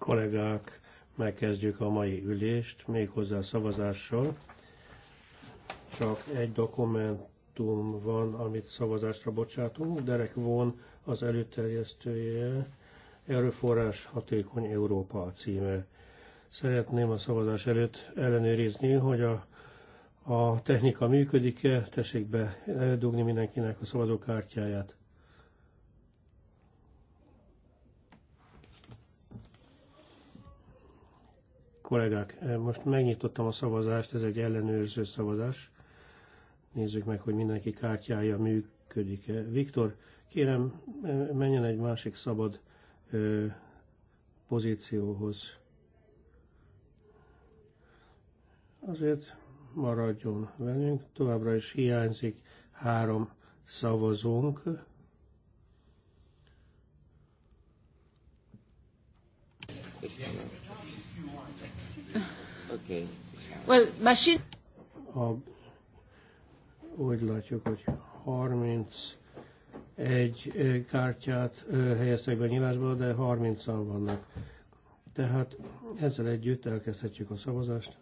Kollégák, megkezdjük a mai ülést, méghozzá szavazással. Csak egy dokumentum van, amit szavazásra bocsátunk. Derek von az előterjesztője, Erőforrás Hatékony Európa címe. Szeretném a szavazás előtt ellenőrizni, hogy a a technika működik-e, tessék be eh, dugni mindenkinek a szavazókártyáját. Kollégák, eh, most megnyitottam a szavazást, ez egy ellenőrző szavazás. Nézzük meg, hogy mindenki kártyája működik-e. Viktor, kérem, eh, menjen egy másik szabad eh, pozícióhoz. Azért maradjon velünk, továbbra is hiányzik három szavazónk. Köszönöm. Okay. Well, machine... A, úgy látjuk, hogy 31 kártyát helyeztek be nyilásba, de 30 szal vannak. Tehát ezzel együtt elkezdhetjük a szavazást.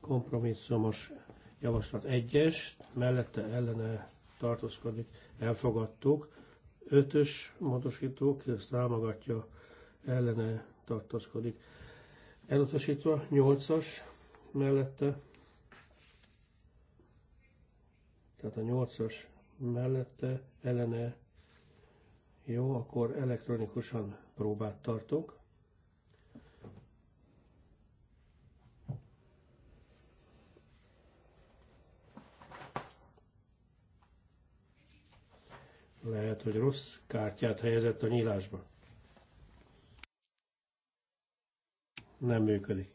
Kompromisszumos javaslat 1-es, mellette ellene tartózkodik, elfogadtuk. 5-ös módosító, ki ezt támogatja, ellene tartózkodik, elutasítva, 8-as mellette, tehát a 8-as mellette ellene, jó, akkor elektronikusan próbát tartok. Lehet, hogy rossz kártyát helyezett a nyílásba. nem működik.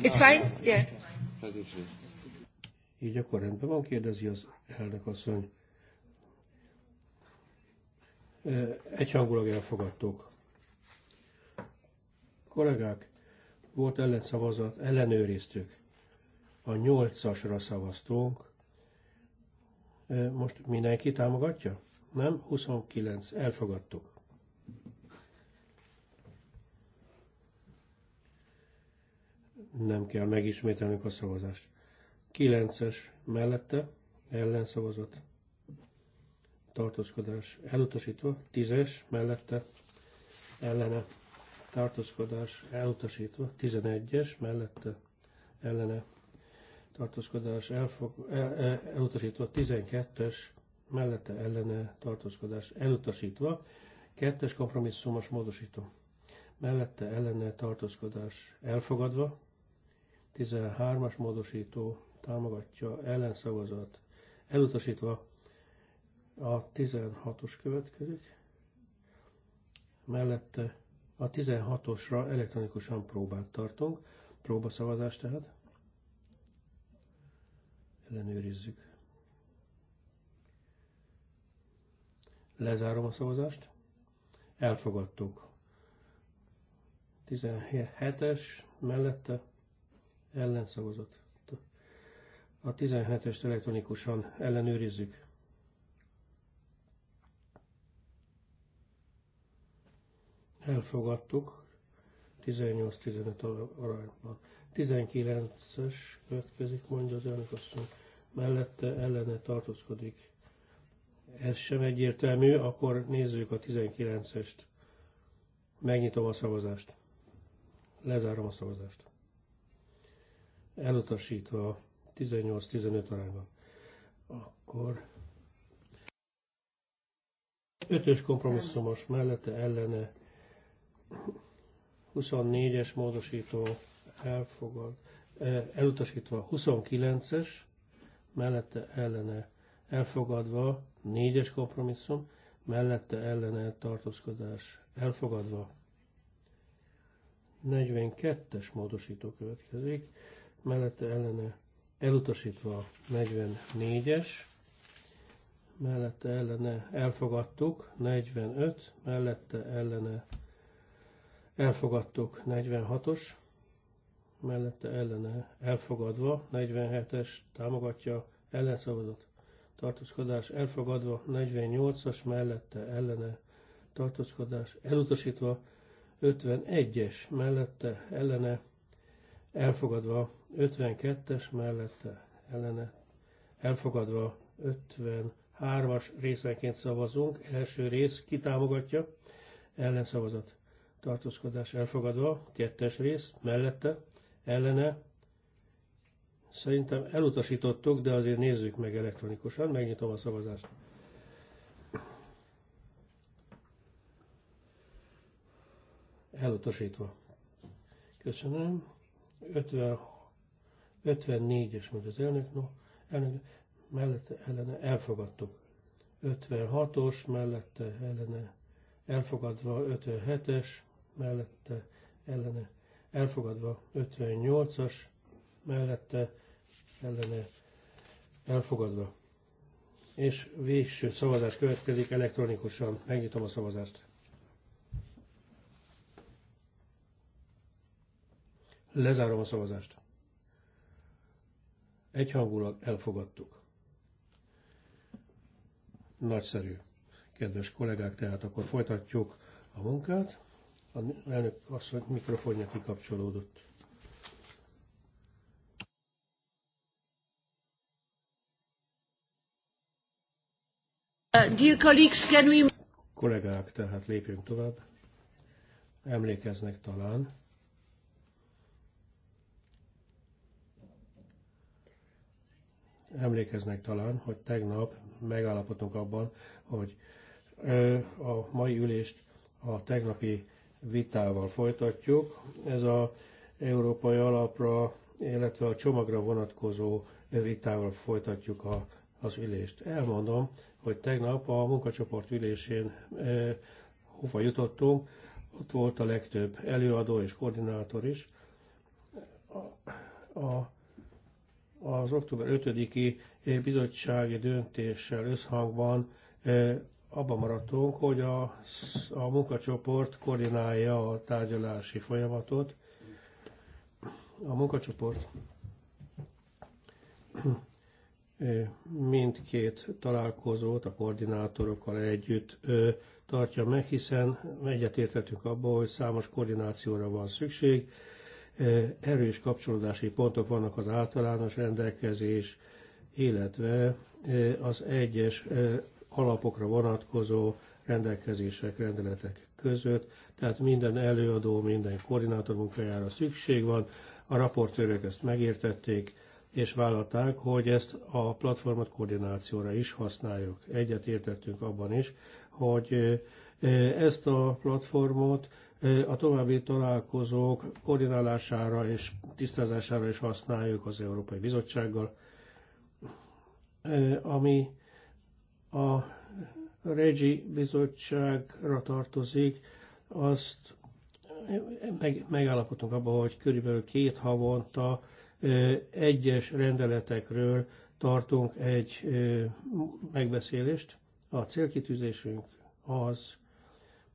It's fine? Yeah. Így akkor rendben van, kérdezi az elnök asszony. Egyhangulag elfogadtok. Kollégák, volt ellenszavazat, ellenőriztük. A nyolcasra szavaztunk, most mindenki támogatja? Nem? 29. Elfogadtuk. Nem kell megismételnünk a szavazást. 9-es mellette ellenszavazat. Tartózkodás elutasítva. 10-es mellette ellene. Tartózkodás elutasítva. 11-es mellette ellene tartózkodás elfog, el, el, elutasítva, 12-es mellette ellene tartózkodás elutasítva, 2-es kompromisszumos módosító mellette ellene tartózkodás elfogadva, 13-as módosító támogatja ellenszavazat elutasítva, a 16-os következik, mellette a 16-osra elektronikusan próbát tartunk, próbaszavazás tehát, ellenőrizzük. Lezárom a szavazást. Elfogadtuk. 17-es mellette ellenszavazat. A 17-est elektronikusan ellenőrizzük. Elfogadtuk 18-15 arányban. 19-es következik, mondja az elnök asszony. Mellette ellene tartózkodik. Ez sem egyértelmű, akkor nézzük a 19-est. Megnyitom a szavazást. Lezárom a szavazást. Elutasítva 18-15 arányban. Akkor ötös kompromisszumos mellette ellene 24-es módosító elfogad, eh, elutasítva 29-es, mellette ellene elfogadva 4-es kompromisszum, mellette ellene tartózkodás elfogadva 42-es módosító következik, mellette ellene elutasítva 44-es, mellette ellene elfogadtuk 45, mellette ellene elfogadtuk 46-os, mellette ellene elfogadva, 47-es támogatja, ellenszavazott tartózkodás elfogadva, 48-as mellette ellene tartózkodás elutasítva, 51-es mellette ellene elfogadva, 52-es mellette ellene elfogadva, 53-as részenként szavazunk, első rész kitámogatja, ellenszavazat tartózkodás elfogadva, kettes rész mellette ellene. Szerintem elutasítottuk, de azért nézzük meg elektronikusan, megnyitom a szavazást. Elutasítva. Köszönöm. 50, 54-es, mint az elnök, no, elnök mellette ellene elfogadtuk. 56-os, mellette ellene elfogadva 57-es, mellette ellene elfogadva 58-as, mellette ellene elfogadva. És végső szavazás következik elektronikusan. Megnyitom a szavazást. Lezárom a szavazást. Egyhangulag elfogadtuk. Nagyszerű. Kedves kollégák, tehát akkor folytatjuk a munkát. A elnök asszony mikrofonja kikapcsolódott. Uh, dear colleagues, can we... Kollégák, tehát lépjünk tovább. Emlékeznek talán. Emlékeznek talán, hogy tegnap megállapodtunk abban, hogy a mai ülést a tegnapi vitával folytatjuk. Ez a európai alapra, illetve a csomagra vonatkozó vitával folytatjuk a, az ülést. Elmondom, hogy tegnap a munkacsoport ülésén e, hova jutottunk, ott volt a legtöbb előadó és koordinátor is. A, a, az október 5-i bizottsági döntéssel összhangban e, abban maradtunk, hogy a, a munkacsoport koordinálja a tárgyalási folyamatot. A munkacsoport mindkét találkozót a koordinátorokkal együtt tartja meg, hiszen egyetértettünk abban, hogy számos koordinációra van szükség, erős kapcsolódási pontok vannak az általános rendelkezés, illetve az egyes alapokra vonatkozó rendelkezések, rendeletek között, tehát minden előadó, minden koordinátor munkájára szükség van, a raportőrök ezt megértették, és vállalták, hogy ezt a platformot koordinációra is használjuk. Egyet értettünk abban is, hogy ezt a platformot a további találkozók koordinálására és tisztázására is használjuk az Európai Bizottsággal, ami a Regi bizottságra tartozik, azt meg, megállapodtunk abban, hogy körülbelül két havonta egyes rendeletekről tartunk egy megbeszélést. A célkitűzésünk az,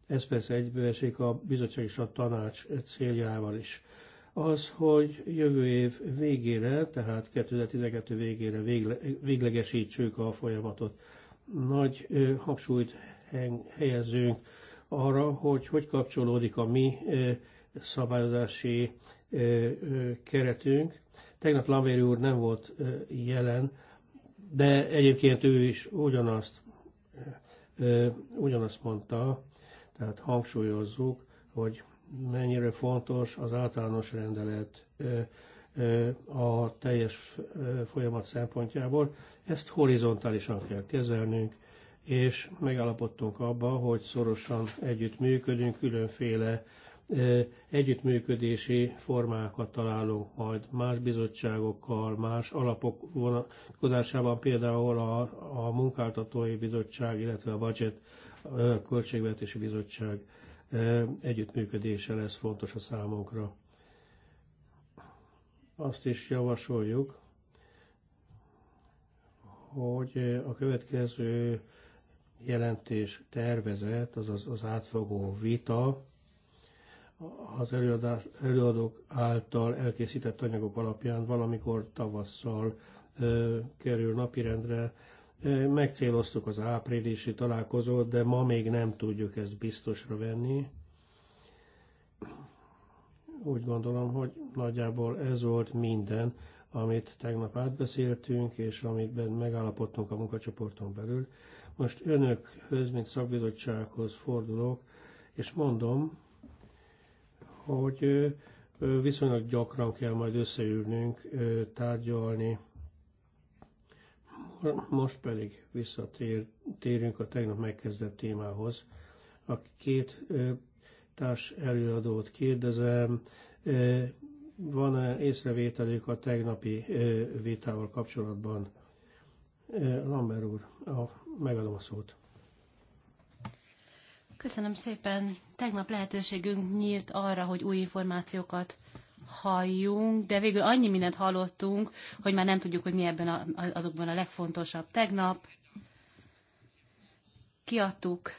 ez persze egybeesik a bizottság és a tanács céljával is, az, hogy jövő év végére, tehát 2012 végére végle, véglegesítsük a folyamatot. Nagy hangsúlyt helyezünk arra, hogy hogy kapcsolódik a mi szabályozási keretünk. Tegnap Lamvéri úr nem volt jelen, de egyébként ő is ugyanazt, ugyanazt mondta, tehát hangsúlyozzuk, hogy mennyire fontos az általános rendelet a teljes folyamat szempontjából. Ezt horizontálisan kell kezelnünk, és megállapodtunk abba, hogy szorosan együttműködünk, különféle együttműködési formákat találunk majd más bizottságokkal, más alapok vonatkozásában, például a, a munkáltatói bizottság, illetve a budget a költségvetési bizottság együttműködése lesz fontos a számunkra. Azt is javasoljuk, hogy a következő jelentés tervezet, azaz az átfogó vita, az előadás, előadók által elkészített anyagok alapján valamikor tavasszal ö, kerül napirendre. Megcéloztuk az áprilisi találkozót, de ma még nem tudjuk ezt biztosra venni úgy gondolom, hogy nagyjából ez volt minden, amit tegnap átbeszéltünk, és amit megállapodtunk a munkacsoporton belül. Most önökhöz, mint szakbizottsághoz fordulok, és mondom, hogy viszonylag gyakran kell majd összeülnünk, tárgyalni. Most pedig visszatérünk a tegnap megkezdett témához. A két társ előadót kérdezem, e, van-e észrevételük a tegnapi e, vitával kapcsolatban? E, Lambert úr, a, megadom a szót. Köszönöm szépen. Tegnap lehetőségünk nyílt arra, hogy új információkat halljunk, de végül annyi mindent hallottunk, hogy már nem tudjuk, hogy mi ebben a, azokban a legfontosabb. Tegnap kiadtuk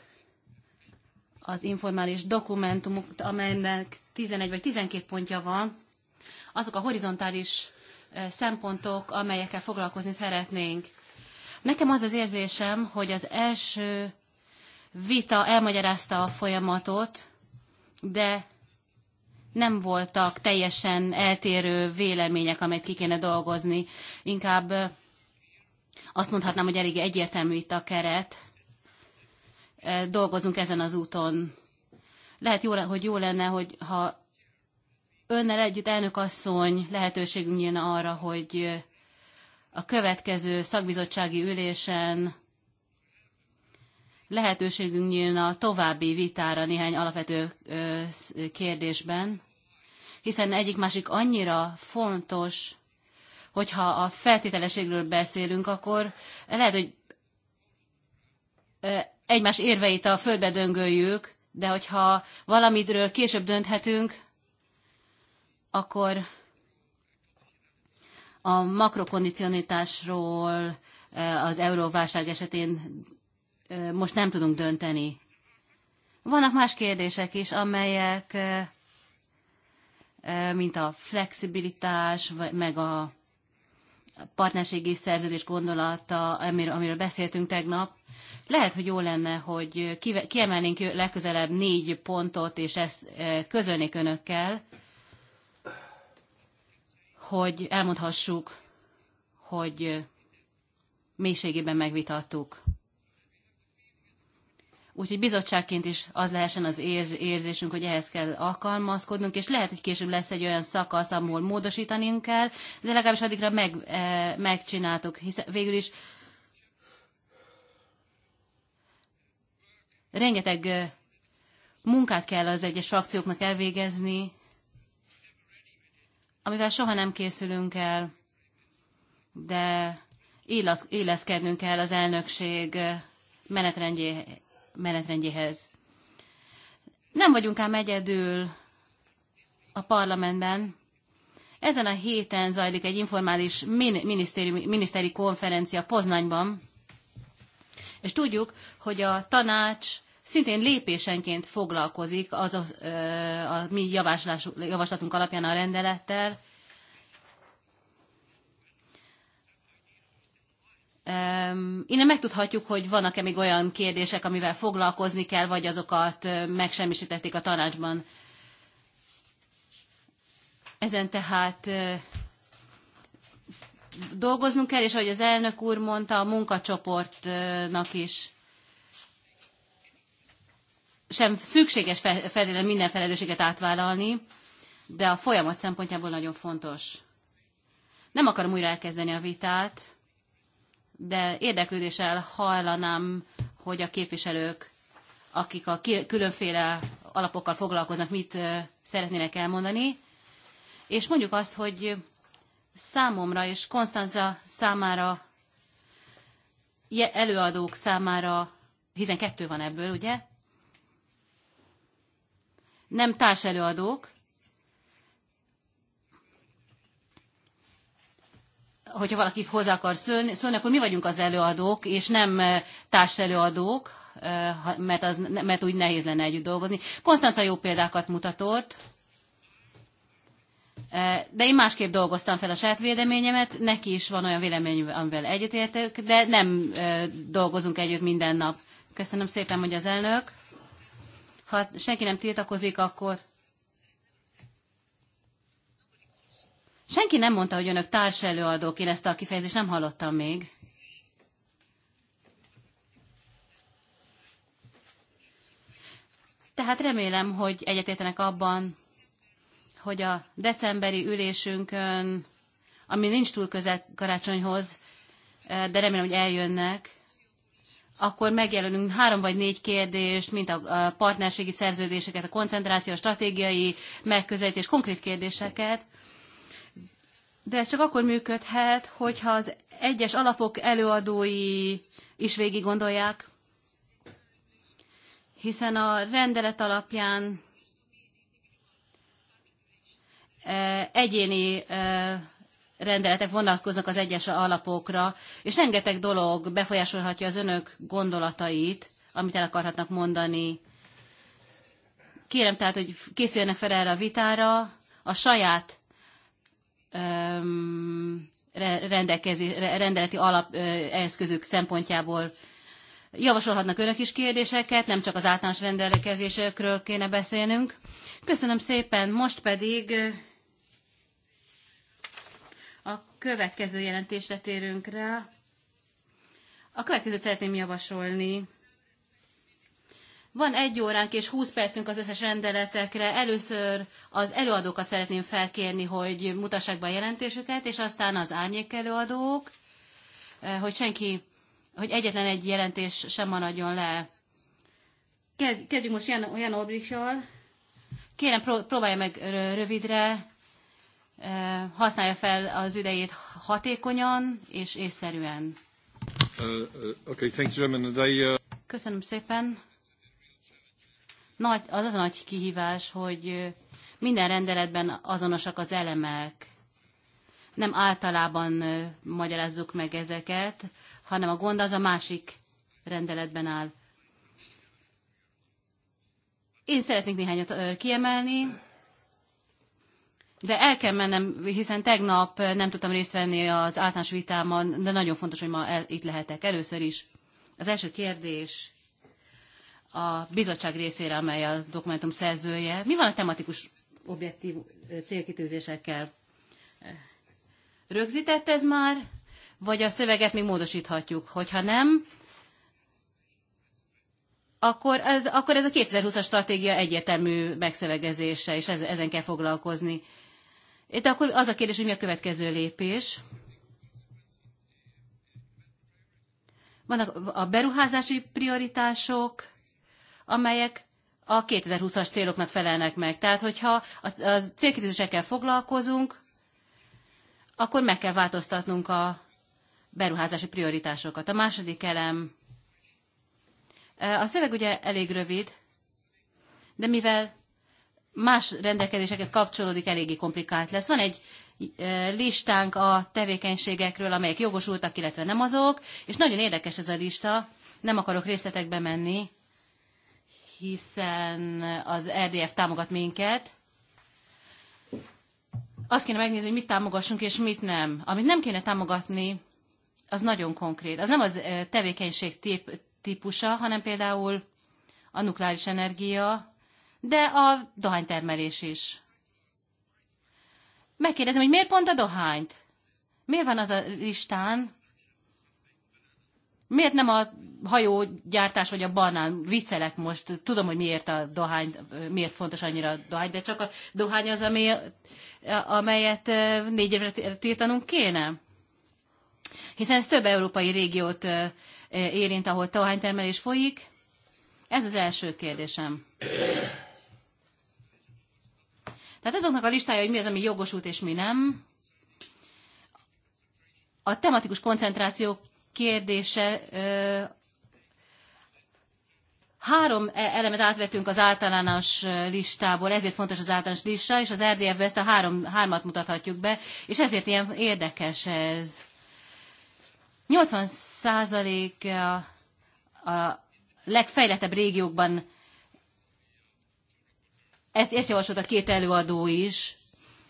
az informális dokumentumok, amelynek 11 vagy 12 pontja van, azok a horizontális szempontok, amelyekkel foglalkozni szeretnénk. Nekem az az érzésem, hogy az első vita elmagyarázta a folyamatot, de nem voltak teljesen eltérő vélemények, amelyet ki kéne dolgozni. Inkább azt mondhatnám, hogy elég egyértelmű itt a keret, dolgozunk ezen az úton. Lehet, jó, hogy jó lenne, hogy ha önnel együtt, elnök asszony, lehetőségünk nyílna arra, hogy a következő szakbizottsági ülésen lehetőségünk nyílna további vitára néhány alapvető kérdésben, hiszen egyik másik annyira fontos, hogyha a feltételeségről beszélünk, akkor lehet, hogy egymás érveit a földbe döngöljük, de hogyha valamidről később dönthetünk, akkor a makrokondicionitásról eh, az euróválság esetén eh, most nem tudunk dönteni. Vannak más kérdések is, amelyek, eh, mint a flexibilitás, meg a partnerségi szerződés gondolata, amiről beszéltünk tegnap, lehet, hogy jó lenne, hogy kiemelnénk legközelebb négy pontot, és ezt e, közölnék önökkel, hogy elmondhassuk, hogy e, mélységében megvitattuk. Úgyhogy bizottságként is az lehessen az érzésünk, hogy ehhez kell alkalmazkodnunk, és lehet, hogy később lesz egy olyan szakasz, ahol módosítanunk kell, de legalábbis addigra meg, e, megcsináltuk, hiszen végül is rengeteg munkát kell az egyes frakcióknak elvégezni, amivel soha nem készülünk el, de éleszkednünk kell az elnökség menetrendjé, menetrendjéhez. Nem vagyunk ám egyedül a parlamentben. Ezen a héten zajlik egy informális min- minisztéri konferencia Poznányban, és tudjuk, hogy a tanács szintén lépésenként foglalkozik az a, a mi javaslatunk alapján a rendelettel, Innen megtudhatjuk, hogy vannak-e még olyan kérdések, amivel foglalkozni kell, vagy azokat megsemmisítették a tanácsban. Ezen tehát dolgoznunk kell, és ahogy az elnök úr mondta, a munkacsoportnak is sem szükséges feltétlenül minden felelősséget átvállalni, de a folyamat szempontjából nagyon fontos. Nem akarom újra elkezdeni a vitát, de érdeklődéssel hallanám, hogy a képviselők, akik a különféle alapokkal foglalkoznak, mit szeretnének elmondani. És mondjuk azt, hogy számomra és Konstanza számára, előadók számára, hiszen kettő van ebből, ugye? Nem előadók, hogyha valaki hozzá akar szólni, szólni, akkor mi vagyunk az előadók, és nem eh, előadók, eh, mert, az, mert úgy nehéz lenne együtt dolgozni. Konstanca jó példákat mutatott, de én másképp dolgoztam fel a saját véleményemet, neki is van olyan vélemény, amivel egyetértek, de nem dolgozunk együtt minden nap. Köszönöm szépen, hogy az elnök. Ha senki nem tiltakozik, akkor... Senki nem mondta, hogy önök társelőadók, én ezt a kifejezést nem hallottam még. Tehát remélem, hogy egyetértenek abban, hogy a decemberi ülésünkön, ami nincs túl közel karácsonyhoz, eh, de remélem, hogy eljönnek, akkor megjelölünk három vagy négy kérdést, mint a partnerségi szerződéseket, a koncentráció, a stratégiai megközelítés, konkrét kérdéseket. De ez csak akkor működhet, hogyha az egyes alapok előadói is végig gondolják, hiszen a rendelet alapján egyéni rendeletek vonatkoznak az egyes alapokra, és rengeteg dolog befolyásolhatja az önök gondolatait, amit el akarhatnak mondani. Kérem tehát, hogy készüljenek fel erre a vitára, a saját öm, rendeleti alapeszközük szempontjából javasolhatnak önök is kérdéseket, nem csak az általános rendelkezésekről kéne beszélnünk. Köszönöm szépen, most pedig következő jelentésre térünk rá. A következőt szeretném javasolni. Van egy óránk és 20 percünk az összes rendeletekre. Először az előadókat szeretném felkérni, hogy mutassák be a jelentésüket, és aztán az árnyék előadók, eh, hogy senki, hogy egyetlen egy jelentés sem maradjon le. Kezdjük most Jan, Jan Obrichal. Kérem, próbálja meg rövidre használja fel az idejét hatékonyan és észszerűen. Uh, uh okay, thank you, I, uh... Köszönöm szépen. Nagy, az az a nagy kihívás, hogy minden rendeletben azonosak az elemek. Nem általában magyarázzuk meg ezeket, hanem a gond az a másik rendeletben áll. Én szeretnék néhányat kiemelni de el kell mennem, hiszen tegnap eh, nem tudtam részt venni az általános vitában, de nagyon fontos, hogy ma el, itt lehetek. Először is az első kérdés a bizottság részére, amely a dokumentum szerzője. Mi van a tematikus objektív eh, célkitűzésekkel? Eh, rögzített ez már, vagy a szöveget még módosíthatjuk? Hogyha nem, akkor ez, akkor ez a 2020-as stratégia egyetemű megszövegezése, és ez, ezen kell foglalkozni. De akkor az a kérdés, hogy mi a következő lépés. Vannak a beruházási prioritások, amelyek a 2020-as céloknak felelnek meg. Tehát, hogyha a célkérdésekkel foglalkozunk, akkor meg kell változtatnunk a beruházási prioritásokat. A második elem. E, a szöveg ugye elég rövid, de mivel más rendelkezésekhez kapcsolódik, eléggé komplikált lesz. Van egy listánk a tevékenységekről, amelyek jogosultak, illetve nem azok, és nagyon érdekes ez a lista, nem akarok részletekbe menni, hiszen az RDF e támogat minket. Azt kéne megnézni, hogy mit támogassunk és mit nem. Amit nem kéne támogatni, az nagyon konkrét. Az nem az tevékenység típusa, hanem például a nukleáris energia, de a dohánytermelés is. Megkérdezem, hogy miért pont a dohányt? Miért van az a listán? Miért nem a hajógyártás vagy a banán? Viccelek most, tudom, hogy miért a dohány, miért fontos annyira a dohány, de csak a dohány az, ami, amelyet négy évre tiltanunk kéne. Hiszen ez több európai régiót érint, ahol dohánytermelés folyik. Ez az első kérdésem. Tehát azoknak a listája, hogy mi az, ami jogosult és mi nem. A tematikus koncentráció kérdése Három e- elemet átvettünk az általános listából, ezért fontos az általános lista, és az rdf ezt a három, hármat mutathatjuk be, és ezért ilyen érdekes ez. 80 százalék a legfejlettebb régiókban ezt, ezt javasolt a két előadó is.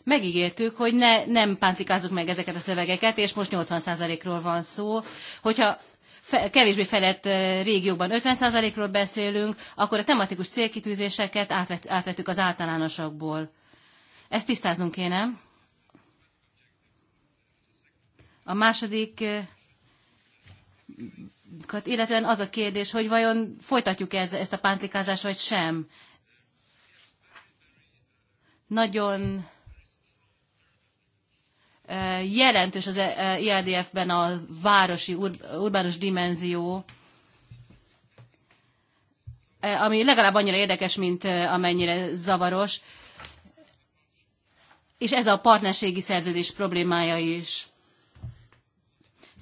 Megígértük, hogy ne, nem pántlikázzuk meg ezeket a szövegeket, és most 80%-ról van szó. Hogyha fe, kevésbé felett régióban 50%-ról beszélünk, akkor a tematikus célkitűzéseket átvett, átvettük az általánosakból. Ezt tisztáznunk kéne. A második illetve az a kérdés, hogy vajon folytatjuk -e ezt a pántlikázást, vagy sem nagyon jelentős az IADF-ben e a városi, urbánus dimenzió, ami legalább annyira érdekes, mint amennyire zavaros, és ez a partnerségi szerződés problémája is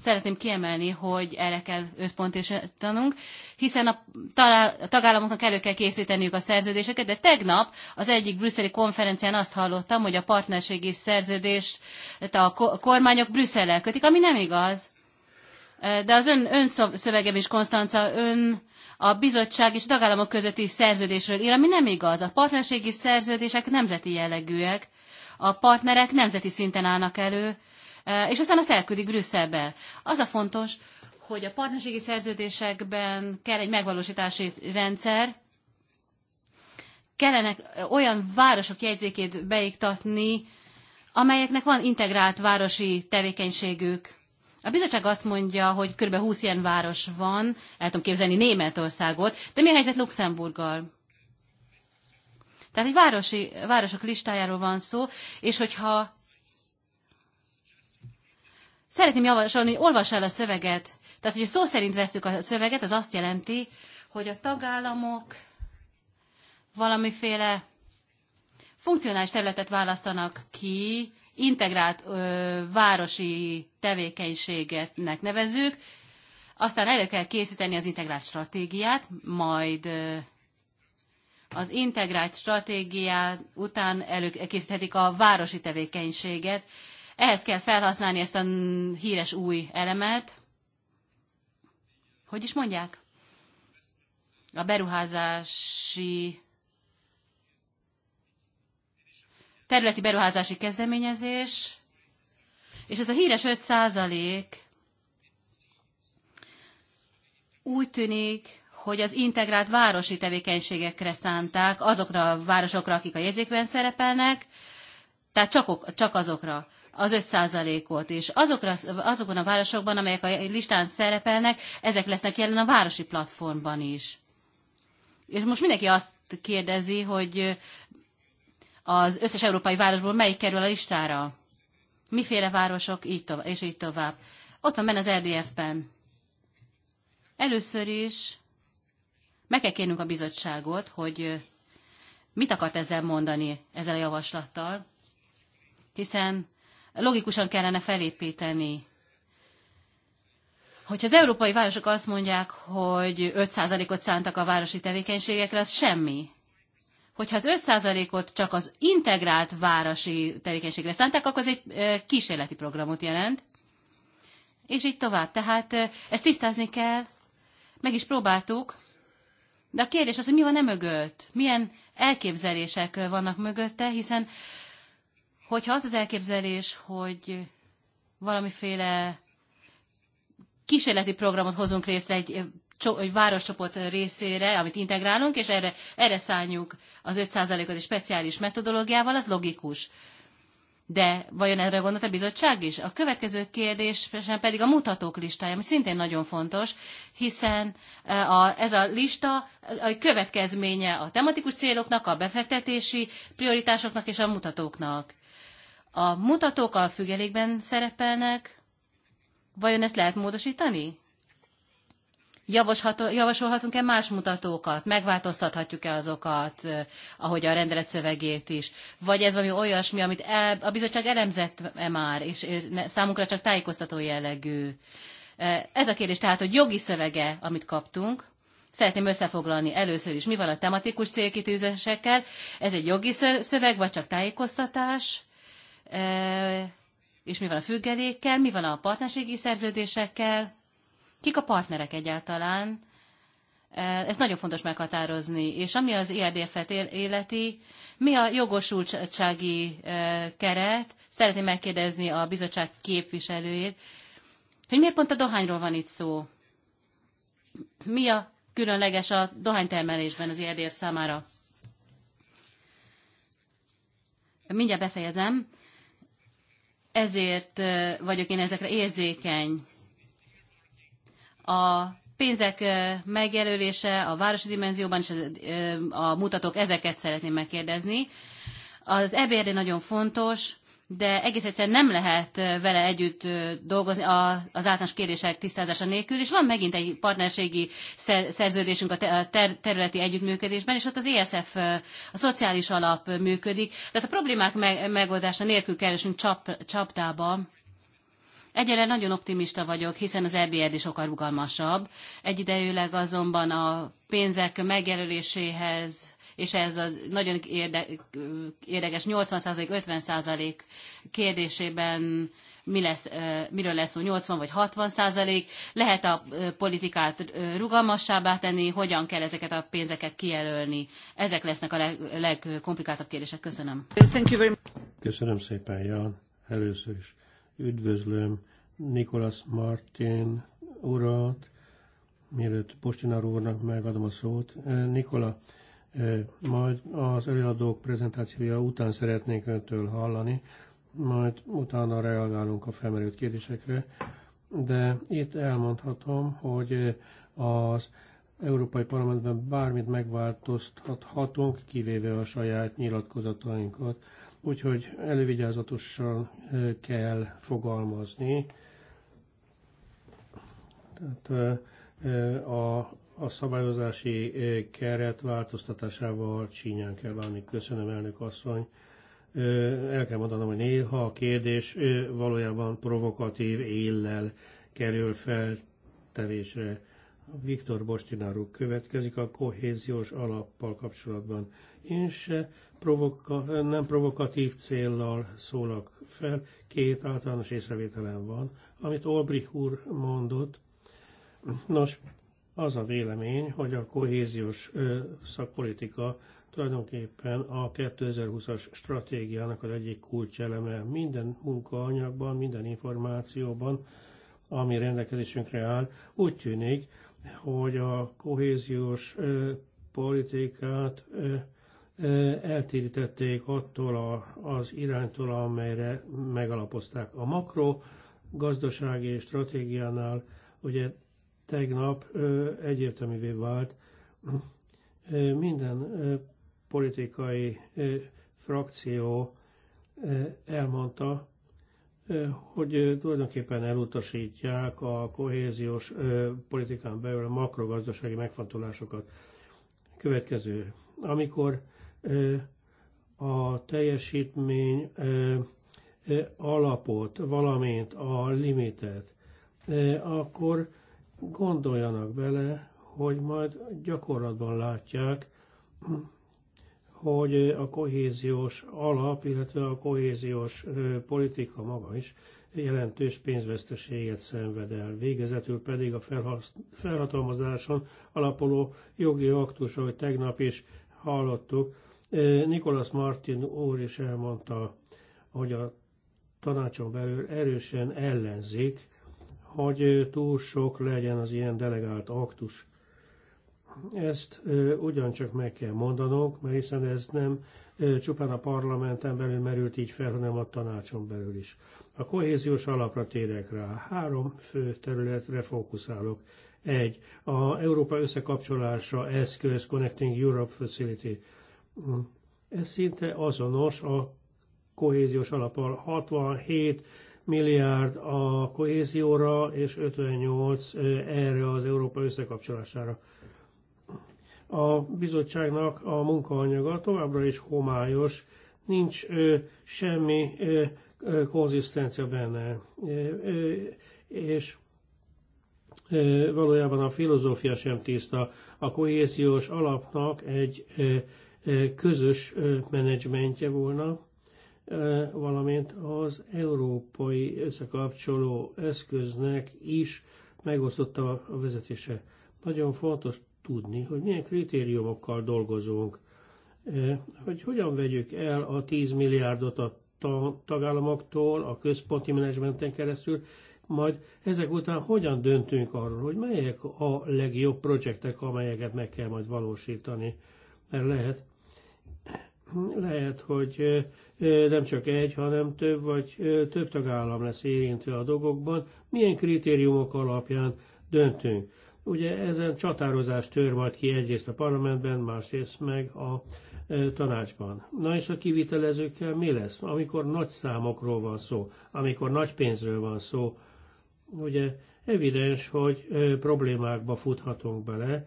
szeretném kiemelni, hogy erre kell összpontosítanunk, hiszen a, talál, a tagállamoknak elő kell készíteniük a szerződéseket, de tegnap az egyik brüsszeli konferencián azt hallottam, hogy a partnerségi szerződést a kormányok Brüsszellel kötik, ami nem igaz. De az ön, ön szövegem is, Konstanca, ön a bizottság és tagállamok közötti szerződésről ír, ami nem igaz. A partnerségi szerződések nemzeti jellegűek. A partnerek nemzeti szinten állnak elő, Eh, és aztán azt elküldik Brüsszelbe. Az a fontos, hogy a partnerségi szerződésekben kell egy megvalósítási rendszer, kellenek olyan városok jegyzékét beiktatni, amelyeknek van integrált városi tevékenységük. A bizottság azt mondja, hogy kb. 20 ilyen város van, el tudom képzelni Németországot, de mi a helyzet Luxemburggal? Tehát egy városi, városok listájáról van szó, és hogyha Szeretném javasolni, hogy olvass el a szöveget. Tehát, hogy szó szerint veszük a szöveget, az azt jelenti, hogy a tagállamok valamiféle funkcionális területet választanak ki, integrált ö, városi tevékenységetnek nevezük, aztán elő kell készíteni az integrált stratégiát, majd ö, az integrált stratégiát után előkészíthetik a városi tevékenységet, ehhez kell felhasználni ezt a híres új elemet. Hogy is mondják? A beruházási területi beruházási kezdeményezés, és ez a híres 5 százalék úgy tűnik, hogy az integrált városi tevékenységekre szánták, azokra a városokra, akik a jegyzékben szerepelnek, tehát csak, csak azokra az 5%-ot, és azokra, azokon a városokban, amelyek a listán szerepelnek, ezek lesznek jelen a városi platformban is. És most mindenki azt kérdezi, hogy az összes európai városból melyik kerül a listára? Miféle városok, így tovább, és így tovább. Ott van benne az RDF-ben. Először is meg kell kérnünk a bizottságot, hogy mit akart ezzel mondani, ezzel a javaslattal, hiszen logikusan kellene felépíteni. Hogyha az európai városok azt mondják, hogy 5%-ot szántak a városi tevékenységekre, az semmi. Hogyha az 5%-ot csak az integrált városi tevékenységre szánták, akkor az egy kísérleti programot jelent. És így tovább. Tehát ezt tisztázni kell. Meg is próbáltuk. De a kérdés az, hogy mi van e mögött? Milyen elképzelések vannak mögötte, hiszen Hogyha az az elképzelés, hogy valamiféle kísérleti programot hozunk részre egy, egy városcsoport részére, amit integrálunk, és erre, erre szálljuk az 5%-ot egy speciális metodológiával, az logikus. De vajon erre gondolt a bizottság is? A következő kérdés pedig a mutatók listája, ami szintén nagyon fontos, hiszen e, a, ez a lista e, a következménye a tematikus céloknak, a befektetési prioritásoknak és a mutatóknak a mutatók a függelékben szerepelnek, vajon ezt lehet módosítani? Javasolhatunk-e más mutatókat? Megváltoztathatjuk-e azokat, eh, ahogy a rendelet szövegét is? Vagy ez valami olyasmi, amit el, a bizottság elemzett -e már, és számunkra csak tájékoztató jellegű? Eh, ez a kérdés tehát, hogy jogi szövege, amit kaptunk, Szeretném összefoglalni először is, mi van a tematikus célkitűzésekkel. Ez egy jogi szöveg, vagy csak tájékoztatás? és mi van a függelékkel, mi van a partnerségi szerződésekkel, kik a partnerek egyáltalán. Ez nagyon fontos meghatározni. És ami az IRDF-et e életi, mi a jogosultsági keret? Szeretném megkérdezni a bizottság képviselőjét, hogy miért pont a dohányról van itt szó? Mi a különleges a dohánytermelésben az IRDF e számára? Mindjárt befejezem ezért vagyok én ezekre érzékeny. A pénzek megjelölése a városi dimenzióban és a mutatók, ezeket szeretném megkérdezni. Az ebérde nagyon fontos, de egész egyszerűen nem lehet vele együtt dolgozni az általános kérdések tisztázása nélkül, és van megint egy partnerségi szerződésünk a területi együttműködésben, és ott az ESF, a szociális alap működik, tehát a problémák megoldása nélkül keresünk csap, csapdába, Egyelőre nagyon optimista vagyok, hiszen az EBRD sokkal rugalmasabb. Egyidejűleg azonban a pénzek megjelöléséhez és ez az nagyon érde, érdekes 80%-50% kérdésében mi lesz, miről lesz szó, 80 vagy 60 százalék, lehet a politikát rugalmassábbá tenni, hogyan kell ezeket a pénzeket kijelölni. Ezek lesznek a leg, legkomplikáltabb kérdések. Köszönöm. Thank you very much. Köszönöm szépen, Jan. Először is üdvözlöm Nikolas Martin urat, mielőtt Postinár úrnak megadom a szót. Nikola, majd az előadók prezentációja után szeretnénk öntől hallani, majd utána reagálunk a felmerült kérdésekre, de itt elmondhatom, hogy az Európai Parlamentben bármit megváltoztathatunk, kivéve a saját nyilatkozatainkat. Úgyhogy elővigyázatosan kell fogalmazni. Tehát a a szabályozási keret változtatásával csínyán kell válni. Köszönöm, elnök asszony. El kell mondanom, hogy néha a kérdés valójában provokatív éllel kerül fel. tevésre. Viktor Bostináru következik a kohéziós alappal kapcsolatban. Én se provoka, nem provokatív céllal szólak fel, két általános észrevételem van, amit Olbrich úr mondott. Nos, az a vélemény, hogy a kohéziós szakpolitika tulajdonképpen a 2020-as stratégiának az egyik kulcseleme. Minden munkaanyagban, minden információban, ami rendelkezésünkre áll, úgy tűnik, hogy a kohéziós politikát eltérítették attól a, az iránytól, amelyre megalapozták. A makro gazdasági stratégiánál ugye tegnap egyértelművé vált, minden politikai frakció elmondta, hogy tulajdonképpen elutasítják a kohéziós politikán belül a makrogazdasági megfontolásokat. Következő. Amikor a teljesítmény alapot, valamint a limitet, akkor gondoljanak bele, hogy majd gyakorlatban látják, hogy a kohéziós alap, illetve a kohéziós politika maga is jelentős pénzveszteséget szenved el. Végezetül pedig a felhatalmazáson alapuló jogi aktus, ahogy tegnap is hallottuk, Nikolas Martin úr is elmondta, hogy a tanácson belül erősen ellenzik hogy túl sok legyen az ilyen delegált aktus. Ezt ugyancsak meg kell mondanunk, mert hiszen ez nem csupán a parlamenten belül merült így fel, hanem a tanácson belül is. A kohéziós alapra térek rá. Három fő területre fókuszálok. Egy, a Európa összekapcsolása eszköz Connecting Europe Facility. Hm. Ez szinte azonos a kohéziós alapal 67 milliárd a kohézióra, és 58 erre az Európa összekapcsolására. A bizottságnak a munkaanyaga továbbra is homályos, nincs ö, semmi ö, ö, konzisztencia benne, ö, ö, és ö, valójában a filozófia sem tiszta. A kohéziós alapnak egy ö, közös menedzsmentje volna, valamint az európai összekapcsoló eszköznek is megosztotta a vezetése. Nagyon fontos tudni, hogy milyen kritériumokkal dolgozunk, hogy hogyan vegyük el a 10 milliárdot a tagállamoktól, a központi menedzsmenten keresztül, majd ezek után hogyan döntünk arról, hogy melyek a legjobb projektek, amelyeket meg kell majd valósítani. Mert lehet, lehet, hogy nem csak egy, hanem több vagy több tagállam lesz érintve a dolgokban, milyen kritériumok alapján döntünk. Ugye ezen csatározás tör majd ki egyrészt a parlamentben, másrészt meg a tanácsban. Na és a kivitelezőkkel mi lesz? Amikor nagy számokról van szó, amikor nagy pénzről van szó, ugye evidens, hogy problémákba futhatunk bele,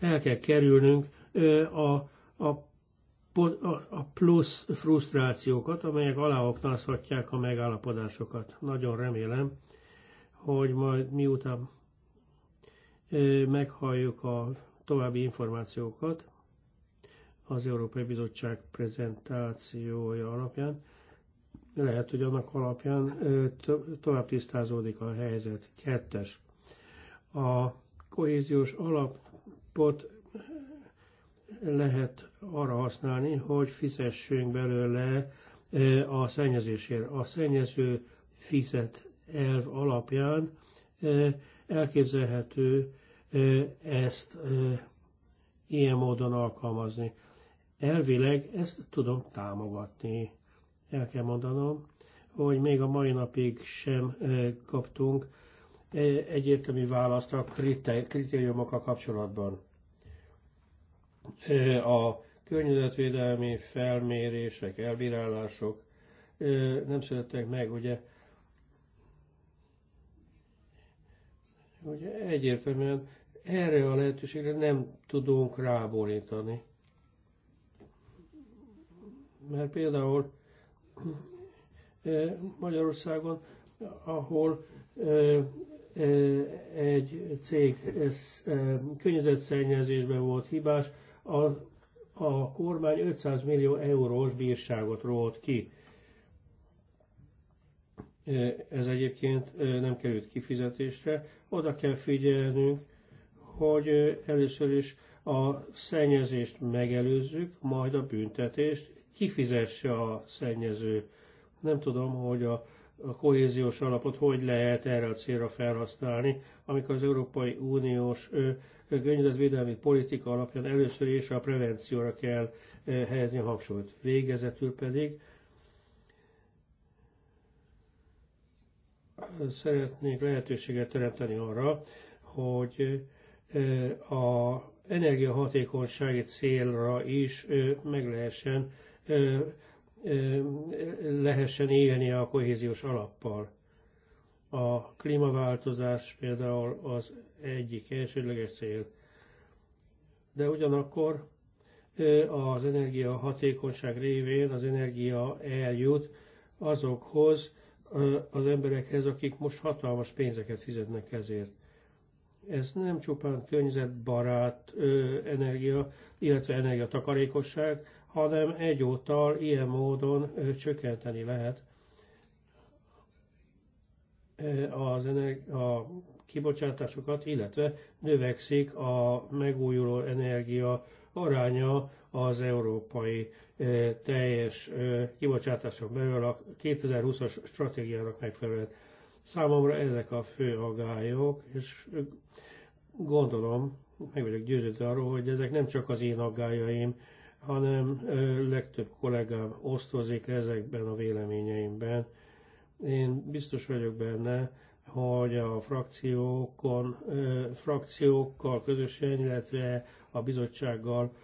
el kell kerülnünk a, a a plusz frusztrációkat, amelyek aláoknázhatják a megállapodásokat. Nagyon remélem, hogy majd miután meghalljuk a további információkat az Európai Bizottság prezentációja alapján, lehet, hogy annak alapján tovább tisztázódik a helyzet. Kettes. A kohéziós alapot lehet arra használni, hogy fizessünk belőle a szennyezésért. A szennyező fizet elv alapján elképzelhető ezt ilyen módon alkalmazni. Elvileg ezt tudom támogatni. El kell mondanom, hogy még a mai napig sem kaptunk egyértelmű választ a kritériumokkal kapcsolatban a környezetvédelmi felmérések, elbírálások nem születtek meg, ugye, ugye egyértelműen erre a lehetőségre nem tudunk ráborítani. Mert például Magyarországon, ahol egy cég környezetszennyezésben volt hibás, a, a kormány 500 millió eurós bírságot rólt ki. E, ez egyébként e, nem került kifizetésre. Oda kell figyelnünk, hogy e, először is a szennyezést megelőzzük, majd a büntetést kifizesse a szennyező. Nem tudom, hogy a a kohéziós alapot hogy lehet erre a célra felhasználni, amikor az Európai Uniós környezetvédelmi politika alapján először is a prevencióra kell helyezni a hangsúlyt. Végezetül pedig szeretnék lehetőséget teremteni arra, hogy a energiahatékonysági célra is meg lehessen lehessen élni a kohéziós alappal. A klímaváltozás például az egyik elsődleges cél. De ugyanakkor az energia hatékonyság révén az energia eljut azokhoz, az emberekhez, akik most hatalmas pénzeket fizetnek ezért. Ez nem csupán környezetbarát energia, illetve energiatakarékosság, hanem egyúttal ilyen módon csökkenteni lehet az ener- a kibocsátásokat, illetve növekszik a megújuló energia aránya az európai teljes kibocsátáson belül a 2020-as stratégiának megfelelően. Számomra ezek a fő aggályok, és gondolom, meg vagyok győződve arról, hogy ezek nem csak az én aggájaim, hanem legtöbb kollégám osztozik ezekben a véleményeimben. Én biztos vagyok benne, hogy a frakciókon, frakciókkal közösen, illetve a bizottsággal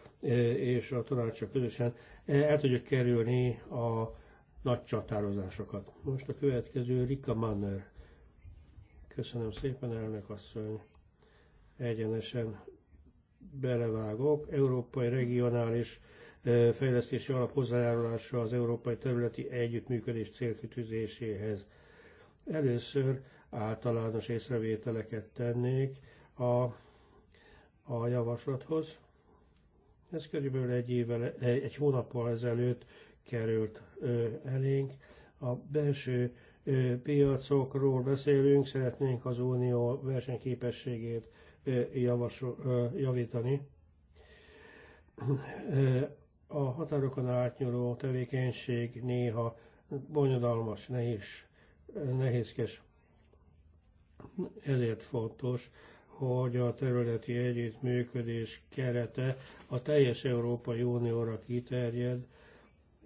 és a tanácsa közösen el tudjuk kerülni a nagy csatározásokat. Most a következő Rika Manner. Köszönöm szépen, elnök asszony. Egyenesen belevágok, Európai Regionális Fejlesztési Alap hozzájárulása az Európai Területi Együttműködés célkitűzéséhez. Először általános észrevételeket tennék a, a javaslathoz. Ez körülbelül egy, évvel, e, egy hónappal ezelőtt került elénk. A belső piacokról beszélünk, szeretnénk az unió versenyképességét javasol, javítani. A határokon átnyúló tevékenység néha bonyodalmas, nehéz, nehézkes. Ezért fontos, hogy a területi együttműködés kerete a teljes Európai Unióra kiterjed,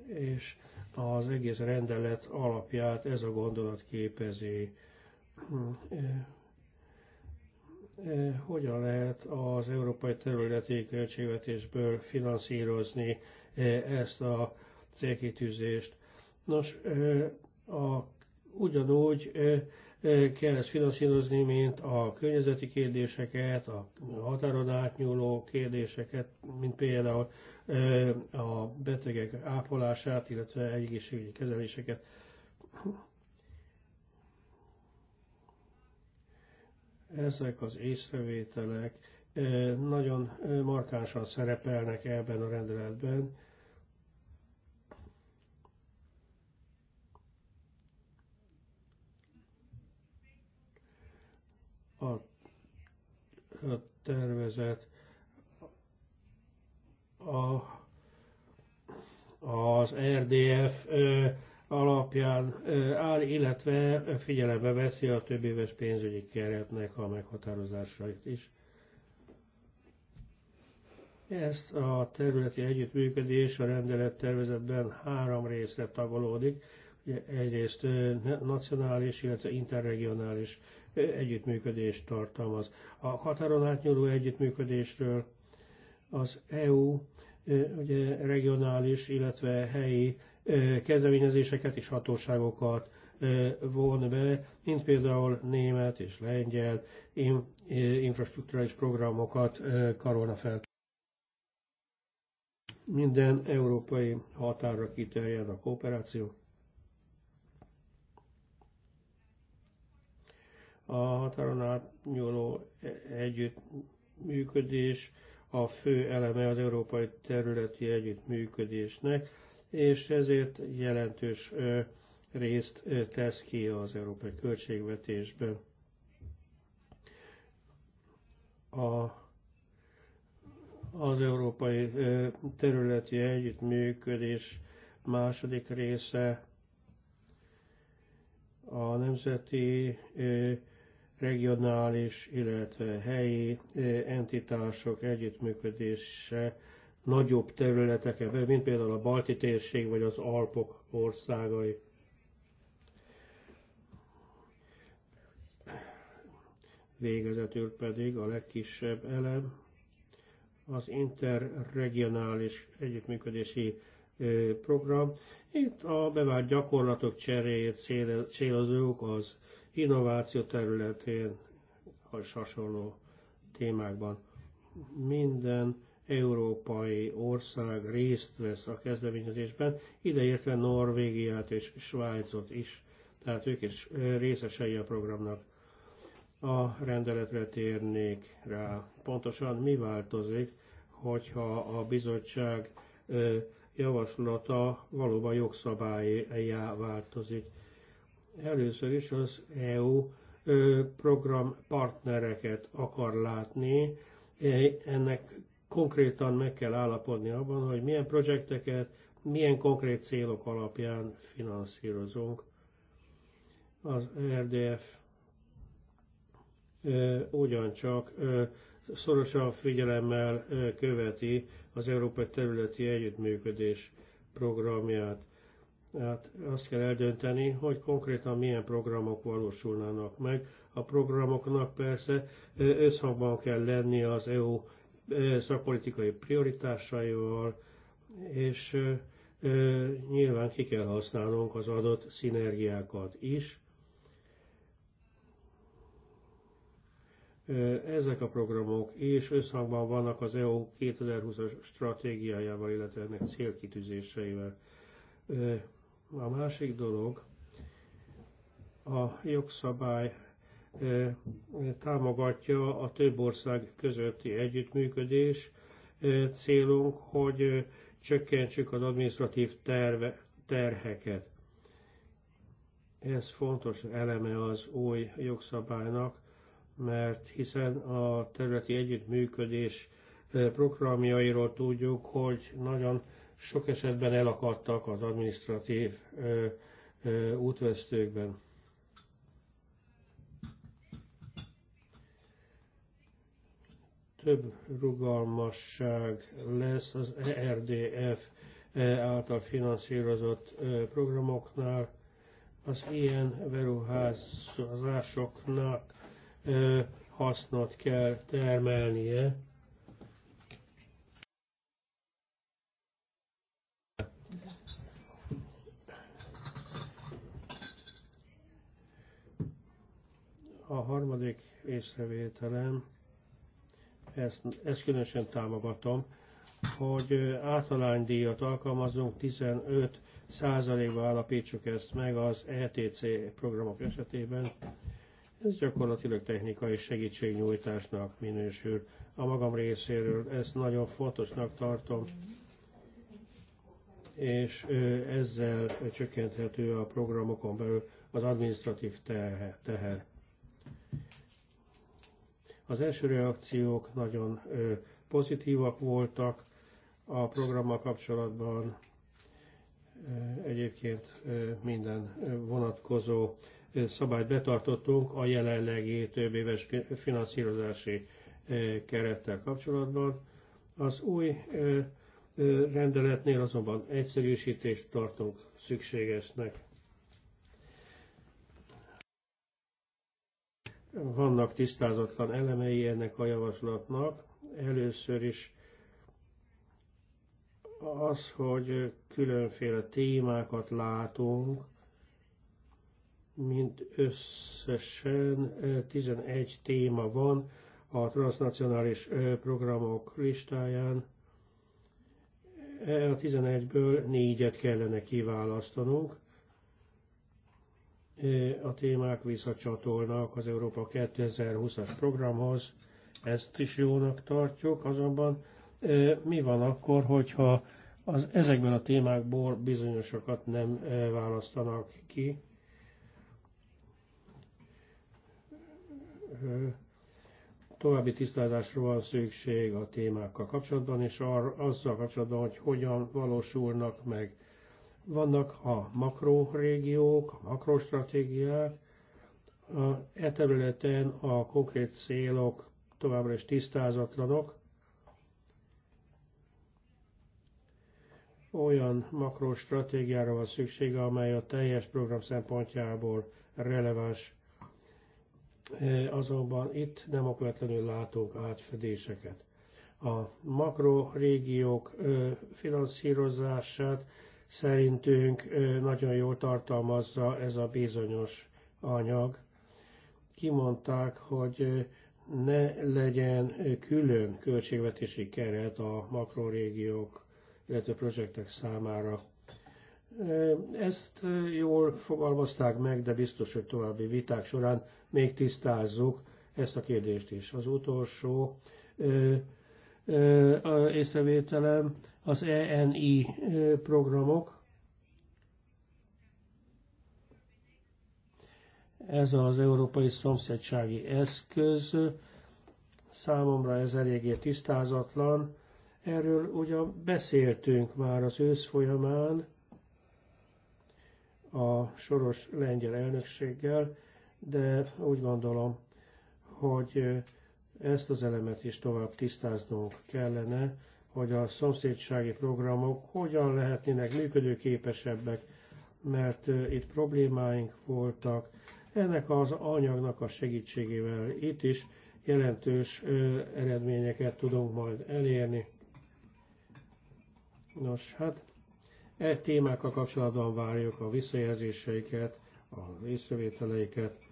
és az egész rendelet alapját ez a gondolat képezi. Eh, hogyan lehet az európai területi költségvetésből finanszírozni eh, ezt a célkitűzést. Nos, eh, a, ugyanúgy kell ezt finanszírozni, mint a környezeti kérdéseket, a határon átnyúló kérdéseket, mint például a betegek ápolását, illetve egészségügyi kezeléseket. Ezek az észrevételek eh, nagyon eh, markánsan szerepelnek ebben a rendeletben. A, a tervezet a, az RDF ö, eh, alapján áll, illetve figyelembe veszi a több éves pénzügyi keretnek a meghatározásait is. Ezt a területi együttműködés a rendelet tervezetben három részre tagolódik. Ugye egyrészt nacionális, illetve interregionális együttműködést tartalmaz. A határon átnyúló együttműködésről az EU ugye regionális, illetve helyi kezdeményezéseket és hatóságokat von be, mint például német és lengyel infrastruktúrális programokat karolna fel. Minden európai határra kiterjed a kooperáció. A határon átnyúló e-, együttműködés a fő eleme az európai területi együttműködésnek és ezért jelentős részt tesz ki az európai költségvetésben. A az európai területi együttműködés második része a nemzeti, regionális, illetve helyi entitások együttműködése nagyobb területeken, mint például a Balti térség vagy az Alpok országai. Végezetül pedig a legkisebb elem az interregionális együttműködési program. Itt a bevált gyakorlatok cseréjét célozók az innováció területén a hasonló témákban. Minden európai ország részt vesz a kezdeményezésben, ideértve Norvégiát és Svájcot is, tehát ők is részesei a programnak. A rendeletre térnék rá. Pontosan mi változik, hogyha a bizottság javaslata valóban jogszabályá változik. Először is az EU program partnereket akar látni, ennek konkrétan meg kell állapodni abban, hogy milyen projekteket, milyen konkrét célok alapján finanszírozunk. Az RDF ö, ugyancsak ö, szorosabb figyelemmel ö, követi az Európai Területi Együttműködés programját. Hát azt kell eldönteni, hogy konkrétan milyen programok valósulnának meg. A programoknak persze összhangban kell lenni az EU szakpolitikai prioritásaival, és nyilván ki kell használnunk az adott szinergiákat is. Ezek a programok és összhangban vannak az EU 2020-as stratégiájával, illetve ennek célkitűzéseivel. A másik dolog a jogszabály támogatja a több ország közötti együttműködés. Célunk, hogy csökkentsük az administratív terve, terheket. Ez fontos eleme az új jogszabálynak, mert hiszen a területi együttműködés programjairól tudjuk, hogy nagyon sok esetben elakadtak az administratív útvesztőkben. több rugalmasság lesz az ERDF e által finanszírozott e programoknál, az ilyen beruházásoknak e hasznot kell termelnie. A harmadik észrevételem, ezt, ezt különösen támogatom, hogy általánydíjat alkalmazunk, 15 százalékba állapítsuk ezt meg az ETC programok esetében. Ez gyakorlatilag technikai segítségnyújtásnak minősül. A magam részéről ezt nagyon fontosnak tartom, és ezzel csökkenthető a programokon belül az administratív teher. Az első reakciók nagyon pozitívak voltak a programmal kapcsolatban. Egyébként minden vonatkozó szabályt betartottunk a jelenlegi több éves finanszírozási kerettel kapcsolatban. Az új rendeletnél azonban egyszerűsítést tartunk szükségesnek. Vannak tisztázatlan elemei ennek a javaslatnak. Először is az, hogy különféle témákat látunk, mint összesen 11 téma van a transnacionális programok listáján. A 11-ből négyet kellene kiválasztanunk. E, a témák visszacsatolnak az Európa 2020-as programhoz, ezt is jónak tartjuk, azonban e, mi van akkor, hogyha az, ezekben a témákból bizonyosakat nem e, választanak ki? További tisztázásra van szükség a témákkal kapcsolatban, és azzal kapcsolatban, hogy hogyan valósulnak meg vannak a makrorégiók, a makrostratégiák, e területen a konkrét célok továbbra is tisztázatlanok. Olyan makrostratégiára van szüksége, amely a teljes program szempontjából releváns. E, azonban itt nem okvetlenül látunk átfedéseket. A makrorégiók finanszírozását szerintünk nagyon jól tartalmazza ez a bizonyos anyag. Kimondták, hogy ne legyen külön költségvetési keret a makrorégiók, illetve projektek számára. Ezt jól fogalmazták meg, de biztos, hogy további viták során még tisztázzuk ezt a kérdést is. Az utolsó észrevételem az ENI programok. Ez az Európai Szomszédsági Eszköz. Számomra ez eléggé tisztázatlan. Erről ugyan beszéltünk már az ősz folyamán a soros lengyel elnökséggel, de úgy gondolom, hogy ezt az elemet is tovább tisztáznunk kellene, hogy a szomszédsági programok hogyan lehetnének működőképesebbek, mert itt problémáink voltak. Ennek az anyagnak a segítségével itt is jelentős eredményeket tudunk majd elérni. Nos, hát e témákkal kapcsolatban várjuk a visszajelzéseiket, a észrevételeiket.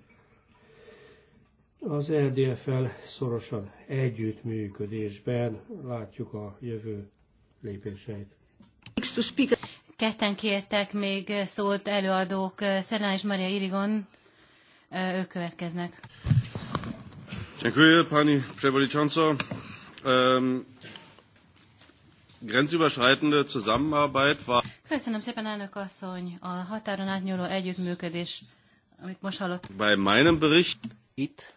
Az RDF-el szorosan együttműködésben látjuk a jövő lépéseit. Ketten kértek még szólt előadók, Szerlán és Maria Irigon, ők következnek. Dziękuję, pani przewodnicząca. Um, grenzüberschreitende Zusammenarbeit war... Köszönöm szépen, elnök asszony, a határon átnyúló együttműködés, amit most hallott. Bei meinem Bericht... Itt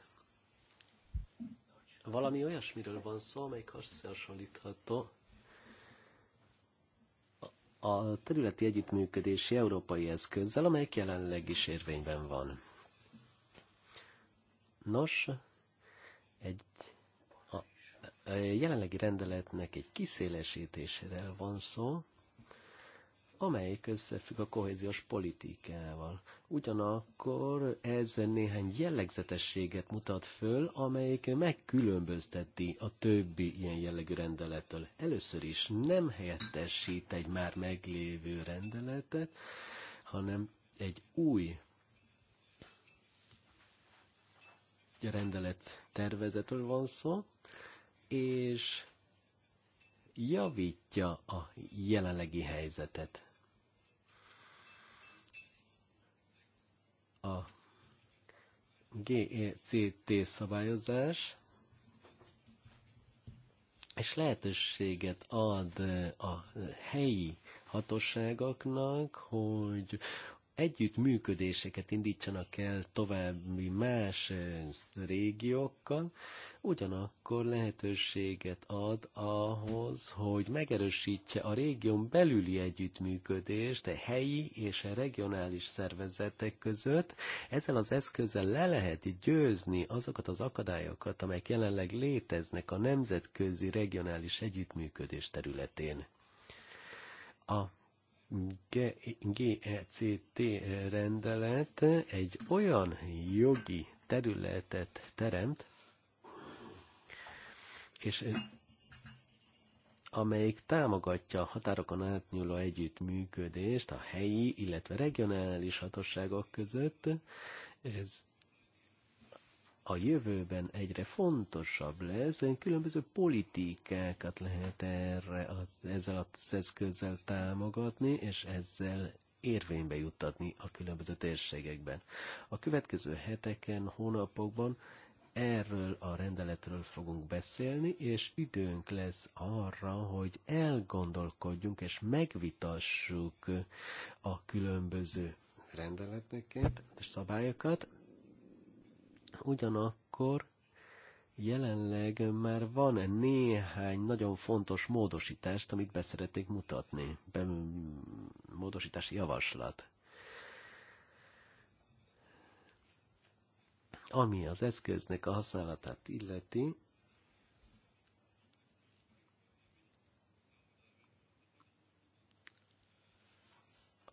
valami olyasmiről van szó, amelyik összehasonlítható a területi együttműködési európai eszközzel, amelyik jelenleg is érvényben van. Nos, egy a jelenlegi rendeletnek egy kiszélesítésére van szó, amelyik összefügg a kohéziós politikával. Ugyanakkor ez néhány jellegzetességet mutat föl, amelyik megkülönbözteti a többi ilyen jellegű rendelettől. Először is nem helyettesít egy már meglévő rendeletet, hanem egy új rendelet tervezetről van szó, és javítja a jelenlegi helyzetet. a GECT szabályozás, és lehetőséget ad eh, a helyi hatóságoknak, hogy együttműködéseket indítsanak el további más eh, régiókkal, ugyanakkor lehetőséget ad ahhoz, hogy megerősítse a régión belüli együttműködést a helyi és a regionális szervezetek között. Ezzel az eszközzel le lehet győzni azokat az akadályokat, amelyek jelenleg léteznek a nemzetközi regionális együttműködés területén. A GCT e, rendelet egy olyan jogi területet teremt, és amelyik támogatja a határokon átnyúló együttműködést a helyi, illetve regionális hatóságok között. Ez a jövőben egyre fontosabb lesz, különböző politikákat lehet erre a, ezzel az eszközzel támogatni, és ezzel érvénybe juttatni a különböző térségekben. A következő heteken, hónapokban erről a rendeletről fogunk beszélni, és időnk lesz arra, hogy elgondolkodjunk és megvitassuk a különböző rendeleteket, szabályokat, Ugyanakkor jelenleg már van néhány nagyon fontos módosítást, amit beszeretnék mutatni. Be, módosítási javaslat. Ami az eszköznek a használatát illeti,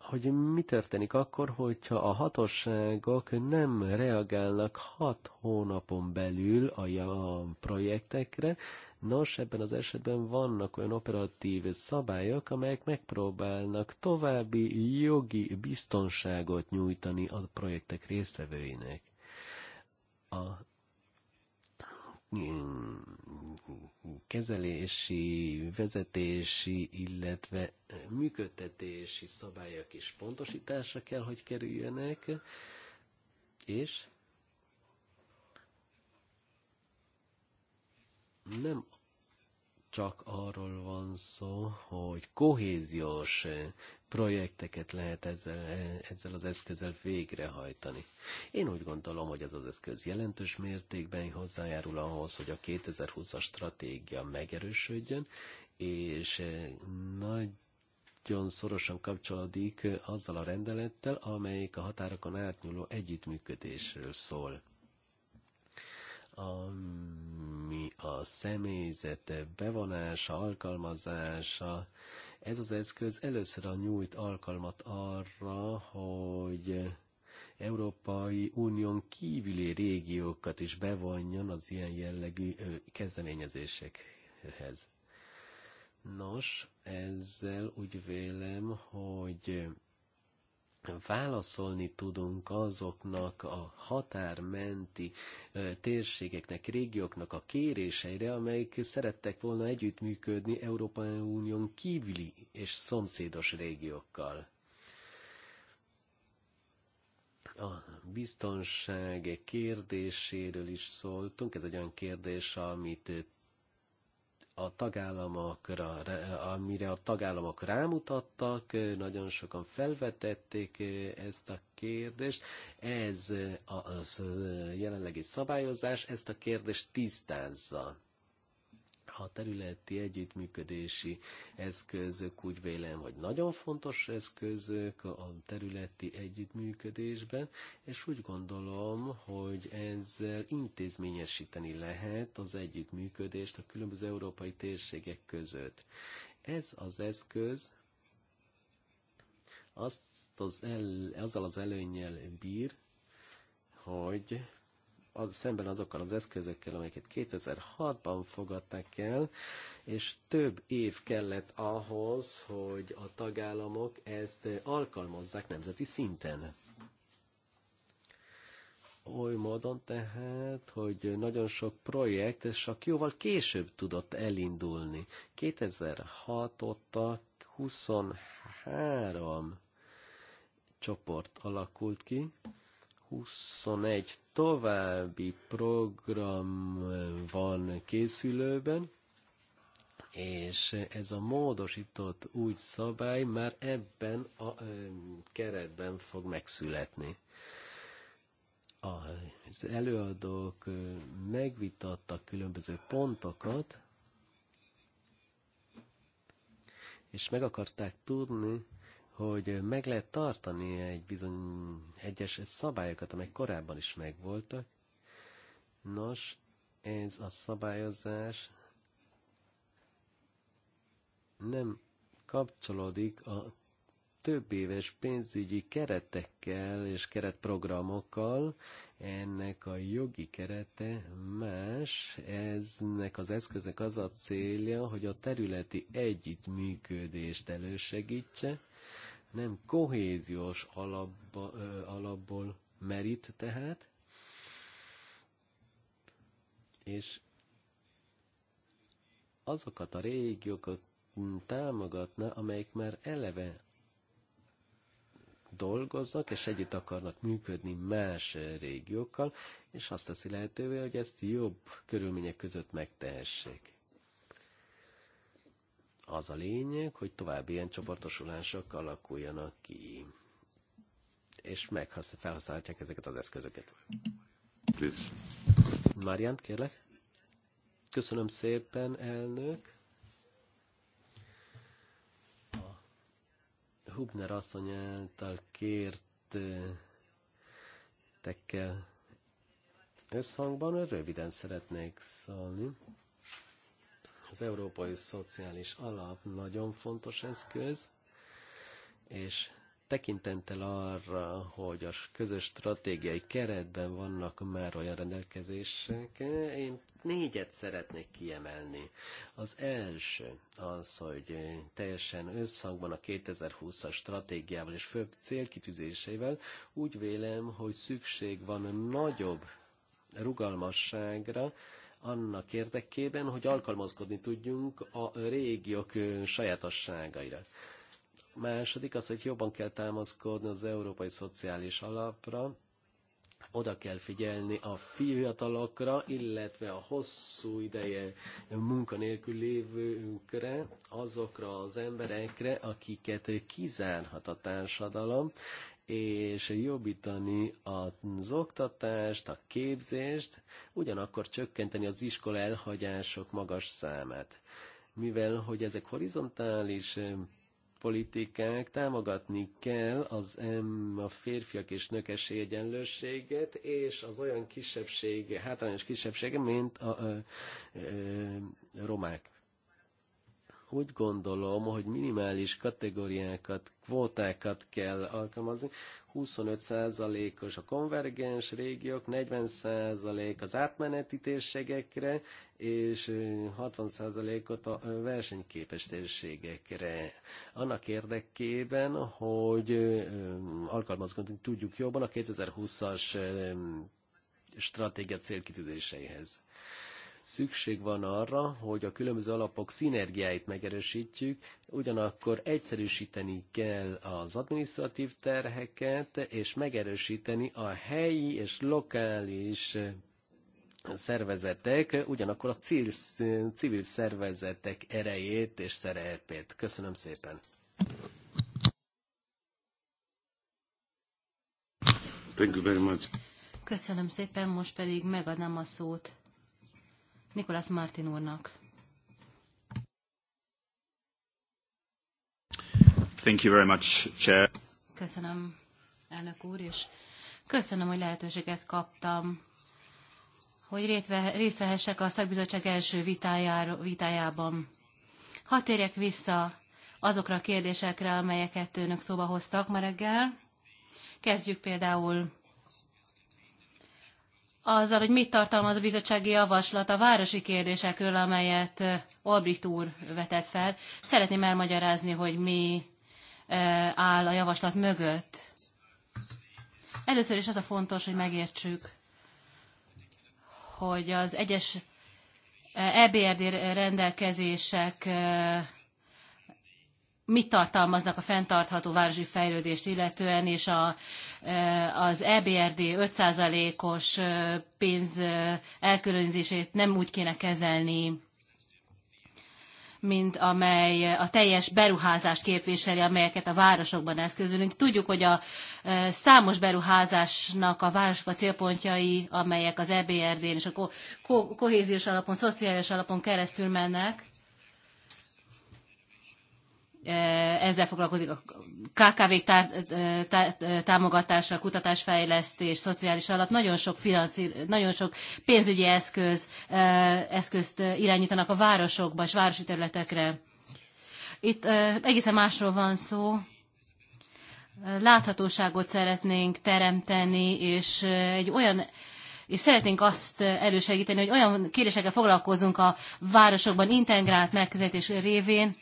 hogy mi történik akkor, hogyha a hatóságok nem reagálnak hat hónapon belül a projektekre. Nos, ebben az esetben vannak olyan operatív szabályok, amelyek megpróbálnak további jogi biztonságot nyújtani a projektek résztvevőinek. A kezelési, vezetési, illetve eh, működtetési szabályok is pontosításra kell, hogy kerüljenek, és nem csak arról van szó, hogy kohéziós eh, projekteket lehet ezzel, ezzel az eszközzel végrehajtani. Én úgy gondolom, hogy ez az eszköz jelentős mértékben hozzájárul ahhoz, hogy a 2020-as stratégia megerősödjön, és nagy eh, nagyon szorosan kapcsolódik eh, azzal a rendelettel, amelyik a határokon átnyúló együttműködésről szól ami a személyzet bevonása, alkalmazása ez az eszköz először nyújt alkalmat arra, hogy Európai Unión kívüli régiókat is bevonjon az ilyen jellegű kezdeményezésekhez. Nos, ezzel úgy vélem, hogy válaszolni tudunk azoknak a határmenti térségeknek, régióknak a kéréseire, amelyik szerettek volna együttműködni Európai Unión kívüli és szomszédos régiókkal. A biztonság kérdéséről is szóltunk, ez egy olyan kérdés, amit a tagállamokra, amire a tagállamok rámutattak, nagyon sokan felvetették ezt a kérdést. Ez a jelenlegi szabályozás ezt a kérdést tisztázza a területi együttműködési eszközök úgy vélem, hogy nagyon fontos eszközök a területi együttműködésben, és úgy gondolom, hogy ezzel intézményesíteni lehet az együttműködést a különböző európai térségek között. Ez az eszköz azt az el, azzal az előnyel bír, hogy az, szemben azokkal az eszközökkel, amelyeket 2006-ban fogadtak el, és több év kellett ahhoz, hogy a tagállamok ezt alkalmazzák nemzeti szinten. Oly módon tehát, hogy nagyon sok projekt, csak jóval később tudott elindulni. 2006 óta 23 csoport alakult ki, 21 további program van készülőben, és ez a módosított úgy szabály már ebben a ö, keretben fog megszületni. Az előadók megvitattak különböző pontokat, és meg akarták tudni, hogy meg lehet tartani egy bizony egyes szabályokat, amelyek korábban is megvoltak. Nos, ez a szabályozás nem kapcsolódik a több éves pénzügyi keretekkel és keretprogramokkal. Ennek a jogi kerete más, eznek az eszköznek az a célja, hogy a területi együttműködést elősegítse, nem kohéziós alapba, alapból merít tehát, és azokat a régiókat támogatna, amelyek már eleve dolgoznak, és együtt akarnak működni más régiókkal, és azt teszi lehetővé, hogy ezt jobb körülmények között megtehessék. Az a lényeg, hogy további ilyen csoportosulások alakuljanak ki, és felhasználhatják ezeket az eszközöket. Please. Mariant, kérlek. Köszönöm szépen, elnök. A Hubner asszony által kért tekkel összhangban röviden szeretnék szólni. Az Európai Szociális Alap nagyon fontos eszköz, és tekintettel arra, hogy a közös stratégiai keretben vannak már olyan rendelkezések, én négyet szeretnék kiemelni. Az első az, hogy teljesen összhangban a 2020-as stratégiával és főbb célkitűzéseivel úgy vélem, hogy szükség van nagyobb rugalmasságra, annak érdekében, hogy alkalmazkodni tudjunk a régiók sajátosságaira. Második az, hogy jobban kell támaszkodni az Európai Szociális Alapra, oda kell figyelni a fiatalokra, illetve a hosszú ideje munkanélkül lévőkre, azokra az emberekre, akiket kizárhat a társadalom, és jobbítani az oktatást, a képzést, ugyanakkor csökkenteni az iskola elhagyások magas számát. Mivel, hogy ezek horizontális politikák, támogatni kell az m a férfiak és nők esélyegyenlőséget, és az olyan kisebbség, hátrányos kisebbsége, mint a, a, a, a romák úgy gondolom, hogy minimális kategóriákat, kvótákat kell alkalmazni. 25%-os a konvergens régiók, 40% az átmeneti térségekre, és 60%-ot a versenyképes térségekre. Annak érdekében, hogy alkalmazkodni tudjuk jobban a 2020-as stratégia célkitűzéseihez. Szükség van arra, hogy a különböző alapok szinergiáit megerősítjük, ugyanakkor egyszerűsíteni kell az administratív terheket, és megerősíteni a helyi és lokális szervezetek, ugyanakkor a civil, civil szervezetek erejét és szerepét. Köszönöm szépen! Thank you very much. Köszönöm szépen, most pedig megadom a szót Nikolász Martin úrnak. Thank you very much, Chair. Köszönöm, elnök úr, és köszönöm, hogy lehetőséget kaptam, hogy részt vehessek a szakbizottság első vitájára, vitájában. Hadd térjek vissza azokra a kérdésekre, amelyeket önök szóba hoztak ma reggel. Kezdjük például azzal, hogy mit tartalmaz a bizottsági javaslat a városi kérdésekről, amelyet Albrecht úr vetett fel. Szeretném elmagyarázni, hogy mi áll a javaslat mögött. Először is az a fontos, hogy megértsük, hogy az egyes EBRD rendelkezések mit tartalmaznak a fenntartható városi fejlődést illetően, és a, eh, az EBRD 5%-os eh, pénz eh, elkülönítését nem úgy kéne kezelni, mint amely a teljes beruházást képviseli, amelyeket a városokban eszközölünk. Tudjuk, hogy a számos beruházásnak a városba célpontjai, amelyek az EBRD-n és a kohéziós alapon, szociális alapon keresztül mennek, Eh, ezzel foglalkozik a KKV-k tá, eh, tá, eh, támogatása, kutatásfejlesztés, szociális alap, nagyon sok, finanszír, nagyon sok pénzügyi eszköz, eszközt irányítanak a városokba és városi területekre. Itt egészen másról van szó. Láthatóságot szeretnénk teremteni, és egy olyan és szeretnénk azt elősegíteni, hogy olyan kérdésekkel foglalkozunk a városokban integrált megközelítés révén,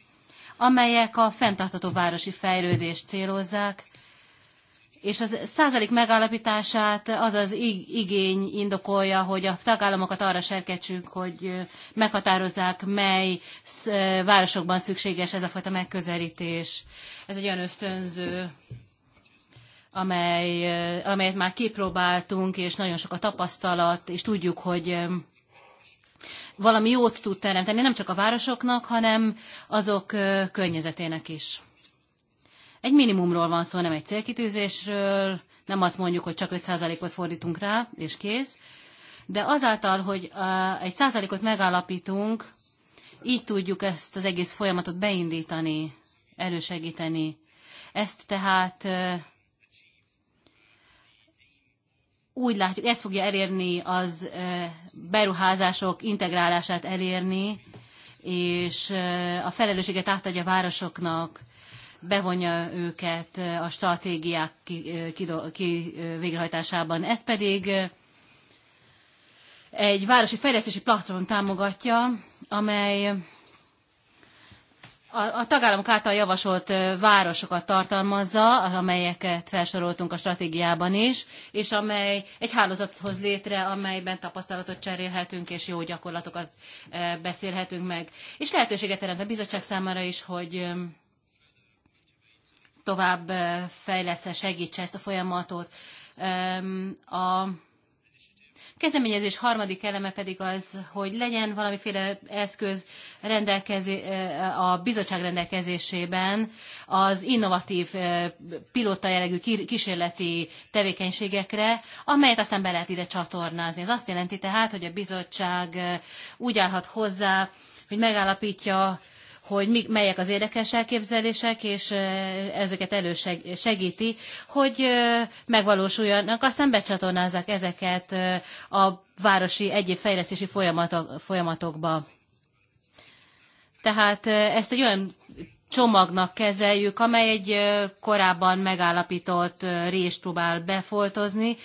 amelyek a fenntartható városi fejlődést célozzák, és az százalék megállapítását az az igény indokolja, hogy a tagállamokat arra serkecsünk, hogy meghatározzák, mely városokban szükséges ez a fajta megközelítés. Ez egy olyan ösztönző, amely, amelyet már kipróbáltunk, és nagyon sok a tapasztalat, és tudjuk, hogy valami jót tud teremteni, nem csak a városoknak, hanem azok környezetének is. Egy minimumról van szó, nem egy célkitűzésről, nem azt mondjuk, hogy csak 5%-ot fordítunk rá, és kész, de azáltal, hogy egy százalékot megállapítunk, így tudjuk ezt az egész folyamatot beindítani, elősegíteni. Ezt tehát úgy látjuk, ez fogja elérni az beruházások integrálását elérni, és a felelősséget átadja a városoknak, bevonja őket a stratégiák végrehajtásában. Ez pedig egy városi fejlesztési platform támogatja, amely a, a tagállamok által javasolt városokat tartalmazza, amelyeket felsoroltunk a stratégiában is, és amely egy hálózathoz létre, amelyben tapasztalatot cserélhetünk, és jó gyakorlatokat beszélhetünk meg. És lehetőséget teremt a bizottság számára is, hogy tovább fejlesz segítse ezt a folyamatot. A kezdeményezés harmadik eleme pedig az, hogy legyen valamiféle eszköz rendelkezé, a bizottság rendelkezésében az innovatív pilóta jellegű kísérleti tevékenységekre, amelyet aztán be lehet ide csatornázni. Ez azt jelenti tehát, hogy a bizottság úgy állhat hozzá, hogy megállapítja, hogy mi, melyek az érdekes elképzelések, és ezeket elősegíti, hogy megvalósuljanak, aztán becsatornázzák ezeket a városi egyéb fejlesztési folyamatok, folyamatokba. Tehát ezt egy olyan csomagnak kezeljük, amely egy korábban megállapított részt próbál befoltozni,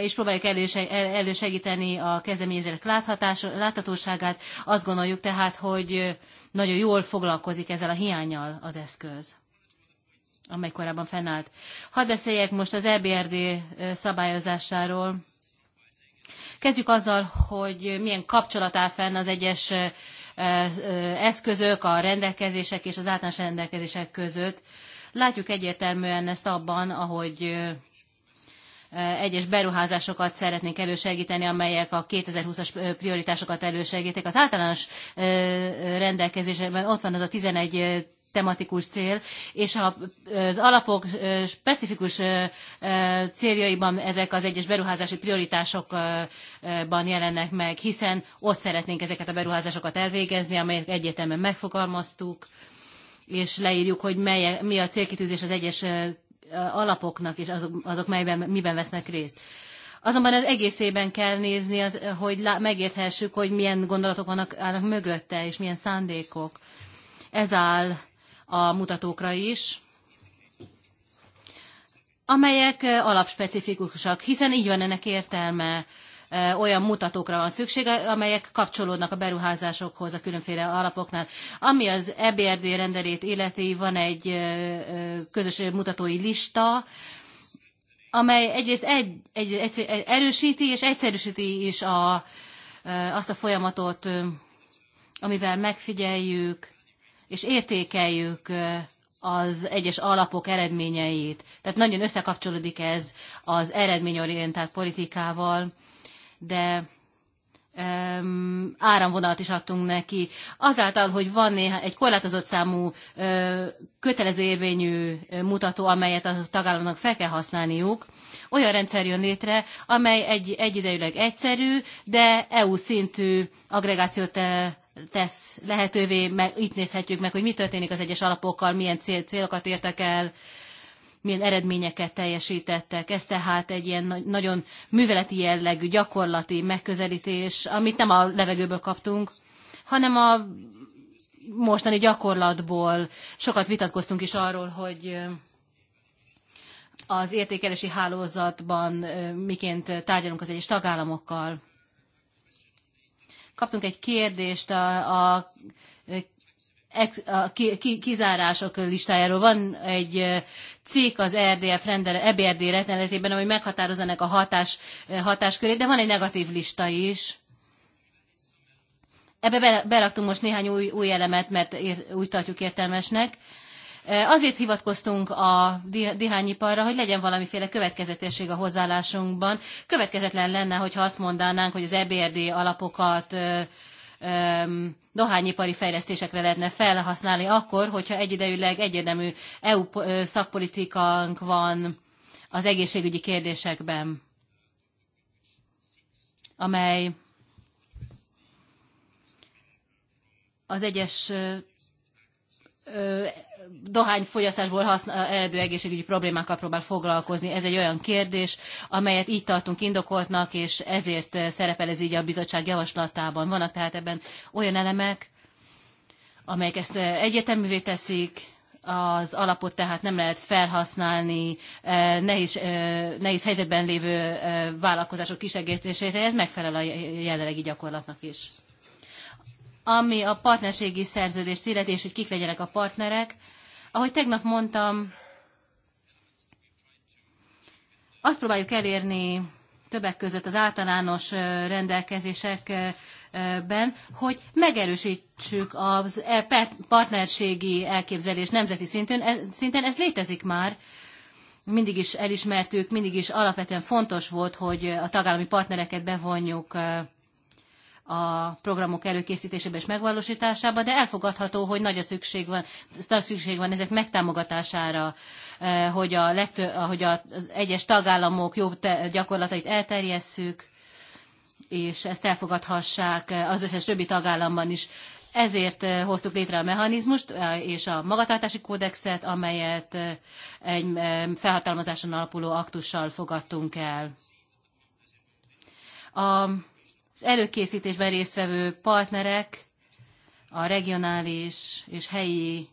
és próbáljuk elősegíteni a kezdeményezések láthatóságát. Azt gondoljuk tehát, hogy nagyon jól foglalkozik ezzel a hiányal az eszköz amely korábban fennállt. Hadd beszéljek most az EBRD szabályozásáról. Kezdjük azzal, hogy milyen kapcsolat áll fenn az egyes eszközök, a rendelkezések és az általános rendelkezések között. Látjuk egyértelműen ezt abban, ahogy Eh, egyes beruházásokat szeretnénk elősegíteni, amelyek a 2020-as eh, prioritásokat elősegítik. Az általános eh, rendelkezésben ott van az a 11 tematikus cél, és az alapok specifikus céljaiban ezek az egyes beruházási prioritásokban jelennek meg, hiszen ott szeretnénk ezeket a beruházásokat elvégezni, amelyek egyetemen megfogalmaztuk, és leírjuk, hogy mely, mi a célkitűzés az egyes alapoknak, és azok, azok melyben, miben vesznek részt. Azonban az egészében kell nézni, az, hogy lá, megérthessük, hogy milyen gondolatok vannak, állnak mögötte, és milyen szándékok. Ez áll a mutatókra is, amelyek alapspecifikusak, hiszen így van ennek értelme olyan mutatókra van szükség, amelyek kapcsolódnak a beruházásokhoz a különféle alapoknál. Ami az EBRD rendelét illeti, van egy közös mutatói lista, amely egyrészt egy, egy, egy, erősíti és egyszerűsíti is a, azt a folyamatot, amivel megfigyeljük és értékeljük az egyes alapok eredményeit. Tehát nagyon összekapcsolódik ez az eredményorientált politikával, de um, áramvonalat is adtunk neki. Azáltal, hogy van néha egy korlátozott számú uh, kötelező érvényű mutató, amelyet a tagállamnak fel kell használniuk, olyan rendszer jön létre, amely egy, egyidejűleg egyszerű, de EU szintű agregációt tesz lehetővé, mert itt nézhetjük meg, hogy mi történik az egyes alapokkal, milyen cél, célokat értek el, milyen eredményeket teljesítettek. Ez tehát egy ilyen nagyon műveleti jellegű, gyakorlati megközelítés, amit nem a levegőből kaptunk, hanem a mostani gyakorlatból. Sokat vitatkoztunk is arról, hogy az értékelési hálózatban miként tárgyalunk az egyes tagállamokkal. Kaptunk egy kérdést a, a, a kizárások listájáról. Van egy cikk az RDF rendele, EBRD rendeletében, ami meghatározza ennek a hatás, eh, hatáskörét, de van egy negatív lista is. Ebbe beraktunk most néhány új, új elemet, mert ér, úgy tartjuk értelmesnek. Eh, azért hivatkoztunk a dihányiparra, hogy legyen valamiféle következetesség a hozzáállásunkban. Következetlen lenne, hogyha azt mondanánk, hogy az EBRD alapokat eh, dohányipari fejlesztésekre lehetne felhasználni akkor, hogyha egyidejűleg egyedemű EU szakpolitikánk van az egészségügyi kérdésekben, amely az egyes dohányfogyasztásból használ, eredő egészségügyi problémákkal próbál foglalkozni. Ez egy olyan kérdés, amelyet így tartunk indokoltnak, és ezért szerepel ez így a bizottság javaslatában. Vannak tehát ebben olyan elemek, amelyek ezt egyeteművé teszik, az alapot tehát nem lehet felhasználni eh, nehéz, eh, nehéz helyzetben lévő eh, vállalkozások kisegítésére, ez megfelel a jelenlegi gyakorlatnak is ami a partnerségi szerződést illeti, és hogy kik legyenek a partnerek. Ahogy tegnap mondtam, azt próbáljuk elérni többek között az általános rendelkezésekben, hogy megerősítsük a e partnerségi elképzelés nemzeti szinten. E, szinten. Ez létezik már, mindig is elismertük, mindig is alapvetően fontos volt, hogy a tagállami partnereket bevonjuk a programok előkészítésébe és megvalósításába, de elfogadható, hogy nagy a szükség van, nagy szükség van ezek megtámogatására, eh, hogy, a legtö- hogy az egyes tagállamok jobb gyakorlatait elterjesszük, és ezt elfogadhassák eh, az összes többi tagállamban is. Ezért eh, hoztuk létre a mechanizmust és a magatartási kódexet, amelyet egy felhatalmazáson alapuló aktussal fogadtunk el. A az előkészítésben résztvevő partnerek, a regionális és helyi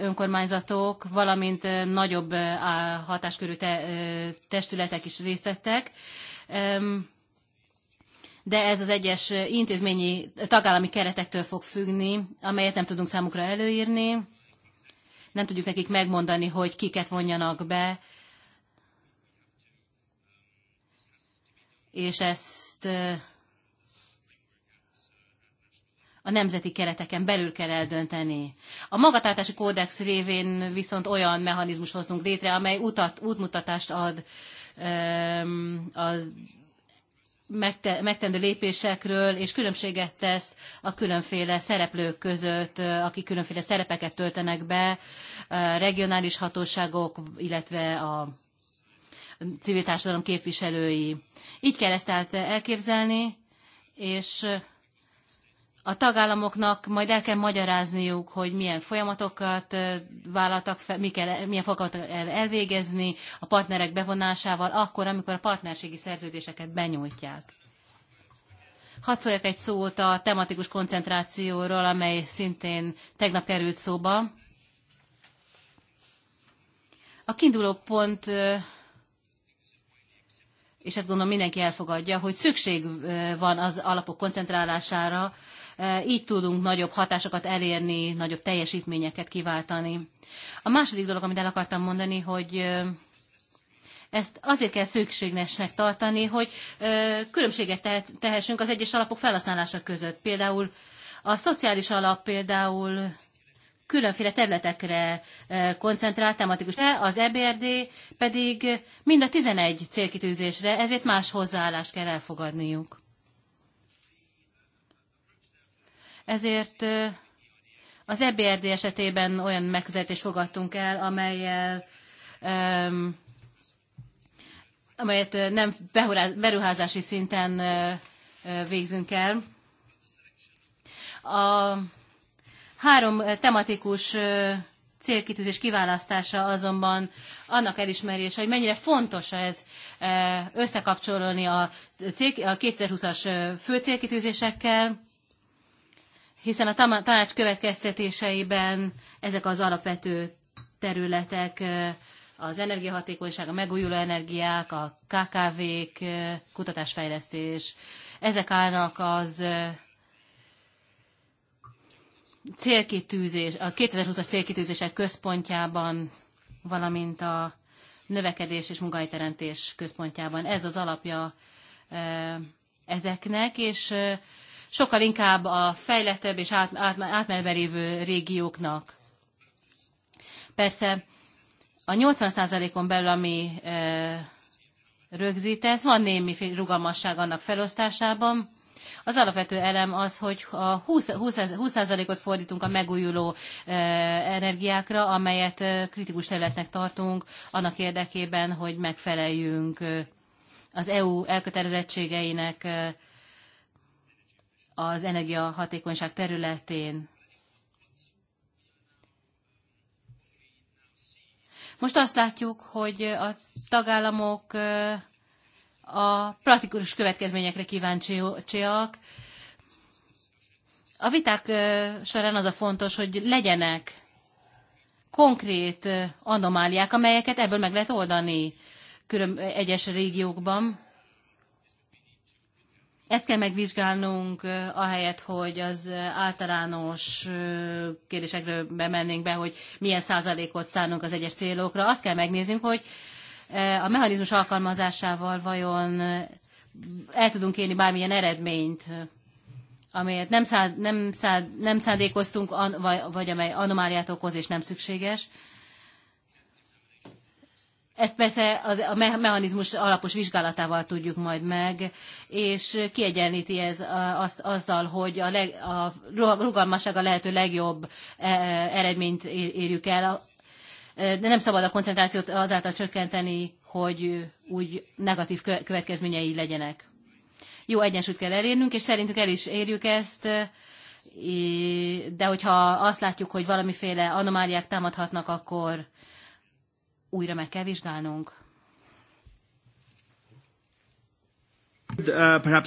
önkormányzatok, valamint nagyobb hatáskörű testületek is részt vettek. De ez az egyes intézményi tagállami keretektől fog függni, amelyet nem tudunk számukra előírni. Nem tudjuk nekik megmondani, hogy kiket vonjanak be és ezt a nemzeti kereteken belül kell eldönteni. A magatartási kódex révén viszont olyan mechanizmus hoztunk létre, amely utat, útmutatást ad a megtendő lépésekről, és különbséget tesz a különféle szereplők között, akik különféle szerepeket töltenek be, regionális hatóságok, illetve a civil társadalom képviselői. Így kell ezt tehát elképzelni, és a tagállamoknak majd el kell magyarázniuk, hogy milyen folyamatokat vállaltak fel, mi kell, milyen folyamatokat kell elvégezni a partnerek bevonásával, akkor, amikor a partnerségi szerződéseket benyújtják. Hadd szóljak egy szót a tematikus koncentrációról, amely szintén tegnap került szóba. A kiinduló pont és ezt gondolom mindenki elfogadja, hogy szükség van az alapok koncentrálására, így tudunk nagyobb hatásokat elérni, nagyobb teljesítményeket kiváltani. A második dolog, amit el akartam mondani, hogy ezt azért kell szükségesnek tartani, hogy különbséget tehessünk az egyes alapok felhasználása között. Például a szociális alap például különféle területekre e, koncentrált tematikus. De az EBRD pedig mind a 11 célkitűzésre, ezért más hozzáállást kell elfogadniuk. Ezért e, az EBRD esetében olyan megközelítést fogadtunk el, amelyel um, amelyet e, nem beruházási szinten végzünk el. A Három tematikus célkitűzés kiválasztása azonban annak elismerése, hogy mennyire fontos ez összekapcsolni a, cél, a 2020-as fő célkitűzésekkel, hiszen a tanács következtetéseiben ezek az alapvető területek az energiahatékonyság, a megújuló energiák, a KKV-k, kutatásfejlesztés, ezek állnak az célkitűzés, a 2020-as célkitűzések központjában, valamint a növekedés és munkahelyteremtés központjában. Ez az alapja e, ezeknek, és e, sokkal inkább a fejlettebb és át, át, lévő régióknak. Persze a 80%-on belül, ami e, rögzítesz, van némi rugalmasság annak felosztásában, az alapvető elem az, hogy a 20%-ot fordítunk a megújuló e, energiákra, amelyet e, kritikus területnek tartunk, annak érdekében, hogy megfeleljünk e, az EU elkötelezettségeinek az energiahatékonyság területén. Most azt látjuk, hogy a tagállamok a praktikus következményekre kíváncsiak. A viták során az a fontos, hogy legyenek konkrét anomáliák, amelyeket ebből meg lehet oldani külön egyes régiókban. Ezt kell megvizsgálnunk, ahelyett, hogy az általános kérdésekről bemennénk be, hogy milyen százalékot szánunk az egyes célokra. Azt kell megnéznünk, hogy E, a mechanizmus alkalmazásával vajon e, el tudunk érni bármilyen eredményt, e, amelyet nem, szád, nem, szád, nem szándékoztunk, an, vagy, vagy amely anomáliát okoz és nem szükséges. Ezt persze az, a mechanizmus alapos vizsgálatával tudjuk majd meg, és kiegyenlíti ez azt, azzal, hogy a, leg, a rugalmasság a lehető legjobb eredményt érjük el, de nem szabad a koncentrációt azáltal csökkenteni, hogy úgy negatív következményei legyenek. Jó egyensúlyt kell elérnünk, és szerintük el is érjük ezt, de hogyha azt látjuk, hogy valamiféle anomáliák támadhatnak, akkor újra meg kell vizsgálnunk. Uh,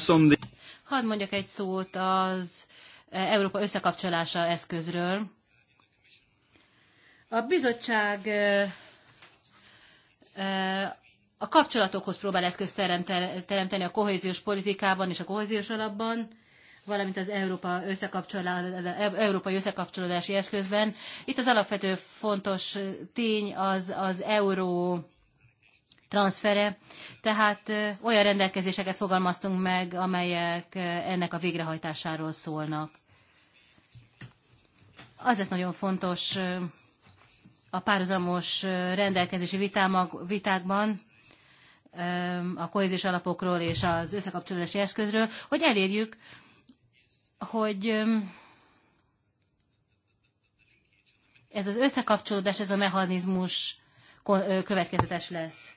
Hadd mondjak egy szót az Európa összekapcsolása eszközről a bizottság a kapcsolatokhoz próbál eszközt teremteni a kohéziós politikában és a kohéziós alapban, valamint az Európa európai összekapcsolódási eszközben. Itt az alapvető fontos tény az, az euró transfere, tehát olyan rendelkezéseket fogalmaztunk meg, amelyek ennek a végrehajtásáról szólnak. Az lesz nagyon fontos a párhuzamos rendelkezési vitámag, vitákban a kohézis alapokról és az összekapcsolási eszközről, hogy elérjük, hogy ez az összekapcsolódás, ez a mechanizmus következetes lesz.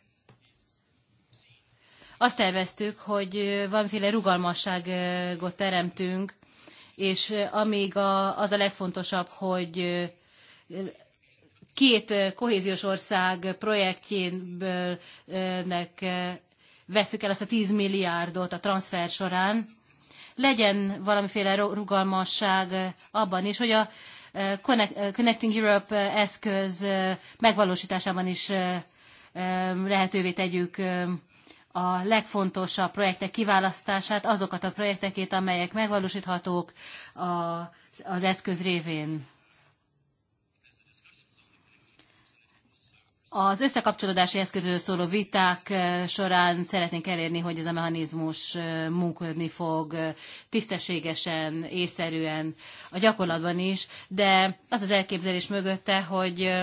Azt terveztük, hogy valamiféle rugalmasságot teremtünk, és amíg a, az a legfontosabb, hogy két kohéziós ország projektjének veszük el azt a 10 milliárdot a transfer során, legyen valamiféle rugalmasság abban is, hogy a Connecting Europe eszköz megvalósításában is lehetővé tegyük a legfontosabb projektek kiválasztását, azokat a projektekét, amelyek megvalósíthatók az eszköz révén. Az összekapcsolódási eszközről szóló viták eh, során szeretnénk elérni, hogy ez a mechanizmus eh, munkodni fog eh, tisztességesen, észszerűen, a gyakorlatban is, de az az elképzelés mögötte, hogy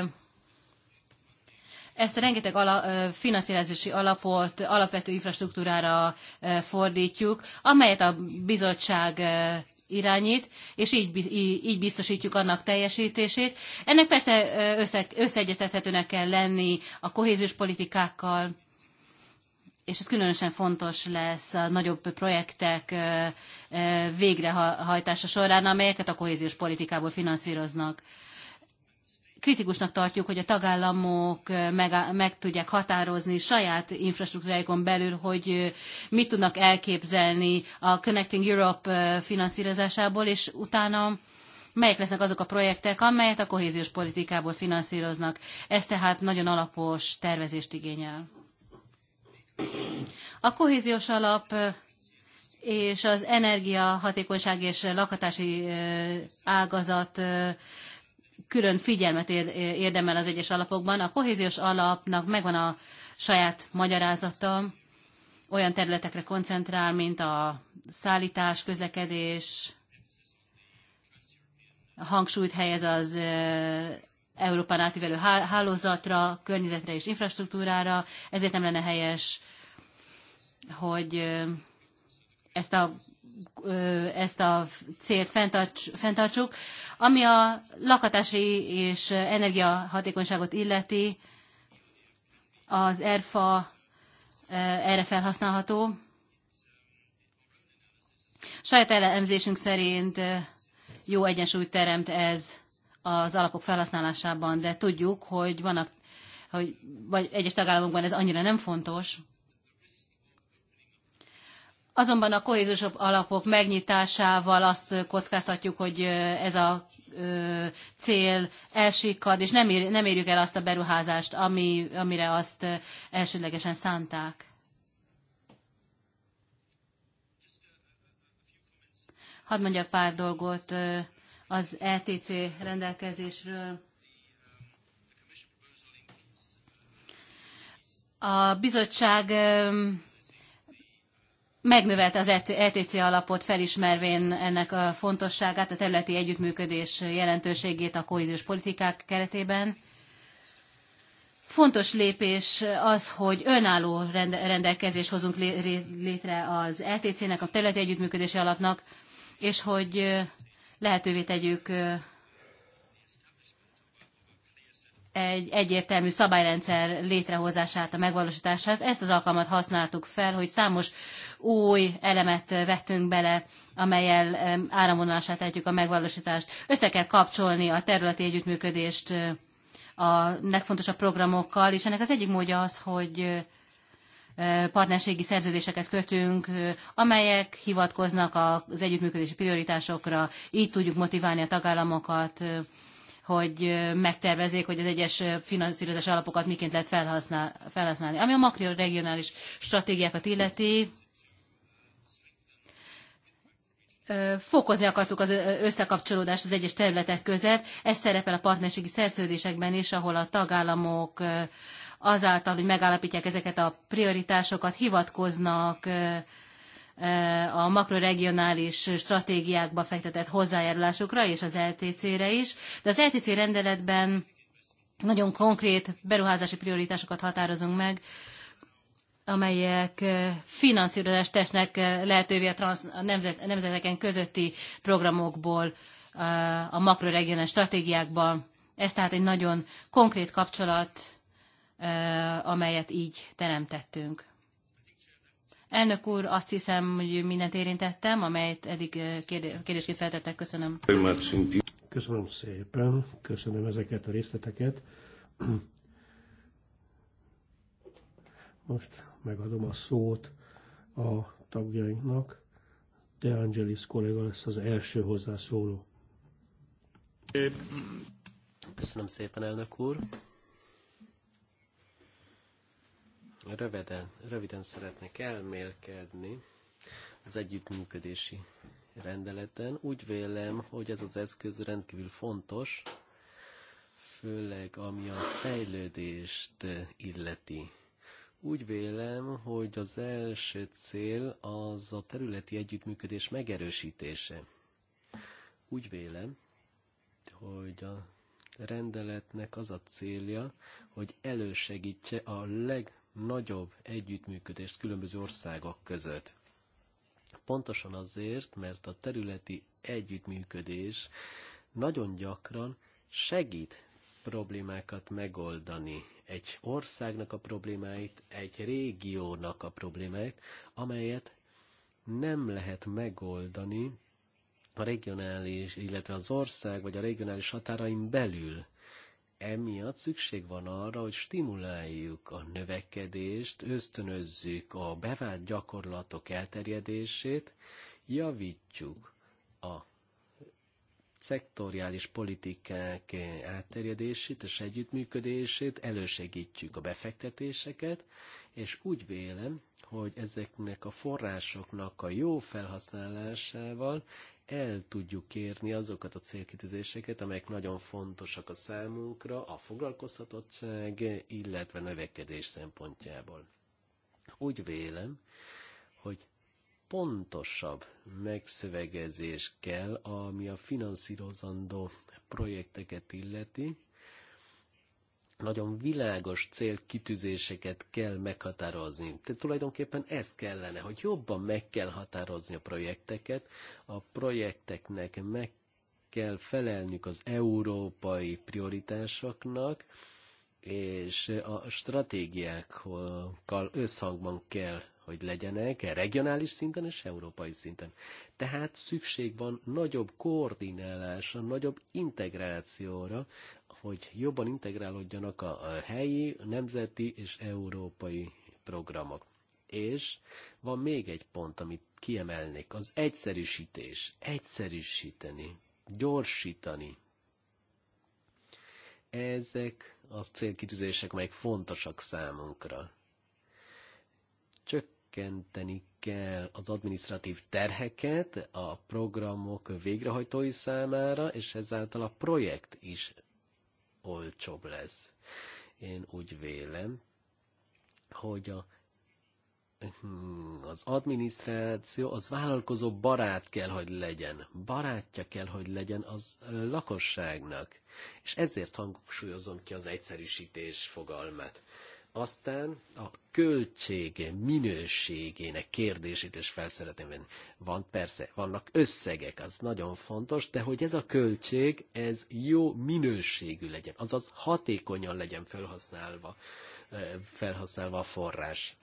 ezt a rengeteg ala, finanszírozási alapot alapvető infrastruktúrára fordítjuk, amelyet a bizottság irányít, és így, így biztosítjuk annak teljesítését. Ennek persze össze, összeegyeztethetőnek kell lenni a kohéziós politikákkal, és ez különösen fontos lesz a nagyobb projektek végrehajtása során, amelyeket a kohéziós politikából finanszíroznak kritikusnak tartjuk, hogy a tagállamok meg, meg tudják határozni saját infrastruktúráikon belül, hogy mit tudnak elképzelni a Connecting Europe finanszírozásából, és utána melyek lesznek azok a projektek, amelyet a kohéziós politikából finanszíroznak. Ez tehát nagyon alapos tervezést igényel. A kohéziós alap és az energiahatékonyság és lakhatási ágazat külön figyelmet érdemel az egyes alapokban. A kohéziós alapnak megvan a saját magyarázata, olyan területekre koncentrál, mint a szállítás, közlekedés, hangsúlyt helyez az Európán átívelő hálózatra, környezetre és infrastruktúrára, ezért nem lenne helyes, hogy ezt a ezt a célt fenntartsuk. Ami a lakatási és energiahatékonyságot illeti, az ERFA erre felhasználható. Saját elemzésünk szerint jó egyensúlyt teremt ez az alapok felhasználásában, de tudjuk, hogy vannak, hogy, vagy egyes tagállamokban ez annyira nem fontos, Azonban a kohéziós alapok megnyitásával azt kockáztatjuk, hogy ez a cél elsikkad, és nem, ér, nem érjük el azt a beruházást, ami, amire azt elsődlegesen szánták. Hadd mondjak pár dolgot az ETC rendelkezésről. A bizottság megnövelte az ETC e alapot felismervén ennek a fontosságát, a területi együttműködés jelentőségét a kohéziós politikák keretében. Fontos lépés az, hogy önálló rendelkezést hozunk létre az ETC-nek, a területi együttműködési alapnak, és hogy lehetővé tegyük egy egyértelmű szabályrendszer létrehozását a megvalósításához. Ezt az alkalmat használtuk fel, hogy számos új elemet vettünk bele, amelyel áramvonalását tehetjük a megvalósítást. Össze kell kapcsolni a területi együttműködést a legfontosabb programokkal, és ennek az egyik módja az, hogy partnerségi szerződéseket kötünk, amelyek hivatkoznak az együttműködési prioritásokra, így tudjuk motiválni a tagállamokat hogy megtervezzék, hogy az egyes finanszírozás alapokat miként lehet felhasznál, felhasználni. Ami a regionális stratégiákat illeti, fokozni akartuk az összekapcsolódást az egyes területek között. Ez szerepel a partnerségi szerződésekben is, ahol a tagállamok azáltal, hogy megállapítják ezeket a prioritásokat, hivatkoznak a makroregionális stratégiákba fektetett hozzájárulásukra és az LTC-re is, de az LTC rendeletben nagyon konkrét beruházási prioritásokat határozunk meg, amelyek eh, finanszírozást tesznek eh, lehetővé a, transz, a nemzet, nemzeteken közötti programokból, eh, a makroregionális stratégiákban. Ez tehát egy nagyon konkrét kapcsolat, amelyet így teremtettünk. Elnök úr, azt hiszem, hogy mindent érintettem, amelyet eddig eh, kérdésként feltettek. Köszönöm. Köszönöm szépen, köszönöm ezeket a részleteket. Most megadom a szót a tagjainknak. De Angelis kolléga lesz az első hozzászóló. Köszönöm szépen, elnök úr. Röviden, röviden szeretnék elmélkedni az együttműködési rendeleten. Úgy vélem, hogy ez az eszköz rendkívül fontos, főleg ami a fejlődést illeti. Úgy vélem, hogy az első cél az a területi együttműködés megerősítése. Úgy vélem, hogy a rendeletnek az a célja, hogy elősegítse a leg nagyobb együttműködést különböző országok között. Pontosan azért, mert a területi együttműködés nagyon gyakran segít problémákat megoldani. Egy országnak a problémáit, egy régiónak a problémáit, amelyet nem lehet megoldani a regionális, illetve az ország vagy a regionális határain belül. Emiatt szükség van arra, hogy stimuláljuk a növekedést, ösztönözzük a bevált gyakorlatok elterjedését, javítsuk a szektoriális politikák elterjedését és együttműködését, elősegítjük a befektetéseket, és úgy vélem, hogy ezeknek a forrásoknak a jó felhasználásával el tudjuk kérni azokat a célkitűzéseket, amelyek nagyon fontosak a számunkra a foglalkoztatottság, illetve növekedés szempontjából. Úgy vélem, hogy pontosabb megszövegezés kell, ami a finanszírozandó projekteket illeti, nagyon világos célkitűzéseket kell meghatározni. Tehát tulajdonképpen ez kellene, hogy jobban meg kell határozni a projekteket, a projekteknek meg kell felelnünk az európai prioritásoknak, és a stratégiákkal összhangban kell, hogy legyenek regionális szinten és európai szinten. Tehát szükség van nagyobb koordinálásra, nagyobb integrációra hogy jobban integrálódjanak a helyi, nemzeti és európai programok. És van még egy pont, amit kiemelnék, az egyszerűsítés. Egyszerűsíteni, gyorsítani. Ezek a célkitűzések, amelyek fontosak számunkra. Csökkenteni kell az administratív terheket a programok végrehajtói számára, és ezáltal a projekt is olcsóbb lesz. Én úgy vélem, hogy a az adminisztráció, az vállalkozó barát kell, hogy legyen. Barátja kell, hogy legyen az lakosságnak. És ezért hangsúlyozom ki az egyszerűsítés fogalmát. Aztán a költsége minőségének kérdését is fel szeretném venni. Van persze, vannak összegek, az nagyon fontos, de hogy ez a költség, ez jó minőségű legyen, azaz hatékonyan legyen felhasználva, eh, felhasználva a forrás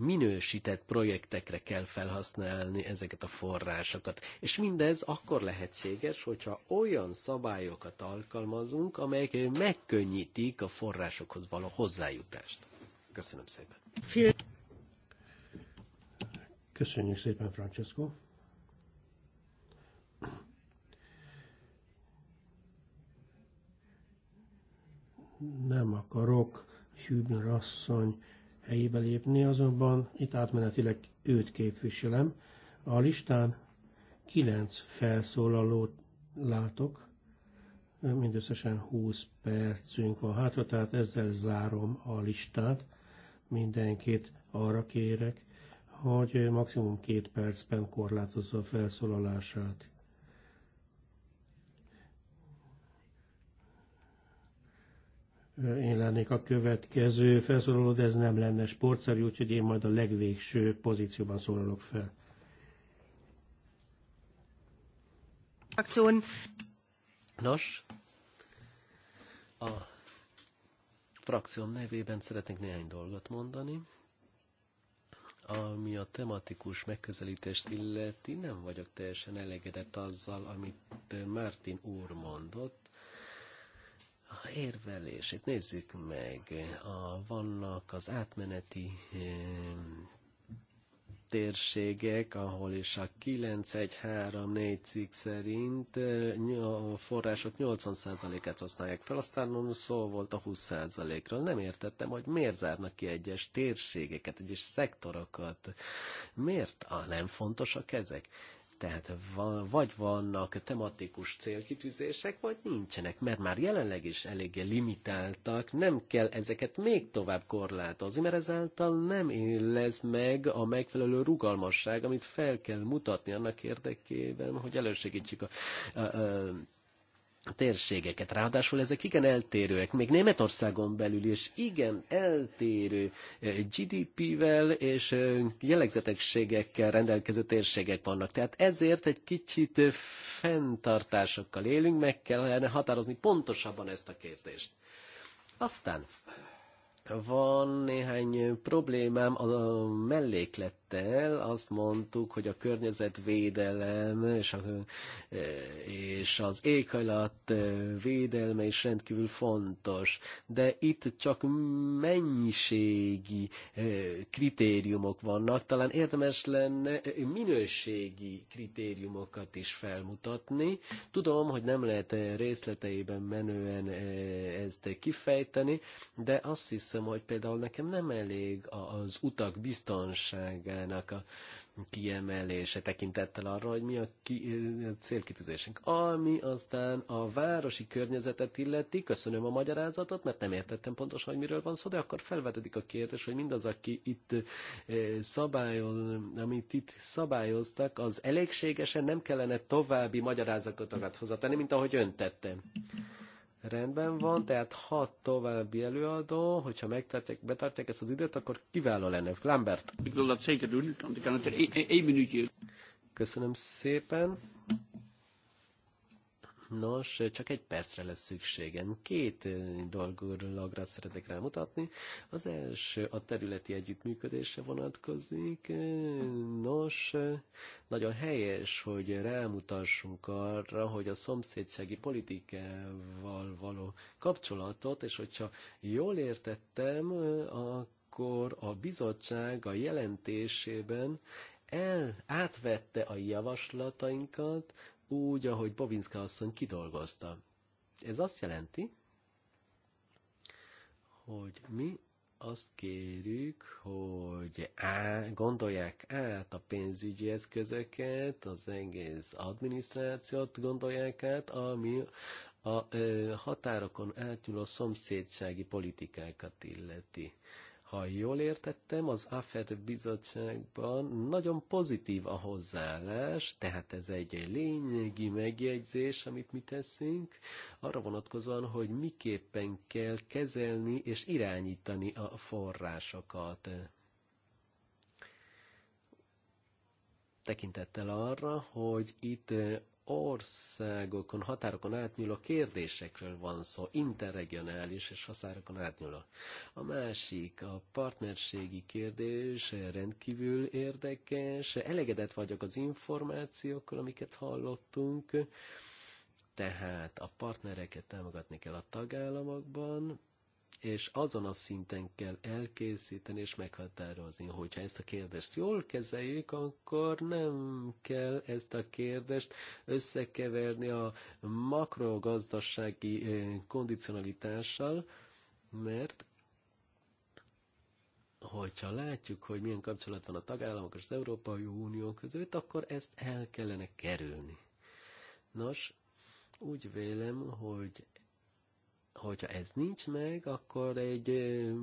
minősített projektekre kell felhasználni ezeket a forrásokat. És mindez akkor lehetséges, hogyha olyan szabályokat alkalmazunk, amelyek megkönnyítik a forrásokhoz való hozzájutást. Köszönöm szépen. Köszönjük szépen, Francesco. Nem akarok Hübner asszony helyébe lépni, azonban itt átmenetileg őt képviselem. A listán kilenc felszólalót látok, mindösszesen 20 percünk van hátra, tehát ezzel zárom a listát. Mindenkit arra kérek, hogy maximum két percben korlátozza a felszólalását. én lennék a következő felszólaló, de ez nem lenne sportszerű, úgyhogy én majd a legvégső pozícióban szólalok fel. Akción. Nos, a frakcióm nevében szeretnék néhány dolgot mondani. Ami a tematikus megközelítést illeti, nem vagyok teljesen elégedett azzal, amit Martin úr mondott a érvelését nézzük meg. A, vannak az átmeneti e, térségek, ahol is a 9134 cikk szerint eh, a források 80%-át használják fel, aztán szó volt a 20%-ról. Nem értettem, hogy miért zárnak ki egyes térségeket, egyes szektorokat. Miért? a nem fontosak ezek? Tehát vagy vannak tematikus célkitűzések, vagy nincsenek, mert már jelenleg is eléggé limitáltak, nem kell ezeket még tovább korlátozni, mert ezáltal nem lesz meg a megfelelő rugalmasság, amit fel kell mutatni annak érdekében, hogy elősegítsük a, a, a térségeket. Ráadásul ezek igen eltérőek, még Németországon belül is igen eltérő GDP-vel és jellegzetességekkel rendelkező térségek vannak. Tehát ezért egy kicsit fenntartásokkal élünk, meg kellene határozni pontosabban ezt a kérdést. Aztán van néhány problémám a melléklet el, azt mondtuk, hogy a környezetvédelem és, a, és az éghajlat védelme is rendkívül fontos, de itt csak mennyiségi eh, kritériumok vannak, talán érdemes lenne eh, minőségi kritériumokat is felmutatni. Tudom, hogy nem lehet eh, részleteiben menően ezt kifejteni, de azt hiszem, hogy például nekem nem elég az utak biztonsága politikának a kiemelése tekintettel arra, hogy mi a ki, a célkitűzésünk. Ami aztán a városi környezetet illeti, köszönöm a magyarázatot, mert nem értettem pontosan, hogy miről van szó, de akkor felvetődik a kérdés, hogy mindaz, aki itt szabályoz, amit itt szabályoztak, az elégségesen nem kellene további magyarázatokat hozatani, mint ahogy ön tette. Rendben van, tehát hat további előadó, hogyha megtartják, betartják ezt az időt, akkor kiváló lenne. Lambert. Er e- e- Köszönöm szépen. Nos, csak egy percre lesz szükségem. Két eh, dolgulagra szeretek rámutatni. Az első a területi együttműködése vonatkozik. Eh, Nos, eh, nagyon helyes, hogy rámutassunk arra, hogy a szomszédsági politikával való kapcsolatot, és hogyha jól értettem, akkor a bizottság a jelentésében el, átvette a javaslatainkat, úgy, ahogy Bobinska asszony kidolgozta. Ez azt jelenti, hogy mi azt kérjük, hogy á, gondolják át a pénzügyi eszközöket, az egész adminisztrációt gondolják át, ami a ö, határokon átnyúló szomszédsági politikákat illeti. Ha jól értettem, az AFED bizottságban nagyon pozitív a hozzáállás, tehát ez egy lényegi megjegyzés, amit mi teszünk, arra vonatkozóan, hogy miképpen kell kezelni és irányítani a forrásokat. Tekintettel arra, hogy itt országokon, határokon átnyúló kérdésekről van szó, interregionális és határokon átnyúló. A másik, a partnerségi kérdés rendkívül érdekes. Elegedett vagyok az információkkal, amiket hallottunk. Tehát a partnereket támogatni kell a tagállamokban, és azon a szinten kell elkészíteni és meghatározni. Hogyha ezt a kérdést jól kezeljük, akkor nem kell ezt a kérdést összekeverni a makrogazdasági eh, kondicionalitással, mert hogyha látjuk, hogy milyen kapcsolat van a tagállamok és az Európai Unió között, akkor ezt el kellene kerülni. Nos, úgy vélem, hogy hogyha ez nincs meg, akkor egy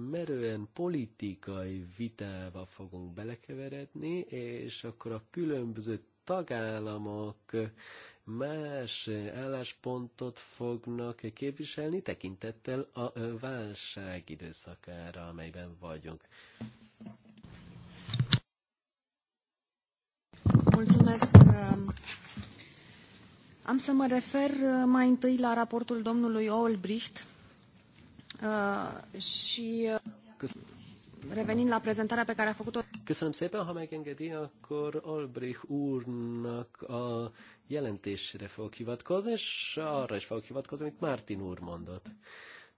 merően politikai vitába fogunk belekeveredni, és akkor a különböző tagállamok más álláspontot fognak képviselni tekintettel a válság időszakára, amelyben vagyunk. Mulțumesc um, Am să mă refer uh, mai întâi la raportul domnului Olbricht uh, și uh, revenind la prezentarea pe care a făcut-o. Köszönöm szépen, ha megengedi, akkor Olbrich úrnak a jelentésre fogok hivatkozni, és arra is fogok hivatkozni, amit Martin úr mondott.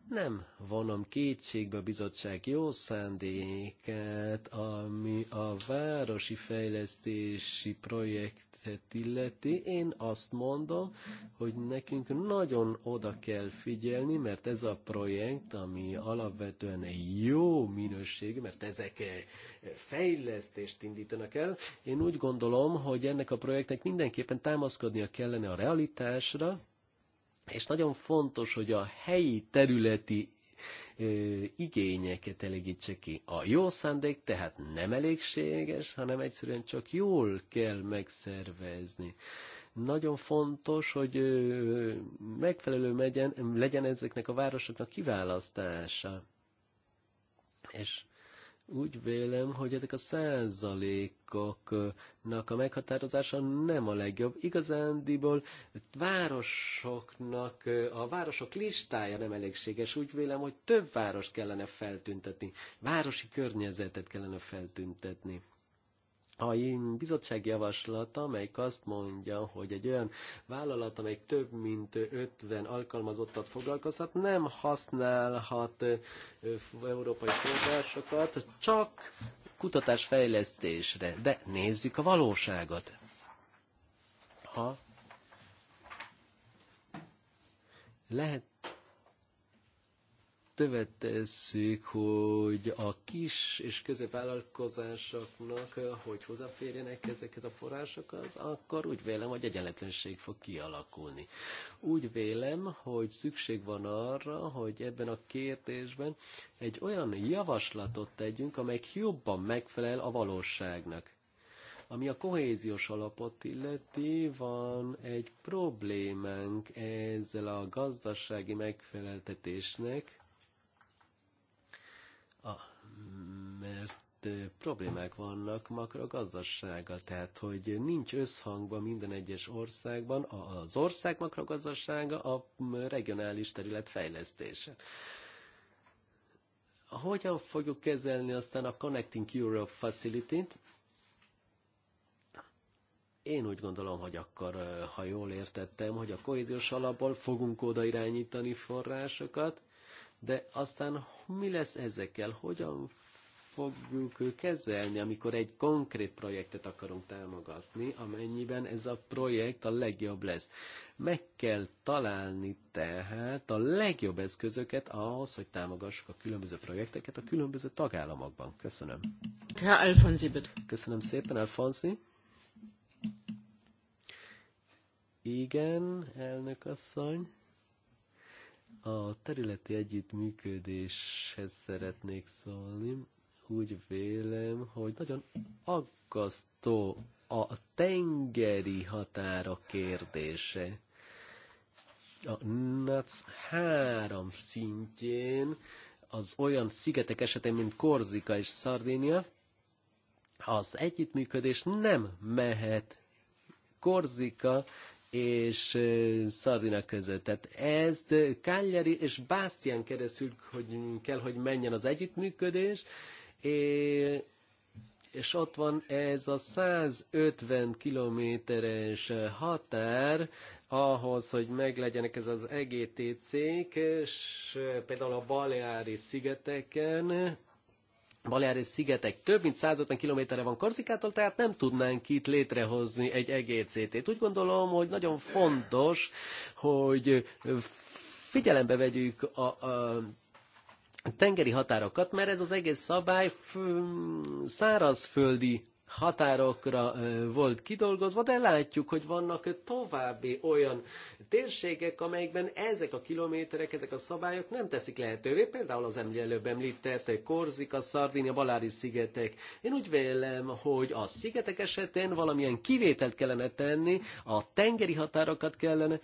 Nem vonom kétségbe a bizottság jó szándékát, ami a városi fejlesztési projekt illeti, én azt mondom, hogy nekünk nagyon oda kell figyelni, mert ez a projekt, ami alapvetően egy jó minőség, mert ezek eh, fejlesztést indítanak el, én úgy gondolom, hogy ennek a projektnek mindenképpen támaszkodnia kellene a realitásra, és nagyon fontos, hogy a helyi területi igényeket elégítse ki. A jó szándék tehát nem elégséges, hanem egyszerűen csak jól kell megszervezni nagyon fontos, hogy megfelelő legyen, legyen ezeknek a városoknak kiválasztása. És úgy vélem, hogy ezek a százalékoknak a meghatározása nem a legjobb. Igazándiból városoknak, a városok listája nem elégséges. Úgy vélem, hogy több várost kellene feltüntetni. Városi környezetet kellene feltüntetni a bizottság javaslata, amelyik azt mondja, hogy egy olyan vállalat, amely több mint 50 alkalmazottat foglalkozhat, nem használhat európai forrásokat, csak kutatásfejlesztésre. De nézzük a valóságot. Ha lehet tövetezzük, hogy a kis és középvállalkozásoknak, eh, hogy hozzáférjenek ezekhez a forrásokhoz, akkor úgy vélem, hogy egyenletlenség fog kialakulni. Úgy vélem, hogy szükség van arra, hogy ebben a kérdésben egy olyan javaslatot tegyünk, amely jobban megfelel a valóságnak. Ami a kohéziós alapot illeti, van egy problémánk ezzel a gazdasági megfeleltetésnek, a, mert problémák vannak makrogazdasága, tehát hogy nincs összhangban minden egyes országban az ország makrogazdasága a regionális terület fejlesztése. Hogyan fogjuk kezelni aztán a Connecting Europe Facility-t? Én úgy gondolom, hogy akkor, ha jól értettem, hogy a kohéziós alapból fogunk oda irányítani forrásokat, de aztán mi lesz ezekkel? Hogyan fogjuk kezelni, amikor egy konkrét projektet akarunk támogatni, amennyiben ez a projekt a legjobb lesz. Meg kell találni tehát a legjobb eszközöket ahhoz, hogy támogassuk a különböző projekteket a különböző tagállamokban. Köszönöm. Köszönöm szépen, Alfonzi. Igen, elnök asszony. A területi együttműködéshez szeretnék szólni. Úgy vélem, hogy nagyon aggasztó a tengeri határa kérdése. A NAC három szintjén az olyan szigetek esetén, mint Korzika és Szardénia, az együttműködés nem mehet Korzika és Szardina között. Tehát ezt Cagliari és Bástián keresztül hogy kell, hogy menjen az együttműködés, és ott van ez a 150 kilométeres határ, ahhoz, hogy meglegyenek ez az EGTC-k, és például a Baleári szigeteken, Baleári szigetek több mint 150 kilométerre van Korzikától, tehát nem tudnánk itt létrehozni egy EGCT-t. Úgy gondolom, hogy nagyon fontos, hogy figyelembe vegyük a, a tengeri határokat, mert ez az egész szabály szárazföldi határokra volt kidolgozva, de látjuk, hogy vannak további olyan térségek, amelyekben ezek a kilométerek, ezek a szabályok nem teszik lehetővé, például az előbb említett Korzika, Szardinia, Balári szigetek. Én úgy vélem, hogy a szigetek esetén valamilyen kivételt kellene tenni, a tengeri határokat kellene,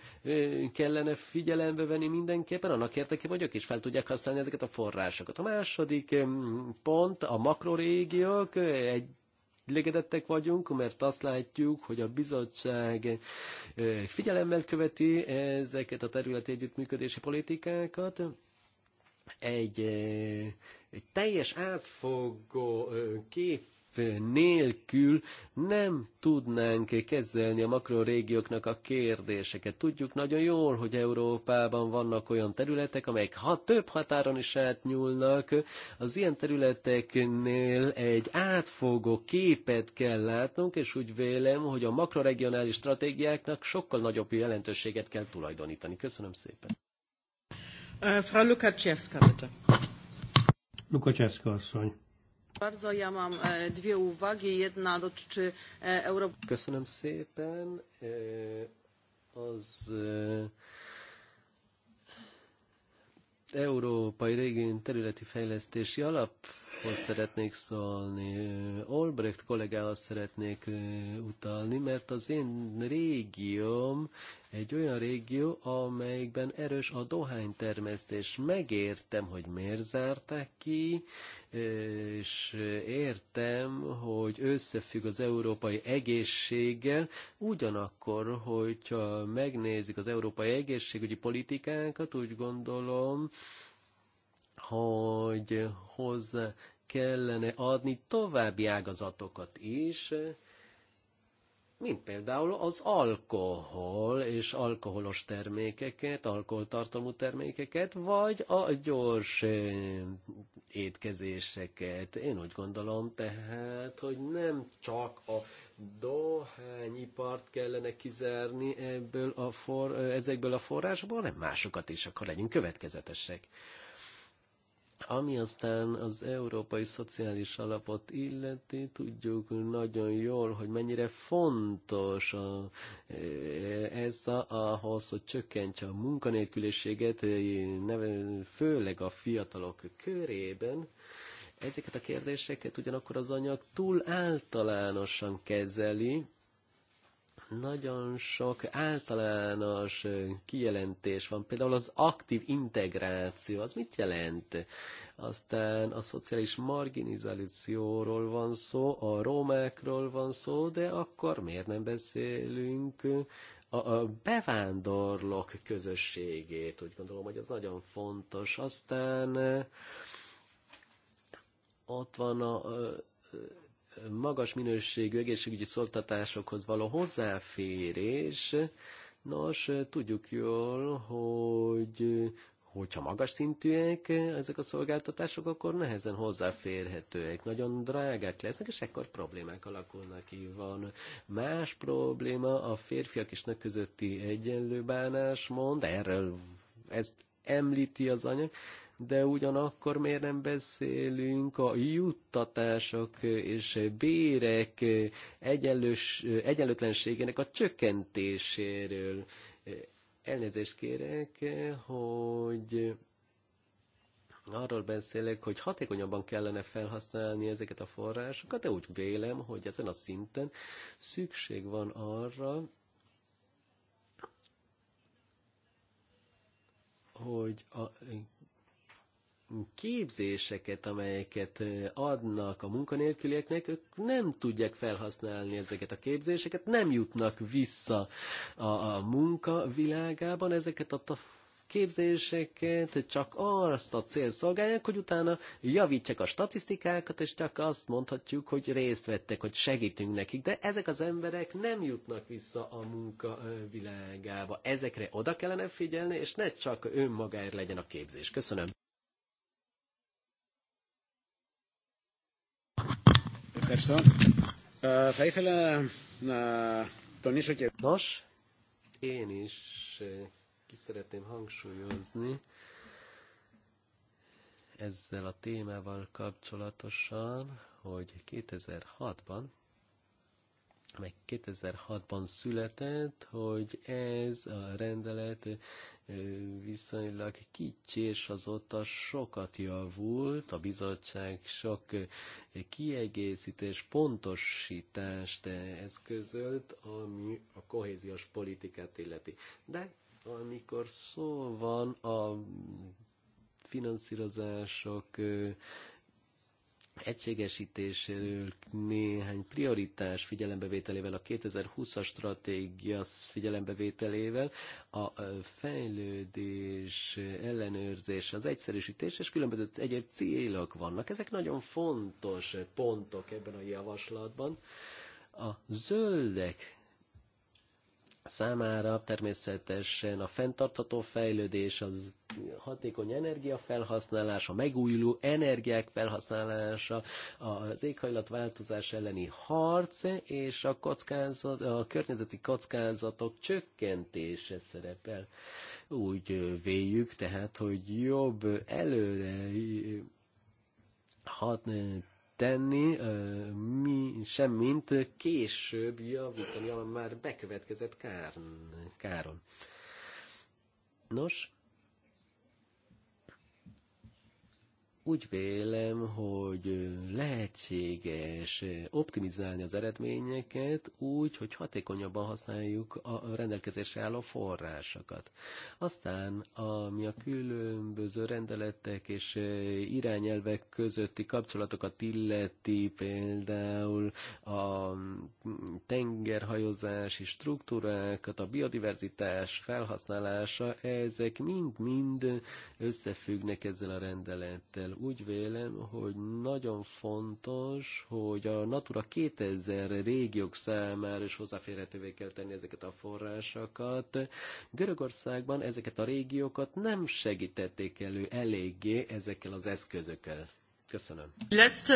kellene figyelembe venni mindenképpen, annak érdekében, hogy ők is fel tudják használni ezeket a forrásokat. A második mm, pont a makrorégiók, egy elégedettek vagyunk, mert azt látjuk, hogy a bizottság eh, figyelemmel követi ezeket a területi együttműködési politikákat. Egy, eh, egy teljes átfogó eh, kép nélkül nem tudnánk kezelni a makrorégióknak a kérdéseket. Tudjuk nagyon jól, hogy Európában vannak olyan területek, amelyek ha több határon is átnyúlnak. Az ilyen területeknél egy átfogó képet kell látnunk, és úgy vélem, hogy a makroregionális stratégiáknak sokkal nagyobb jelentőséget kell tulajdonítani. Köszönöm szépen. Uh, Frau Lukaczewska, bitte. Lukaczewska asszony. Köszönöm szépen. E, az e, Európai Régión Területi Fejlesztési Alap hoz szeretnék szólni. Olbrecht kollégához szeretnék utalni, mert az én régióm egy olyan régió, amelyikben erős a dohánytermesztés. Megértem, hogy miért zárták ki, és értem, hogy összefügg az európai egészséggel, ugyanakkor, hogyha megnézik az európai egészségügyi politikánkat, úgy gondolom, hogy hozzá kellene adni további ágazatokat is, mint például az alkohol és alkoholos termékeket, alkoholtartalmú termékeket, vagy a gyors étkezéseket. Én úgy gondolom tehát, hogy nem csak a dohányipart kellene kizárni ebből a for, ezekből a forrásból, hanem másokat is, akkor legyünk következetesek. Ami aztán az Európai Szociális Alapot illeti, tudjuk nagyon jól, hogy mennyire fontos a, e, ez a, ahhoz, hogy csökkentse a munkanélküliséget, e, főleg a fiatalok körében. Ezeket a kérdéseket ugyanakkor az anyag túl általánosan kezeli, nagyon sok általános kijelentés van, például az aktív integráció, az mit jelent? Aztán a szociális marginalizációról van szó, a romákról van szó, de akkor miért nem beszélünk a, a bevándorlók közösségét? Úgy gondolom, hogy az nagyon fontos. Aztán ott van a, a magas minőségű egészségügyi szoltatásokhoz való hozzáférés, nos, tudjuk jól, hogy hogyha magas szintűek ezek a szolgáltatások, akkor nehezen hozzáférhetőek, nagyon drágák lesznek, és ekkor problémák alakulnak ki. Van más probléma, a férfiak és nők közötti egyenlő mond. erről ezt említi az anyag, de ugyanakkor miért nem beszélünk a juttatások és bérek egyenlős, egyenlőtlenségének a csökkentéséről? Elnézést kérek, hogy arról beszélek, hogy hatékonyabban kellene felhasználni ezeket a forrásokat, de úgy vélem, hogy ezen a szinten szükség van arra, hogy a képzéseket, amelyeket adnak a munkanélkülieknek, ők nem tudják felhasználni ezeket a képzéseket, nem jutnak vissza a, a munka világában, ezeket a képzéseket csak azt a cél szolgálják, hogy utána javítsák a statisztikákat, és csak azt mondhatjuk, hogy részt vettek, hogy segítünk nekik. De ezek az emberek nem jutnak vissza a munka világába. Ezekre oda kellene figyelni, és ne csak önmagáért legyen a képzés. Köszönöm. Ευχαριστώ. Ε, θα ήθελα να τονίσω και... Nos, én is ki szeretném hangsúlyozni ezzel a témával kapcsolatosan, hogy 2006-ban meg 2006-ban született, hogy ez a rendelet viszonylag kicsi, és azóta sokat javult, a bizottság sok kiegészítés, pontosítást ez közölt, ami a kohéziós politikát illeti. De amikor szó van a finanszírozások egységesítéséről néhány prioritás figyelembevételével, a 2020-as stratégia figyelembevételével, a fejlődés, ellenőrzés, az egyszerűsítés és különböző egyéb célok vannak. Ezek nagyon fontos pontok ebben a javaslatban. A zöldek számára természetesen a fenntartható fejlődés, az hatékony energiafelhasználás, a megújuló energiák felhasználása, az éghajlatváltozás elleni harc és a, kockázat, a környezeti kockázatok csökkentése szerepel. Úgy véljük tehát, hogy jobb előre hat, tenni, mi semmint később javítani a már bekövetkezett kár, káron. Nos, Úgy vélem, hogy lehetséges optimizálni az eredményeket úgy, hogy hatékonyabban használjuk a rendelkezésre álló forrásokat. Aztán, ami a különböző rendeletek és irányelvek közötti kapcsolatokat illeti, például a tengerhajózási struktúrákat, a biodiverzitás felhasználása, ezek mind-mind összefüggnek ezzel a rendelettel úgy vélem, hogy nagyon fontos, hogy a Natura 2000 régiók számára is hozzáférhetővé kell tenni ezeket a forrásokat. Görögországban ezeket a régiókat nem segítették elő eléggé ezekkel az eszközökkel. Köszönöm. Letzte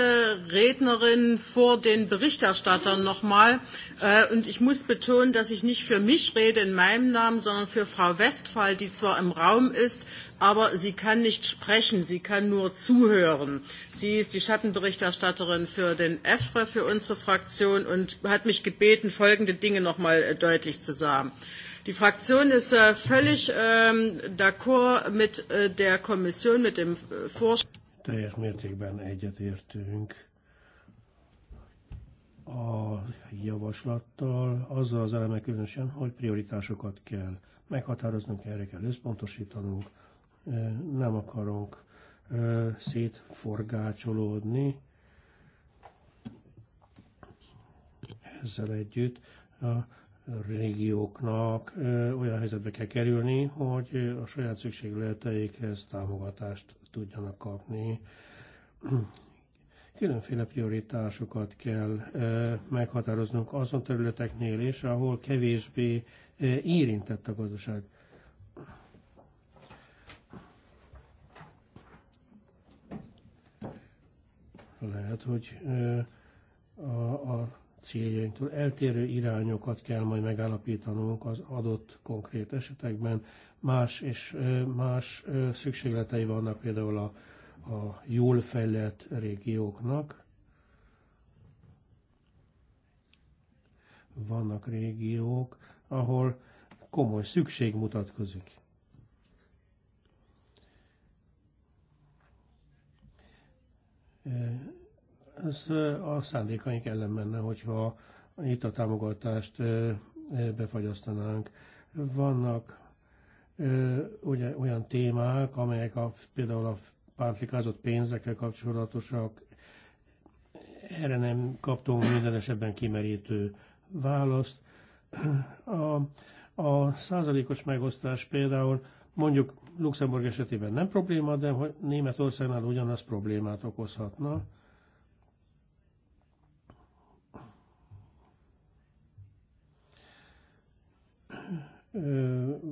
Rednerin vor den Berichterstattern nochmal. Äh, und ich muss betonen, dass ich nicht für mich rede in meinem Namen, sondern für Frau Westphal, die zwar im Raum ist, aber sie kann nicht sprechen, sie kann nur zuhören. Sie ist die Schattenberichterstatterin für den EFRE, für unsere Fraktion und hat mich gebeten, folgende Dinge noch mal äh, deutlich zu sagen. Die Fraktion ist äh, völlig ähm, d'accord mit äh, der Kommission, mit dem äh, Vorschlag. Teljes mértékben egyetértünk a javaslattal, azzal az különösen, hogy prioritásokat kell meghatároznunk, erre kell összpontosítanunk, nem akarunk szétforgácsolódni. Ezzel együtt a régióknak olyan helyzetbe kell kerülni, hogy a saját szükségleteikhez támogatást tudjanak kapni. Különféle prioritásokat kell meghatároznunk azon területeknél is, ahol kevésbé érintett a gazdaság Lehet, hogy a, a céljainktól eltérő irányokat kell majd megállapítanunk az adott konkrét esetekben. Más és más szükségletei vannak például a, a jól fejlett régióknak. Vannak régiók, ahol komoly szükség mutatkozik. Ez a szándékaink ellen menne, hogyha itt a támogatást befagyasztanánk. Vannak ugye, olyan témák, amelyek a, például a pártlikázott pénzekkel kapcsolatosak, erre nem kaptunk minden esetben kimerítő választ. A, a százalékos megosztás például Mondjuk Luxemburg esetében nem probléma, de hogy Németországnál ugyanaz problémát okozhatna.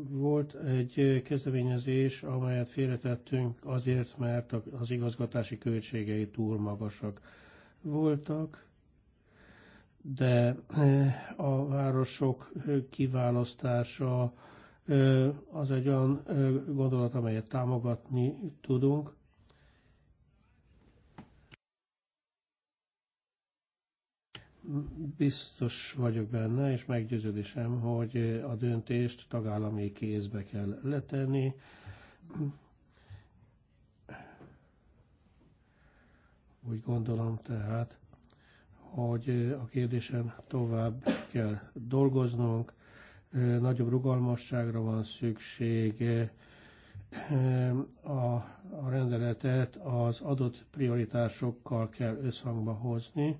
Volt egy kezdeményezés, amelyet félretettünk azért, mert az igazgatási költségei túl magasak voltak, de eh, a városok eh, kiválasztása az egy olyan gondolat, amelyet támogatni tudunk. Biztos vagyok benne, és meggyőződésem, hogy a döntést tagállami kézbe kell letenni. Úgy gondolom tehát, hogy a kérdésen tovább kell dolgoznunk, nagyobb rugalmasságra van szükség, a, a rendeletet az adott prioritásokkal kell összhangba hozni.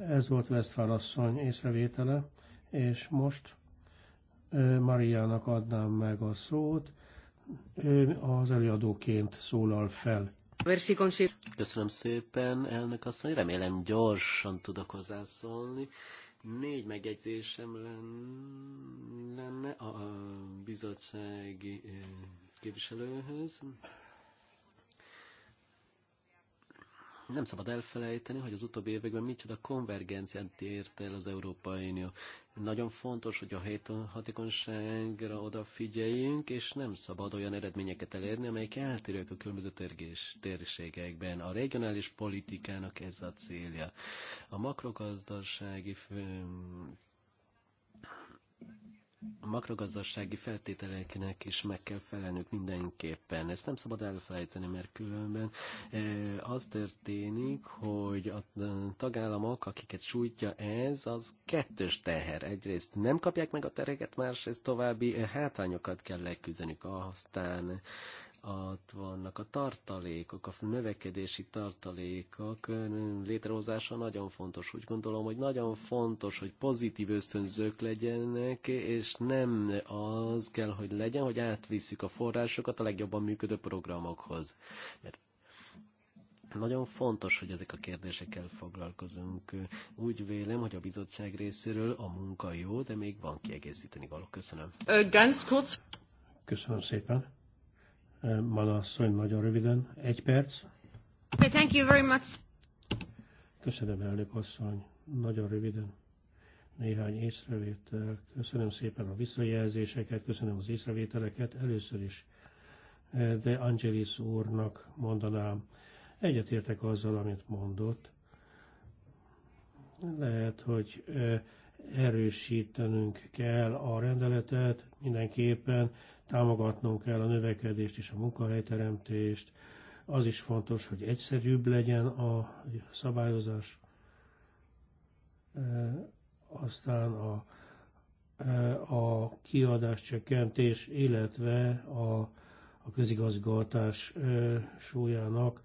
Ez volt Westphal asszony észrevétele, és most Mariának adnám meg a szót. Ő az előadóként szólal fel. Köszönöm szépen, elnök asszony. Remélem gyorsan tudok hozzászólni. Négy megjegyzésem lenne a bizottsági képviselőhöz. nem szabad elfelejteni, hogy az utóbbi években micsoda konvergenciát ért el az Európai Unió. Nagyon fontos, hogy a hatékonyságra odafigyeljünk, és nem szabad olyan eredményeket elérni, amelyek eltérők a különböző térgés, térségekben. A regionális politikának ez a célja. A makrogazdasági a makrogazdasági feltételeknek is meg kell felelnünk mindenképpen. Ezt nem szabad elfelejteni, mert különben e, az történik, hogy a tagállamok, akiket sújtja ez, az kettős teher. Egyrészt nem kapják meg a tereket, másrészt további e, hátrányokat kell leküzdenük. Aztán ott vannak a tartalékok, a növekedési tartalékok létrehozása nagyon fontos. Úgy gondolom, hogy nagyon fontos, hogy pozitív ösztönzők legyenek, és nem az kell, hogy legyen, hogy átvisszük a forrásokat a legjobban működő programokhoz. Mert nagyon fontos, hogy ezek a kérdésekkel foglalkozunk. Úgy vélem, hogy a bizottság részéről a munka jó, de még van kiegészíteni való. Köszönöm. Ganz kurz. Köszönöm szépen Malasszony, nagyon röviden, egy perc. Thank you very much. Köszönöm, elnök asszony, nagyon röviden. Néhány észrevétel. Köszönöm szépen a visszajelzéseket, köszönöm az észrevételeket. Először is eh, de Angelis úrnak mondanám, egyetértek azzal, amit mondott. Lehet, hogy eh, erősítenünk kell a rendeletet, mindenképpen támogatnunk kell a növekedést és a munkahelyteremtést, az is fontos, hogy egyszerűbb legyen a szabályozás, e, aztán a, e, a kiadás csökkentés, illetve a, a közigazgatás e, súlyának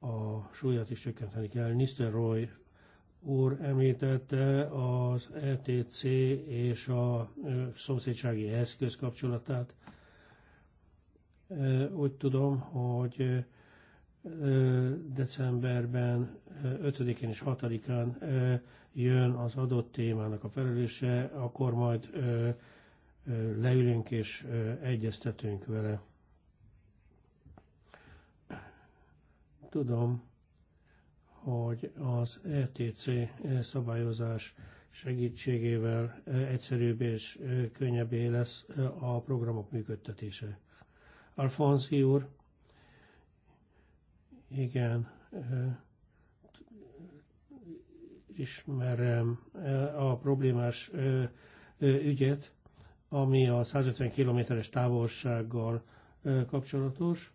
a súlyát is csökkenteni kell. Nisztelrooy úr említette az ETC és a szomszédsági eszköz kapcsolatát. Úgy tudom, hogy decemberben 5-én és 6-án jön az adott témának a felelőse, akkor majd leülünk és egyeztetünk vele. Tudom, hogy az ETC szabályozás segítségével egyszerűbb és könnyebbé lesz a programok működtetése. Alfonsi úr, igen, ismerem a problémás ügyet, ami a 150 kilométeres távolsággal kapcsolatos.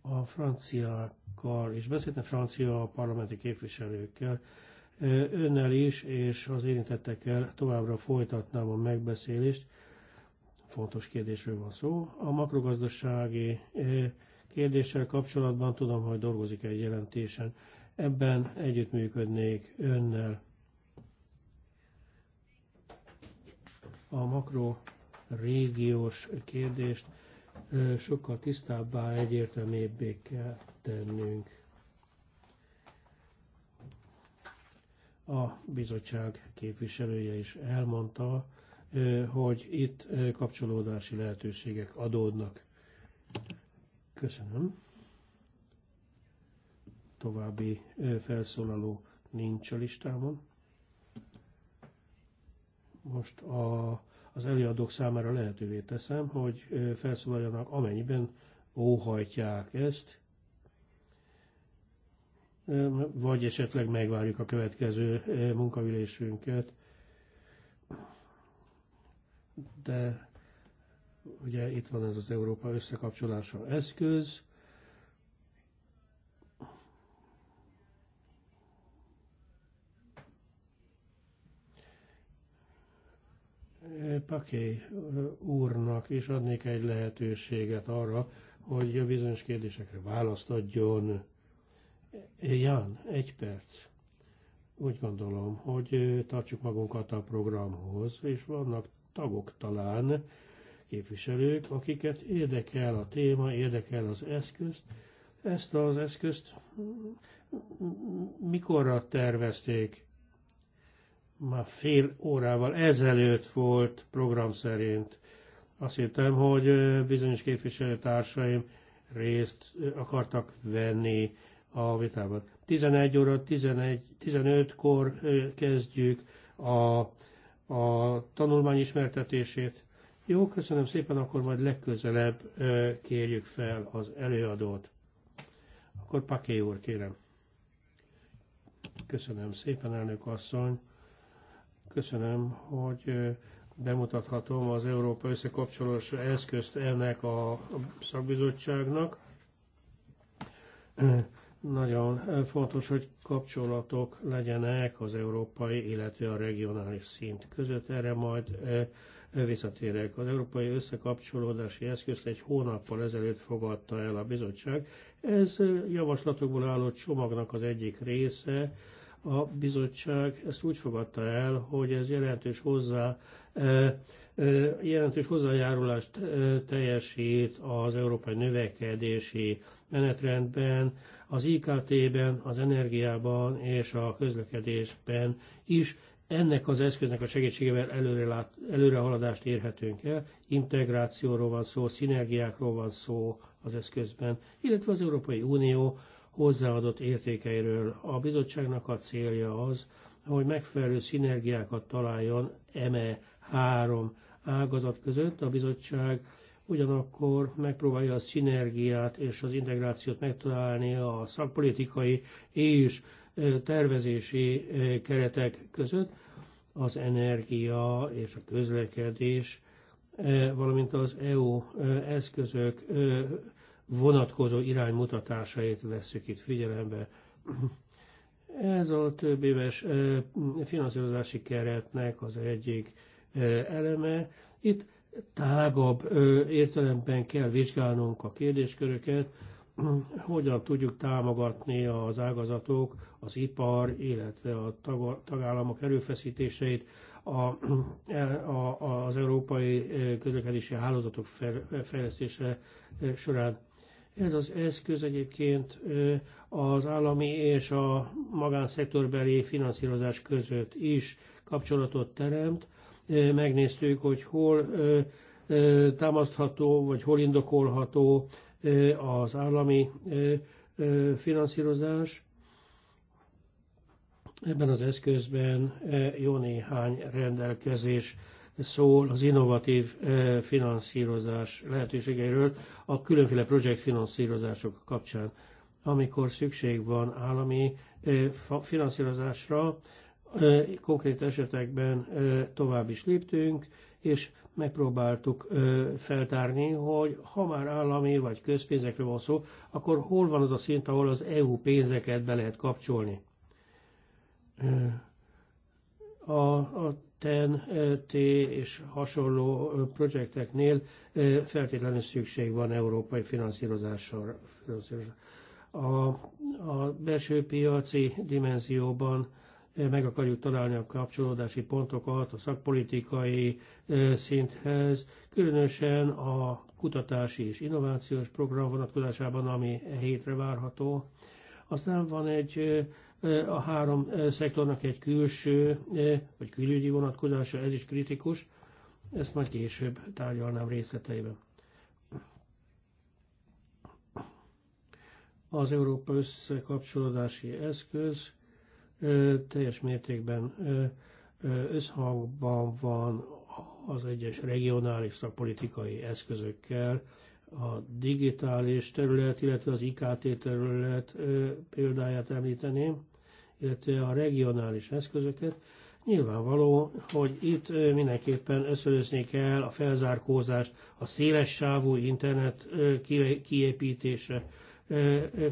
A franciák kar és beszéltem francia parlamenti képviselőkkel, önnel is, és az érintettekkel továbbra folytatnám a megbeszélést. Fontos kérdésről van szó. A makrogazdasági kérdéssel kapcsolatban tudom, hogy dolgozik egy jelentésen. Ebben együttműködnék önnel. A makro régiós kérdést sokkal tisztábbá, egyértelműbbé kell tennünk. A bizottság képviselője is elmondta, hogy itt kapcsolódási lehetőségek adódnak. Köszönöm. További felszólaló nincs a listámon. Most a az előadók számára lehetővé teszem, hogy felszólaljanak, amennyiben óhajtják ezt, vagy esetleg megvárjuk a következő munkavilésünket. De ugye itt van ez az Európa összekapcsolása eszköz, Paké úrnak is adnék egy lehetőséget arra, hogy a bizonyos kérdésekre választ adjon. Jan, egy perc. Úgy gondolom, hogy tartsuk magunkat a programhoz, és vannak tagok talán, képviselők, akiket érdekel a téma, érdekel az eszközt. Ezt az eszközt mikorra tervezték? már fél órával ezelőtt volt program szerint. Azt hittem, hogy bizonyos képviselőtársaim részt akartak venni a vitában. 11 óra 11, 15-kor kezdjük a, a tanulmány ismertetését. Jó, köszönöm szépen, akkor majd legközelebb kérjük fel az előadót. Akkor Paké úr, kérem. Köszönöm szépen, elnök asszony. Köszönöm, hogy bemutathatom az Európa összekapcsolós eszközt ennek a szakbizottságnak. Nagyon fontos, hogy kapcsolatok legyenek az európai, illetve a regionális szint között. Erre majd visszatérek. Az Európai Összekapcsolódási Eszközt egy hónappal ezelőtt fogadta el a bizottság. Ez javaslatokból álló csomagnak az egyik része, a bizottság ezt úgy fogadta el, hogy ez jelentős hozzá e, e, jelentős hozzájárulást e, teljesít az európai növekedési menetrendben, az IKT-ben, az energiában és a közlekedésben is. Ennek az eszköznek a segítségével előre, előrehaladást érhetünk el. Integrációról van szó, szinergiákról van szó az eszközben, illetve az Európai Unió hozzáadott értékeiről. A bizottságnak a célja az, hogy megfelelő szinergiákat találjon eme három ágazat között. A bizottság ugyanakkor megpróbálja a szinergiát és az integrációt megtalálni a szakpolitikai és tervezési keretek között, az energia és a közlekedés, valamint az EU eszközök vonatkozó iránymutatásait vesszük itt figyelembe. Ez a több éves finanszírozási keretnek az egyik eleme. Itt tágabb értelemben kell vizsgálnunk a kérdésköröket, hogyan tudjuk támogatni az ágazatok, az ipar, illetve a tagállamok erőfeszítéseit a, e, a, az európai közlekedési hálózatok fejlesztése során. Ez az eszköz egyébként az állami és a magánszektorbeli finanszírozás között is kapcsolatot teremt. Megnéztük, hogy hol támasztható, vagy hol indokolható az állami finanszírozás. Ebben az eszközben jó néhány rendelkezés szól az innovatív finanszírozás lehetőségeiről a különféle projektfinanszírozások kapcsán. Amikor szükség van állami finanszírozásra, konkrét esetekben tovább is léptünk, és megpróbáltuk feltárni, hogy ha már állami vagy közpénzekről van szó, akkor hol van az a szint, ahol az EU pénzeket be lehet kapcsolni. A, a TEN-T e és hasonló projekteknél feltétlenül szükség van európai finanszírozásra. A, a belső piaci dimenzióban meg akarjuk találni a kapcsolódási pontokat a szakpolitikai szinthez, különösen a kutatási és innovációs program vonatkozásában, ami e hétre várható. Aztán van egy a három szektornak egy külső vagy külügyi vonatkozása, ez is kritikus, ezt majd később tárgyalnám részleteiben. Az Európa összekapcsolódási eszköz teljes mértékben összhangban van az egyes regionális szakpolitikai eszközökkel, a digitális terület, illetve az IKT terület példáját említeném illetve a regionális eszközöket, nyilvánvaló, hogy itt mindenképpen összörözni kell a felzárkózást, a széles sávú internet kiépítése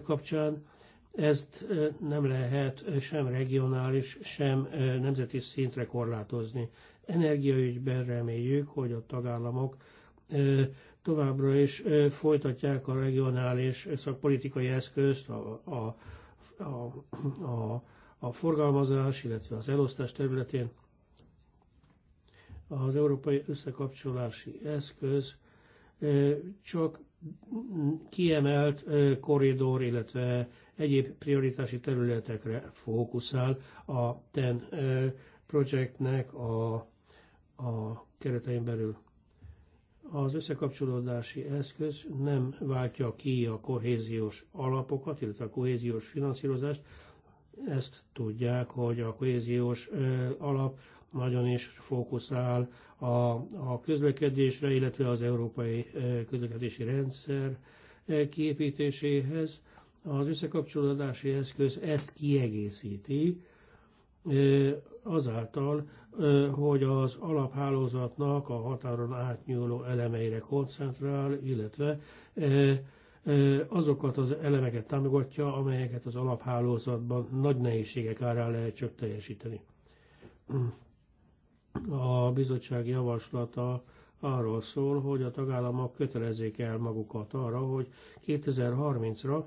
kapcsán. Ezt nem lehet sem regionális, sem nemzeti szintre korlátozni. Energiaügyben reméljük, hogy a tagállamok továbbra is folytatják a regionális szakpolitikai eszközt, a, a, a, a a forgalmazás, illetve az elosztás területén. Az európai összekapcsolási eszköz csak kiemelt korridor, illetve egyéb prioritási területekre fókuszál a TEN projektnek a, a keretein belül. Az összekapcsolódási eszköz nem váltja ki a kohéziós alapokat, illetve a kohéziós finanszírozást, ezt tudják, hogy a kohéziós alap nagyon is fókuszál a, a közlekedésre, illetve az európai közlekedési rendszer kiépítéséhez. Az összekapcsolódási eszköz ezt kiegészíti azáltal, hogy az alaphálózatnak a határon átnyúló elemeire koncentrál, illetve azokat az elemeket támogatja, amelyeket az alaphálózatban nagy nehézségek árán lehet csak teljesíteni. A bizottság javaslata arról szól, hogy a tagállamok kötelezzék el magukat arra, hogy 2030-ra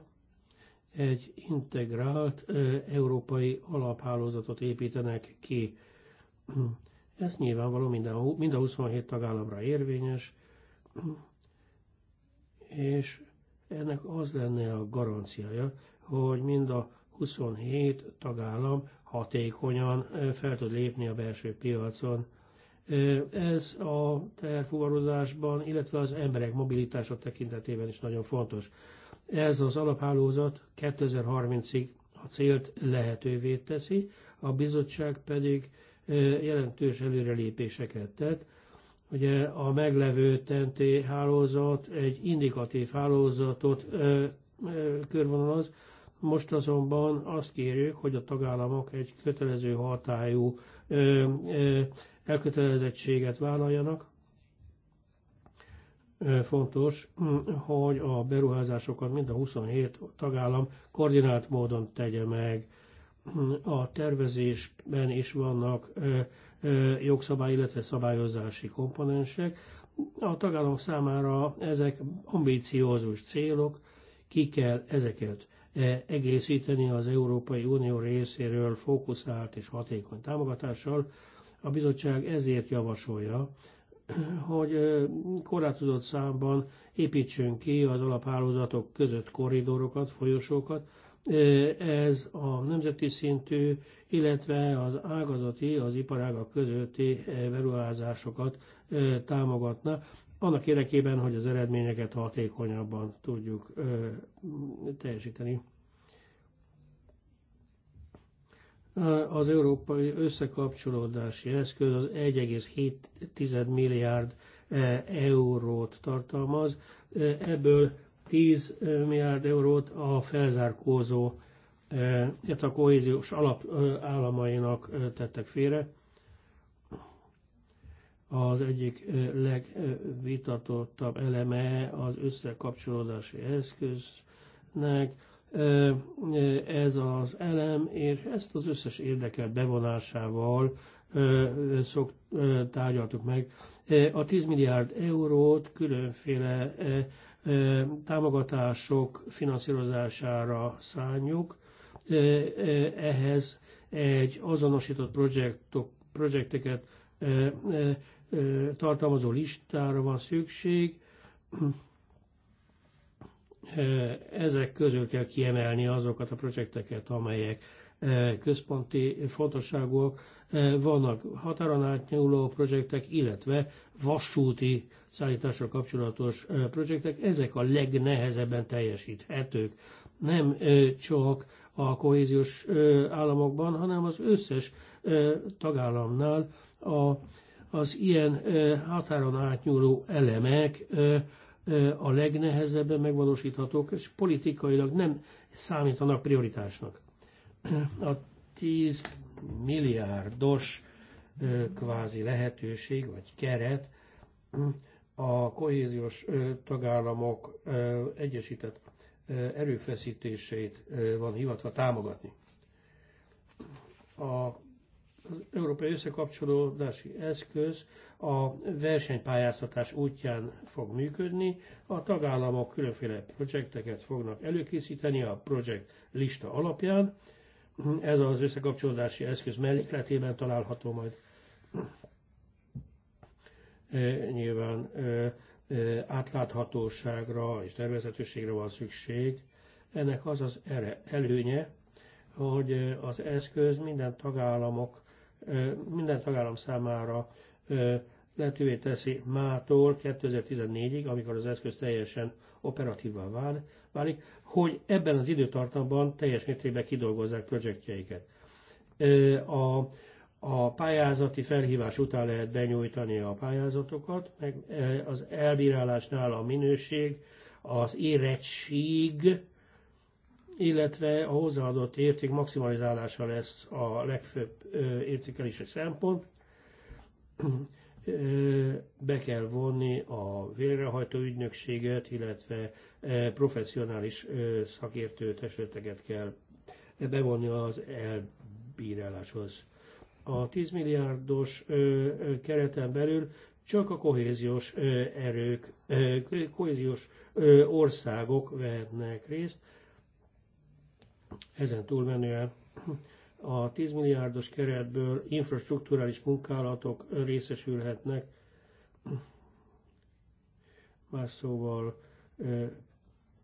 egy integrált európai alaphálózatot építenek ki. Ez nyilvánvaló minden, mind a 27 tagállamra érvényes, és ennek az lenne a garanciája, hogy mind a 27 tagállam hatékonyan fel tud lépni a belső piacon. Ez a terfúvarozásban, illetve az emberek mobilitása tekintetében is nagyon fontos. Ez az alaphálózat 2030-ig a célt lehetővé teszi, a bizottság pedig jelentős előrelépéseket tett, Ugye a meglevő TNT hálózat egy indikatív hálózatot ö, ö, körvonalaz, most azonban azt kérjük, hogy a tagállamok egy kötelező hatályú ö, ö, elkötelezettséget vállaljanak. Ö, fontos, hm, hogy a beruházásokat mind a 27 tagállam koordinált módon tegye meg. Hm, a tervezésben is vannak ö, jogszabály, illetve szabályozási komponensek. A tagállamok számára ezek ambíciózus célok, ki kell ezeket e, egészíteni az Európai Unió részéről fókuszált és hatékony támogatással. A bizottság ezért javasolja, hogy korlátozott számban építsünk ki az alaphálózatok között korridorokat, folyosókat, ez a nemzeti szintű, illetve az ágazati, az iparágak közötti beruházásokat támogatna, annak érdekében, hogy az eredményeket hatékonyabban tudjuk teljesíteni. Az európai összekapcsolódási eszköz az 1,7 milliárd eurót tartalmaz, ebből 10 milliárd eurót a felzárkózó, illetve a kohéziós alap államainak tettek félre. Az egyik legvitatottabb eleme az összekapcsolódási eszköznek, ez az elem, és ezt az összes érdekel bevonásával szok, tárgyaltuk meg. A 10 milliárd eurót különféle támogatások finanszírozására szánjuk. Ehhez egy azonosított projektok, projekteket tartalmazó listára van szükség. Ezek közül kell kiemelni azokat a projekteket, amelyek E, központi fontosságúak, e, vannak határon átnyúló projektek, illetve vasúti szállításra kapcsolatos e, projektek, ezek a legnehezebben teljesíthetők. Nem csak a kohéziós államokban, hanem az összes tagállamnál a, az ilyen határon átnyúló elemek a legnehezebben megvalósíthatók, és politikailag nem számítanak prioritásnak a 10 milliárdos kvázi lehetőség vagy keret a kohéziós tagállamok egyesített erőfeszítéseit van hivatva támogatni. A az európai összekapcsolódási eszköz a versenypályáztatás útján fog működni. A tagállamok különféle projekteket fognak előkészíteni a projekt lista alapján, ez az összekapcsolódási eszköz mellékletében található majd. E, nyilván e, e, átláthatóságra és tervezetőségre van szükség. Ennek az az előnye, hogy az eszköz minden tagállamok, minden tagállam számára lehetővé teszi mától 2014-ig, amikor az eszköz teljesen operatívvá vál, válik, hogy ebben az időtartamban teljes mértékben kidolgozzák projektjeiket. A, a pályázati felhívás után lehet benyújtani a pályázatokat, meg az elbírálásnál a minőség, az érettség, illetve a hozzáadott érték maximalizálása lesz a legfőbb értékelési szempont be kell vonni a végrehajtó ügynökséget, illetve professzionális szakértő testületeket kell bevonni az elbíráláshoz. A 10 milliárdos kereten belül csak a kohéziós erők, kohéziós országok vehetnek részt. Ezen túlmenően a 10 milliárdos keretből infrastruktúrális munkálatok részesülhetnek. Más szóval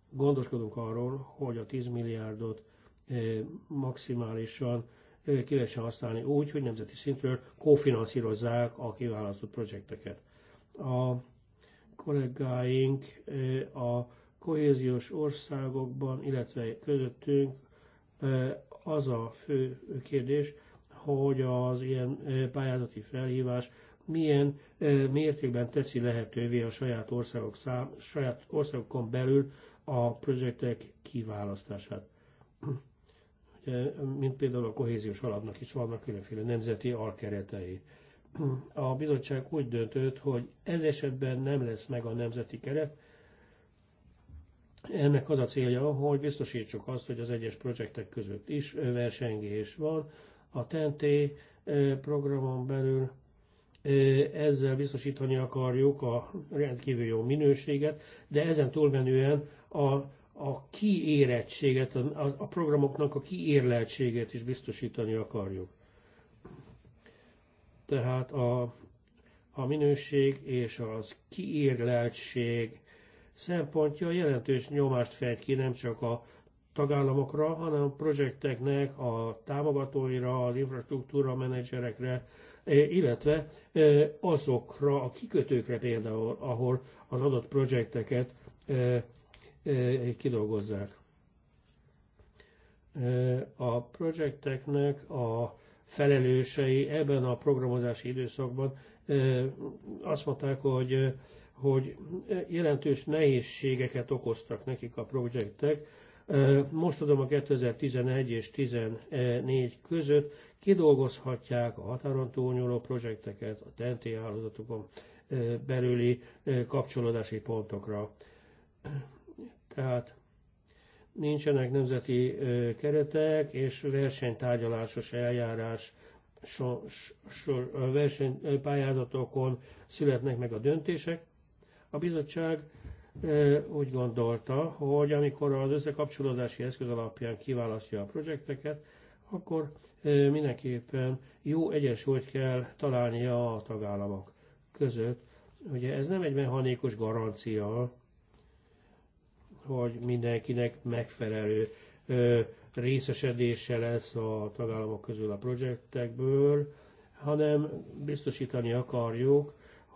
gondoskodunk arról, hogy a 10 milliárdot maximálisan ki lehessen használni úgy, hogy nemzeti szintről kofinanszírozzák a kiválasztott projekteket. A kollégáink a kohéziós országokban, illetve közöttünk az a fő kérdés, hogy az ilyen pályázati felhívás milyen mértékben teszi lehetővé a saját, országok szám, saját országokon belül a projektek kiválasztását. Ugye, mint például a kohéziós alapnak is vannak különféle nemzeti alkeretei. A bizottság úgy döntött, hogy ez esetben nem lesz meg a nemzeti keret, ennek az a célja, hogy biztosítsuk azt, hogy az egyes projektek között is versengés van. A TNT eh, programon belül eh, ezzel biztosítani akarjuk a rendkívül jó minőséget, de ezen túlmenően a, a kiérettséget, a, a programoknak a kiérleltséget is biztosítani akarjuk. Tehát a, a minőség és az kiérleltség szempontja jelentős nyomást fejt ki nem csak a tagállamokra, hanem a projekteknek, a támogatóira, az infrastruktúra menedzserekre, e, illetve e, azokra a kikötőkre például, ahol az adott projekteket e, kidolgozzák. A projekteknek a felelősei ebben a programozási időszakban azt mondták, hogy hogy jelentős nehézségeket okoztak nekik a projektek. Most adom a 2011 és 2014 között kidolgozhatják a határon túlnyúló projekteket a TNT hálózatokon belüli kapcsolódási pontokra. Tehát nincsenek nemzeti keretek és versenytárgyalásos eljárás sor, sor, versenypályázatokon születnek meg a döntések, a bizottság úgy gondolta, hogy amikor az összekapcsolódási eszköz alapján kiválasztja a projekteket, akkor mindenképpen jó egyensúlyt kell találnia a tagállamok között. Ugye ez nem egy mechanikus garancia, hogy mindenkinek megfelelő részesedése lesz a tagállamok közül a projektekből, hanem biztosítani akarjuk,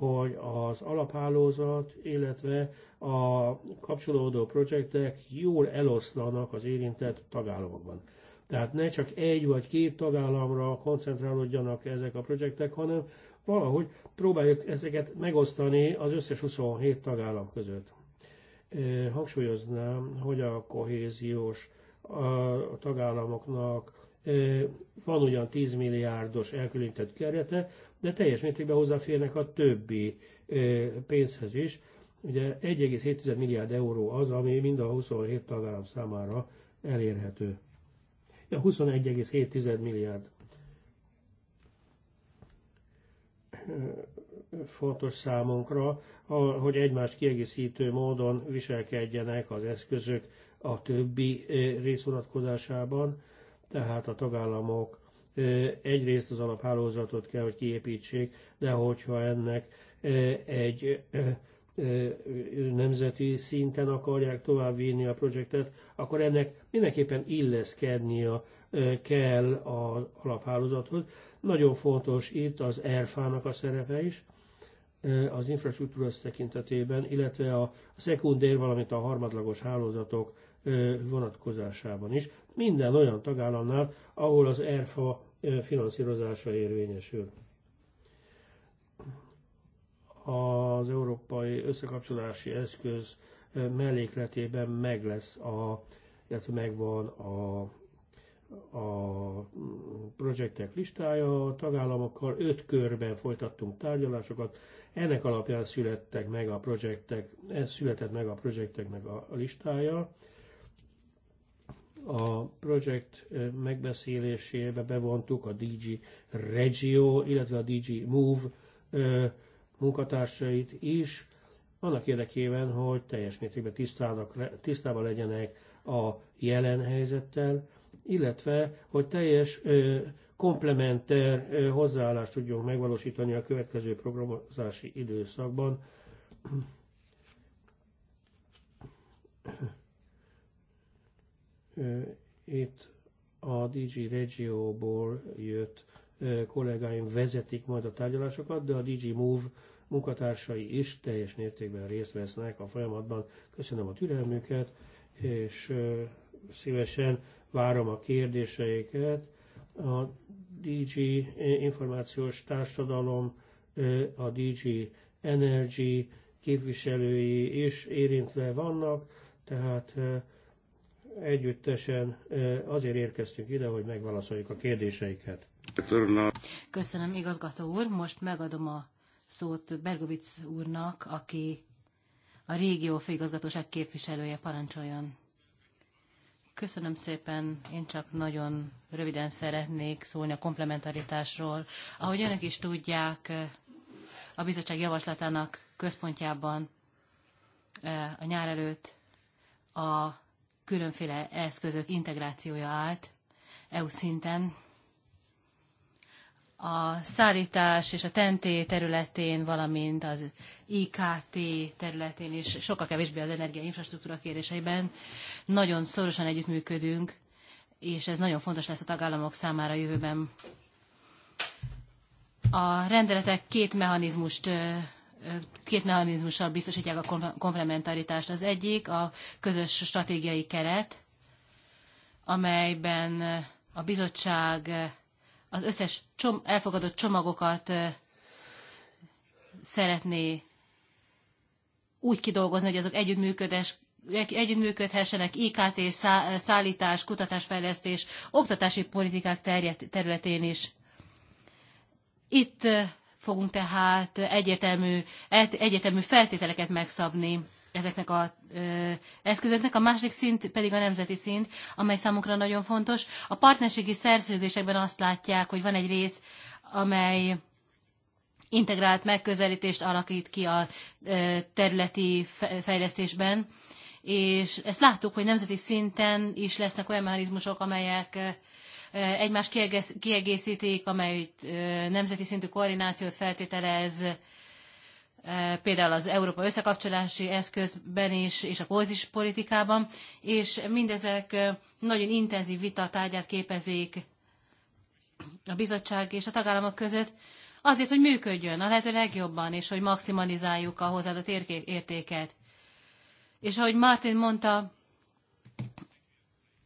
hogy az alaphálózat, illetve a kapcsolódó projektek jól eloszlanak az érintett tagállamokban. Tehát ne csak egy vagy két tagállamra koncentrálódjanak ezek a projektek, hanem valahogy próbáljuk ezeket megosztani az összes 27 tagállam között. Hangsúlyoznám, hogy a kohéziós a tagállamoknak van ugyan 10 milliárdos elkülönített kerete, de teljes mértékben hozzáférnek a többi pénzhez is. Ugye 1,7 milliárd euró az, ami mind a 27 tagállam számára elérhető. Ja, 21,7 milliárd. fontos számunkra, hogy egymást kiegészítő módon viselkedjenek az eszközök a többi részvonatkozásában tehát a tagállamok egyrészt az alaphálózatot kell, hogy kiépítsék, de hogyha ennek egy nemzeti szinten akarják továbbvinni a projektet, akkor ennek mindenképpen illeszkednia kell az alaphálózathoz. Nagyon fontos itt az ERFA-nak a szerepe is, az infrastruktúra tekintetében, illetve a szekundér, valamint a harmadlagos hálózatok vonatkozásában is minden olyan tagállamnál, ahol az ERFA finanszírozása érvényesül. Az Európai Összekapcsolási Eszköz mellékletében meg lesz a, illetve megvan a, a projektek listája a tagállamokkal. Öt körben folytattunk tárgyalásokat. Ennek alapján születtek meg a projektek, ez született meg a projekteknek a listája a projekt megbeszélésébe bevontuk a DG Regio, illetve a DG Move munkatársait is, annak érdekében, hogy teljes mértékben tisztában legyenek a jelen helyzettel, illetve, hogy teljes komplementer hozzáállást tudjunk megvalósítani a következő programozási időszakban. Itt a DG Regióból jött kollégáim vezetik majd a tárgyalásokat, de a DG Move munkatársai is teljes mértékben részt vesznek a folyamatban. Köszönöm a türelmüket, és szívesen várom a kérdéseiket. A DG Információs Társadalom, a DG Energy képviselői is érintve vannak, tehát együttesen azért érkeztünk ide, hogy megválaszoljuk a kérdéseiket. Köszönöm, igazgató úr. Most megadom a szót Bergovic úrnak, aki a régió főigazgatóság képviselője parancsoljon. Köszönöm szépen, én csak nagyon röviden szeretnék szólni a komplementaritásról. Ahogy önök is tudják, a bizottság javaslatának központjában a nyár előtt a különféle eszközök integrációja állt EU szinten. A szállítás és a TNT területén, valamint az IKT területén is, sokkal kevésbé az energiainfrastruktúra kérdéseiben nagyon szorosan együttműködünk, és ez nagyon fontos lesz a tagállamok számára a jövőben. A rendeletek két mechanizmust két mechanizmussal biztosítják a komplementaritást. Az egyik a közös stratégiai keret, amelyben a bizottság az összes csom elfogadott csomagokat szeretné úgy kidolgozni, hogy azok együttműködés, együttműködhessenek IKT, szállítás, kutatásfejlesztés, oktatási politikák terület, területén is. Itt fogunk tehát egyetemű, egyetemű feltételeket megszabni ezeknek a eszközöknek. A második szint pedig a nemzeti szint, amely számunkra nagyon fontos. A partnerségi szerződésekben azt látják, hogy van egy rész, amely integrált megközelítést alakít ki a területi fejlesztésben, és ezt láttuk, hogy nemzeti szinten is lesznek olyan mechanizmusok, amelyek Eh, egymást kiegészítik, amely eh, nemzeti szintű koordinációt feltételez, eh, például az Európa összekapcsolási eszközben is, és a kózis politikában, és mindezek nagyon intenzív vita tárgyát képezik a bizottság és a tagállamok között, azért, hogy működjön a lehető legjobban, és hogy maximalizáljuk a hozzáadott értéket. És ahogy Martin mondta,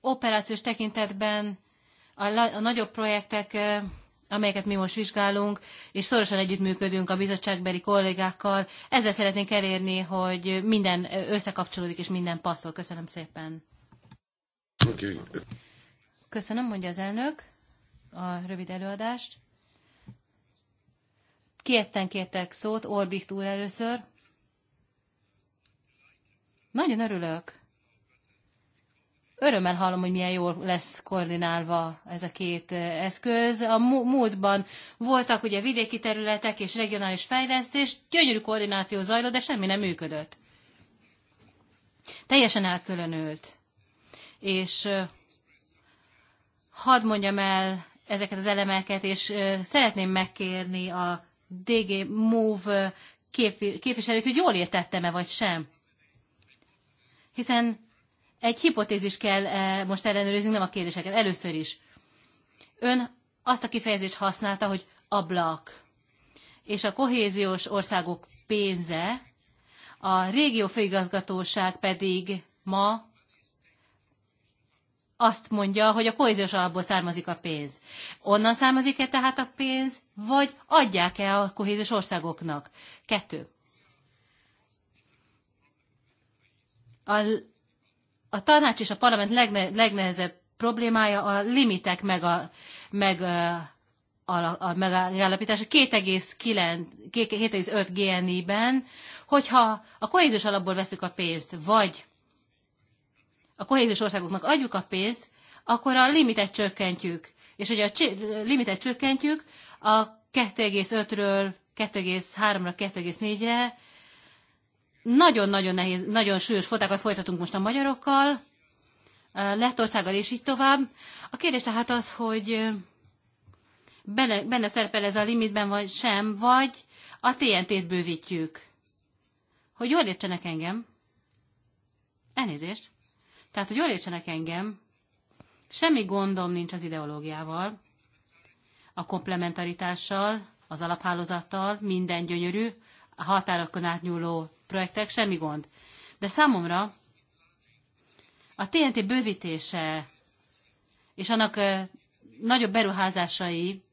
operációs tekintetben a, a nagyobb projektek, amelyeket mi most vizsgálunk, és szorosan együttműködünk a bizottságbeli kollégákkal, ezzel szeretnénk elérni, hogy minden összekapcsolódik és minden passzol. Köszönöm szépen. Okay. Köszönöm, mondja az elnök a rövid előadást. Kietten kértek szót, Orbicht úr először. Nagyon örülök, Örömmel hallom, hogy milyen jól lesz koordinálva ez a két eh, eszköz. A múltban voltak ugye vidéki területek és regionális fejlesztés, gyönyörű koordináció zajlott, de semmi nem működött. Teljesen elkülönült. És eh, hadd mondjam el ezeket az elemeket, és eh, szeretném megkérni a DG Move képviselőt, hogy jól értettem-e vagy sem. Hiszen egy hipotézis kell eh, most ellenőrizni, nem a kérdéseket. Először is. Ön azt a kifejezést használta, hogy ablak. És a kohéziós országok pénze, a régió főigazgatóság pedig ma azt mondja, hogy a kohéziós alapból származik a pénz. Onnan származik-e tehát a pénz, vagy adják-e a kohéziós országoknak? Kettő. A a tanács és a parlament legne, legnehezebb problémája a limitek meg a, meg a, a, a megállapítása 2,5 GNI-ben, hogyha a kohéziós alapból veszük a pénzt, vagy a kohéziós országoknak adjuk a pénzt, akkor a limitet csökkentjük. És hogy a limitet csökkentjük, a 2,5-ről 2,3-ra, 2,4-re nagyon-nagyon nehéz, nagyon súlyos fotákat folytatunk most a magyarokkal, Lettországgal és így tovább. A kérdés tehát az, hogy benne, benne szerepel ez a limitben, vagy sem, vagy a TNT-t bővítjük. Hogy jól értsenek engem. Elnézést. Tehát, hogy jól értsenek engem, semmi gondom nincs az ideológiával, a komplementaritással, az alaphálózattal, minden gyönyörű, a határokon átnyúló projektek, semmi gond. De számomra a TNT bővítése és annak nagyobb beruházásai,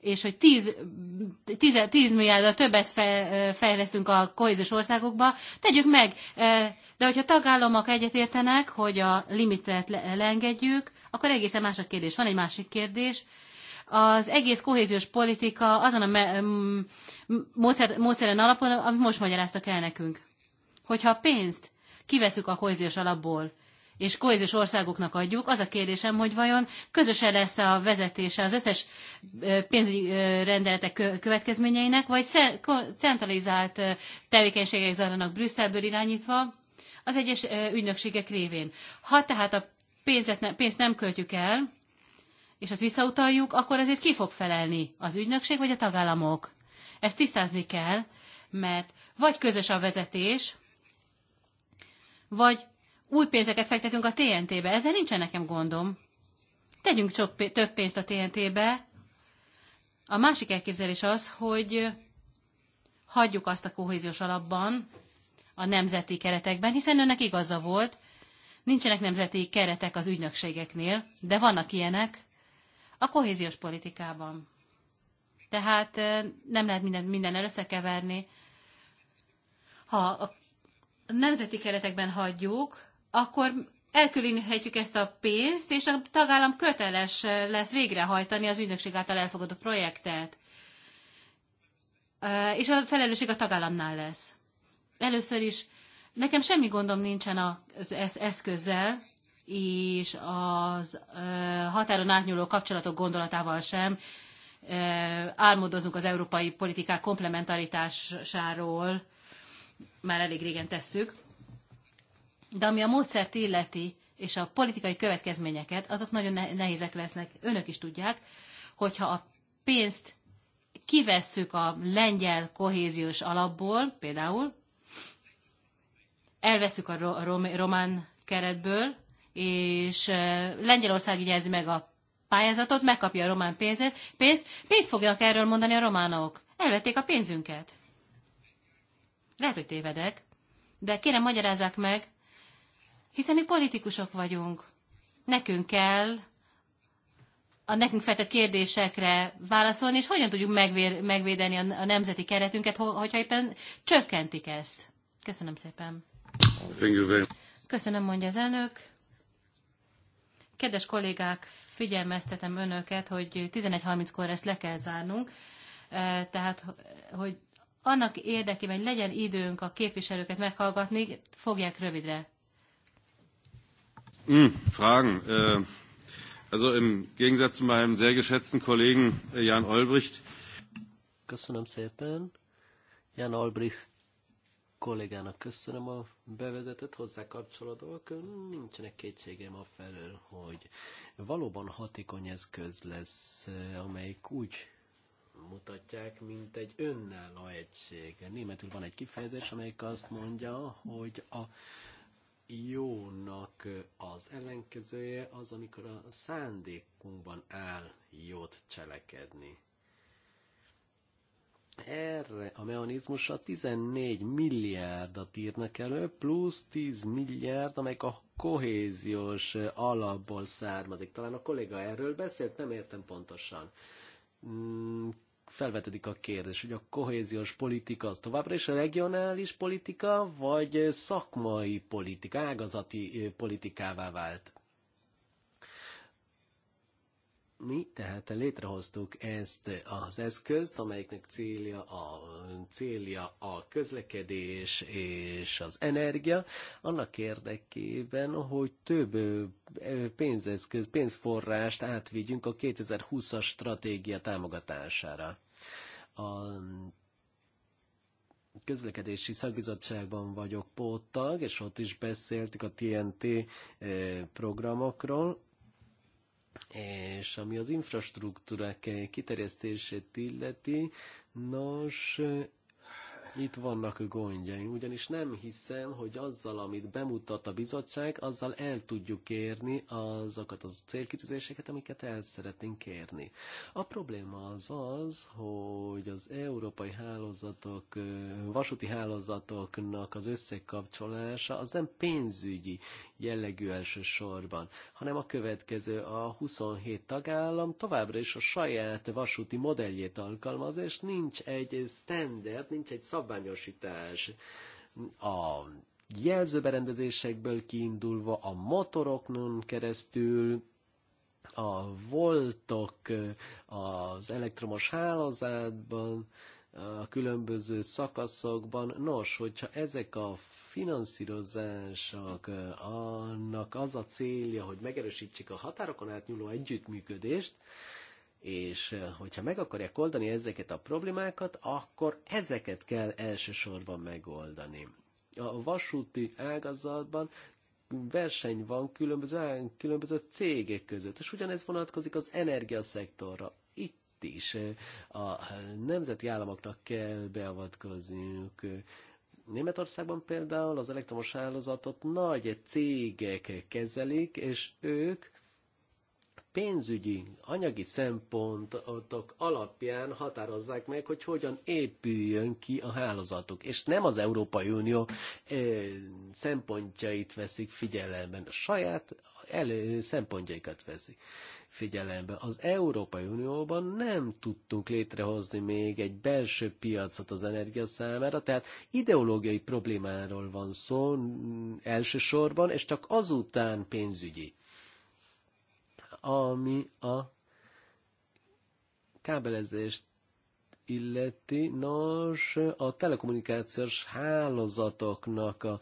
és hogy 10, 10, 10 milliárdra többet fejlesztünk a kohéziós országokba, tegyük meg. De hogyha tagállamok egyetértenek, hogy a limitet leengedjük, akkor egészen más a kérdés. Van egy másik kérdés, az egész kohéziós politika azon a módszer, módszeren alapon, amit most magyaráztak el nekünk. Hogyha a pénzt kiveszük a kohéziós alapból, és kohéziós országoknak adjuk, az a kérdésem, hogy vajon közöse lesz a vezetése az összes pénzügyi rendeletek következményeinek, vagy centralizált tevékenységek zajlanak Brüsszelből irányítva az egyes ügynökségek révén. Ha tehát a pénzt nem költjük el, és az visszautaljuk, akkor ezért ki fog felelni? Az ügynökség vagy a tagállamok? Ezt tisztázni kell, mert vagy közös a vezetés, vagy új pénzeket fektetünk a TNT-be. Ezzel nincsen nekem gondom. Tegyünk csak több pénzt a TNT-be. A másik elképzelés az, hogy hagyjuk azt a kohéziós alapban, a nemzeti keretekben, hiszen önnek igaza volt, nincsenek nemzeti keretek az ügynökségeknél, de vannak ilyenek, a kohéziós politikában. Tehát nem lehet minden, minden összekeverni. Ha a nemzeti keretekben hagyjuk, akkor elkülöníthetjük ezt a pénzt, és a tagállam köteles lesz végrehajtani az ügynökség által elfogadott projektet. És a felelősség a tagállamnál lesz. Először is nekem semmi gondom nincsen az eszközzel, és az határon átnyúló kapcsolatok gondolatával sem álmodozunk az európai politikák komplementaritásáról, már elég régen tesszük, de ami a módszert illeti, és a politikai következményeket, azok nagyon nehézek lesznek. Önök is tudják, hogyha a pénzt kivesszük a lengyel kohéziós alapból, például, elveszük a román keretből, és Lengyelország igyezi meg a pályázatot, megkapja a román pénzet, pénzt. Mit fogják erről mondani a románok? Elvették a pénzünket. Lehet, hogy tévedek, de kérem magyarázzák meg, hiszen mi politikusok vagyunk. Nekünk kell a nekünk feltett kérdésekre válaszolni, és hogyan tudjuk megvédeni a, a nemzeti keretünket, hogyha éppen csökkentik ezt. Köszönöm szépen. Köszönöm, mondja az elnök. Kedves kollégák, figyelmeztetem önöket, hogy 11.30-kor ezt le kell zárnunk, e, tehát hogy annak érdekében, hogy legyen időnk a képviselőket meghallgatni, fogják rövidre. Mm, Fragen. Uh, also im Gegensatz zu meinem sehr geschätzten Kollegen Jan Olbricht. Köszönöm szépen. Jan Olbricht kollégának köszönöm a bevezetett hozzá kapcsolódóak. Nincsenek kétségem a felől, hogy valóban hatékony eszköz lesz, amelyik úgy mutatják, mint egy önálló egység. Németül van egy kifejezés, amelyik azt mondja, hogy a jónak az ellenkezője az, amikor a szándékunkban áll jót cselekedni erre a mechanizmusra 14 milliárdat írnak elő, plusz 10 milliárd, amelyek a kohéziós alapból származik. Talán a kolléga erről beszélt, nem értem pontosan. Mm, felvetődik a kérdés, hogy a kohéziós politika az továbbra is a regionális politika, vagy szakmai politika, ágazati eh, politikává vált? mi tehát létrehoztuk ezt az eszközt, amelyiknek célja a, célja a közlekedés és az energia, annak érdekében, hogy több pénzeszköz, pénzforrást átvigyünk a 2020-as stratégia támogatására. A közlekedési szakbizottságban vagyok póttag, és ott is beszéltük a TNT programokról, és ami az infrastruktúrák kiterjesztését illeti, nos, itt vannak gondjaim, ugyanis nem hiszem, hogy azzal, amit bemutat a bizottság, azzal el tudjuk érni azokat az célkitűzéseket, amiket el szeretnénk kérni. A probléma az az, hogy az európai hálózatok, vasúti hálózatoknak az összekapcsolása az nem pénzügyi jellegű elsősorban, hanem a következő, a 27 tagállam továbbra is a saját vasúti modelljét alkalmaz, és nincs egy standard, nincs egy szabványosítás. A jelzőberendezésekből kiindulva, a motoroknon keresztül, a voltok az elektromos hálózatban, a különböző szakaszokban. Nos, hogyha ezek a finanszírozások, eh, annak az a célja, hogy megerősítsék a határokon átnyúló együttműködést, és eh, hogyha meg akarják oldani ezeket a problémákat, akkor ezeket kell elsősorban megoldani. A vasúti ágazatban verseny van különböző, különböző cégek között, és ugyanez vonatkozik az energiaszektorra itt is a nemzeti államoknak kell beavatkozniuk. Németországban például az elektromos hálózatot nagy cégek kezelik, és ők pénzügyi, anyagi szempontok alapján határozzák meg, hogy hogyan épüljön ki a hálózatuk, és nem az Európai Unió eh, szempontjait veszik figyelemben. A saját elő szempontjaikat veszi figyelembe. Az Európai Unióban nem tudtunk létrehozni még egy belső piacot az energia számára, tehát ideológiai problémáról van szó elsősorban, és csak azután pénzügyi, ami a kábelezést illeti, nos, a telekommunikációs hálózatoknak a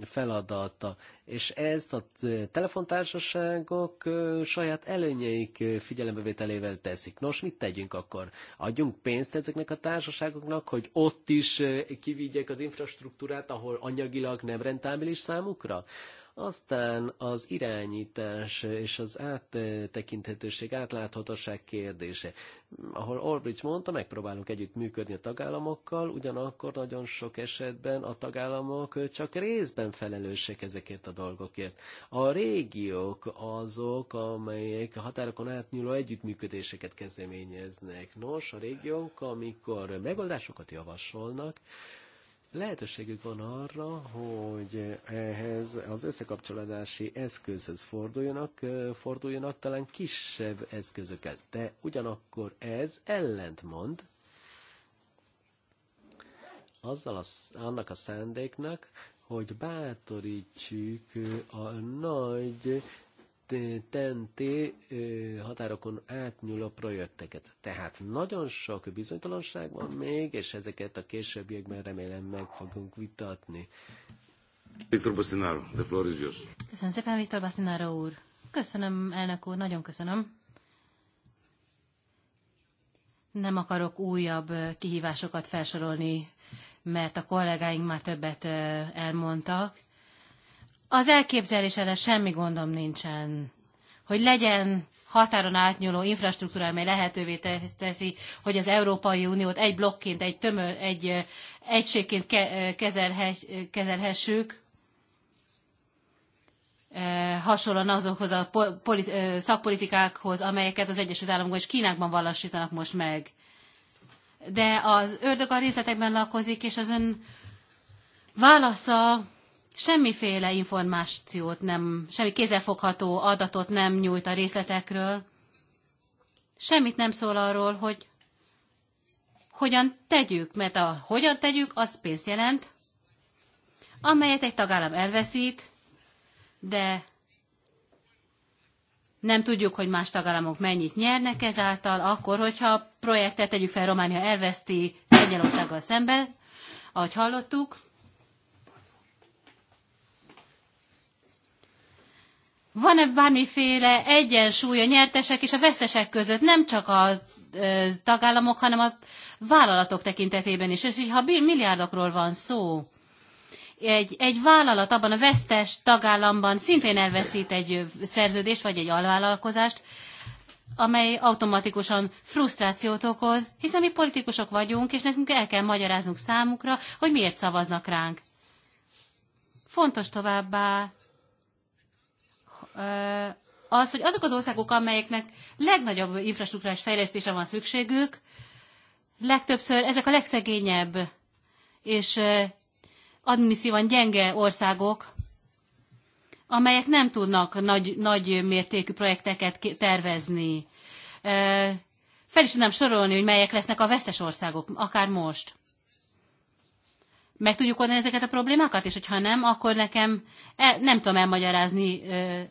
feladata, és ezt a telefontársaságok saját előnyeik figyelembevételével teszik. Nos, mit tegyünk akkor? Adjunk pénzt ezeknek a társaságoknak, hogy ott is kivigyek az infrastruktúrát, ahol anyagilag nem rentábilis számukra? Aztán az irányítás és az áttekinthetőség, átláthatóság kérdése. Ahol Orbridge mondta, megpróbálunk együtt működni a tagállamokkal, ugyanakkor nagyon sok esetben a tagállamok csak részben felelősek ezekért a dolgokért. A régiók azok, amelyek határokon átnyúló együttműködéseket kezdeményeznek. Nos, a régiók, amikor megoldásokat javasolnak, lehetőségük van arra, hogy ehhez az összekapcsolódási eszközhez forduljanak, forduljanak talán kisebb eszközöket. De ugyanakkor ez ellentmond azzal a, annak a szándéknak, hogy bátorítsük a nagy TNT határokon átnyúló projekteket. Tehát nagyon sok bizonytalanság van még, és ezeket a későbbiekben remélem meg fogunk vitatni. Viktor Bastinaro, the floor is yours. Köszönöm szépen, Viktor Bastinaro úr. Köszönöm, elnök úr, nagyon köszönöm. Nem akarok újabb kihívásokat felsorolni, mert a kollégáink már többet elmondtak az elképzelésre semmi gondom nincsen. Hogy legyen határon átnyúló infrastruktúra, amely lehetővé teszi, hogy az Európai Uniót egy blokként, egy, tömör, egy egységként kezelhessük, hasonlóan azokhoz a szakpolitikákhoz, amelyeket az Egyesült Államokban és Kínákban valósítanak most meg. De az ördög a részletekben lakozik, és az ön válasza semmiféle információt nem, semmi kézzelfogható adatot nem nyújt a részletekről, semmit nem szól arról, hogy hogyan tegyük, mert a hogyan tegyük, az pénzt jelent, amelyet egy tagállam elveszít, de nem tudjuk, hogy más tagállamok mennyit nyernek ezáltal, akkor, hogyha a projektet tegyük fel, Románia elveszti Lengyelországgal szemben, ahogy hallottuk, van-e bármiféle egyensúly a nyertesek és a vesztesek között, nem csak a tagállamok, hanem a vállalatok tekintetében is. És ha milliárdokról van szó, egy, egy vállalat abban a vesztes tagállamban szintén elveszít egy szerződést vagy egy alvállalkozást, amely automatikusan frusztrációt okoz, hiszen mi politikusok vagyunk, és nekünk el kell magyaráznunk számukra, hogy miért szavaznak ránk. Fontos továbbá az, hogy azok az országok, amelyeknek legnagyobb infrastruktúrás fejlesztésre van szükségük, legtöbbször ezek a legszegényebb és adminisztívan gyenge országok, amelyek nem tudnak nagy, nagy mértékű projekteket tervezni. Fel is tudnám sorolni, hogy melyek lesznek a vesztes országok, akár most meg tudjuk oldani ezeket a problémákat, és hogyha nem, akkor nekem el, nem tudom elmagyarázni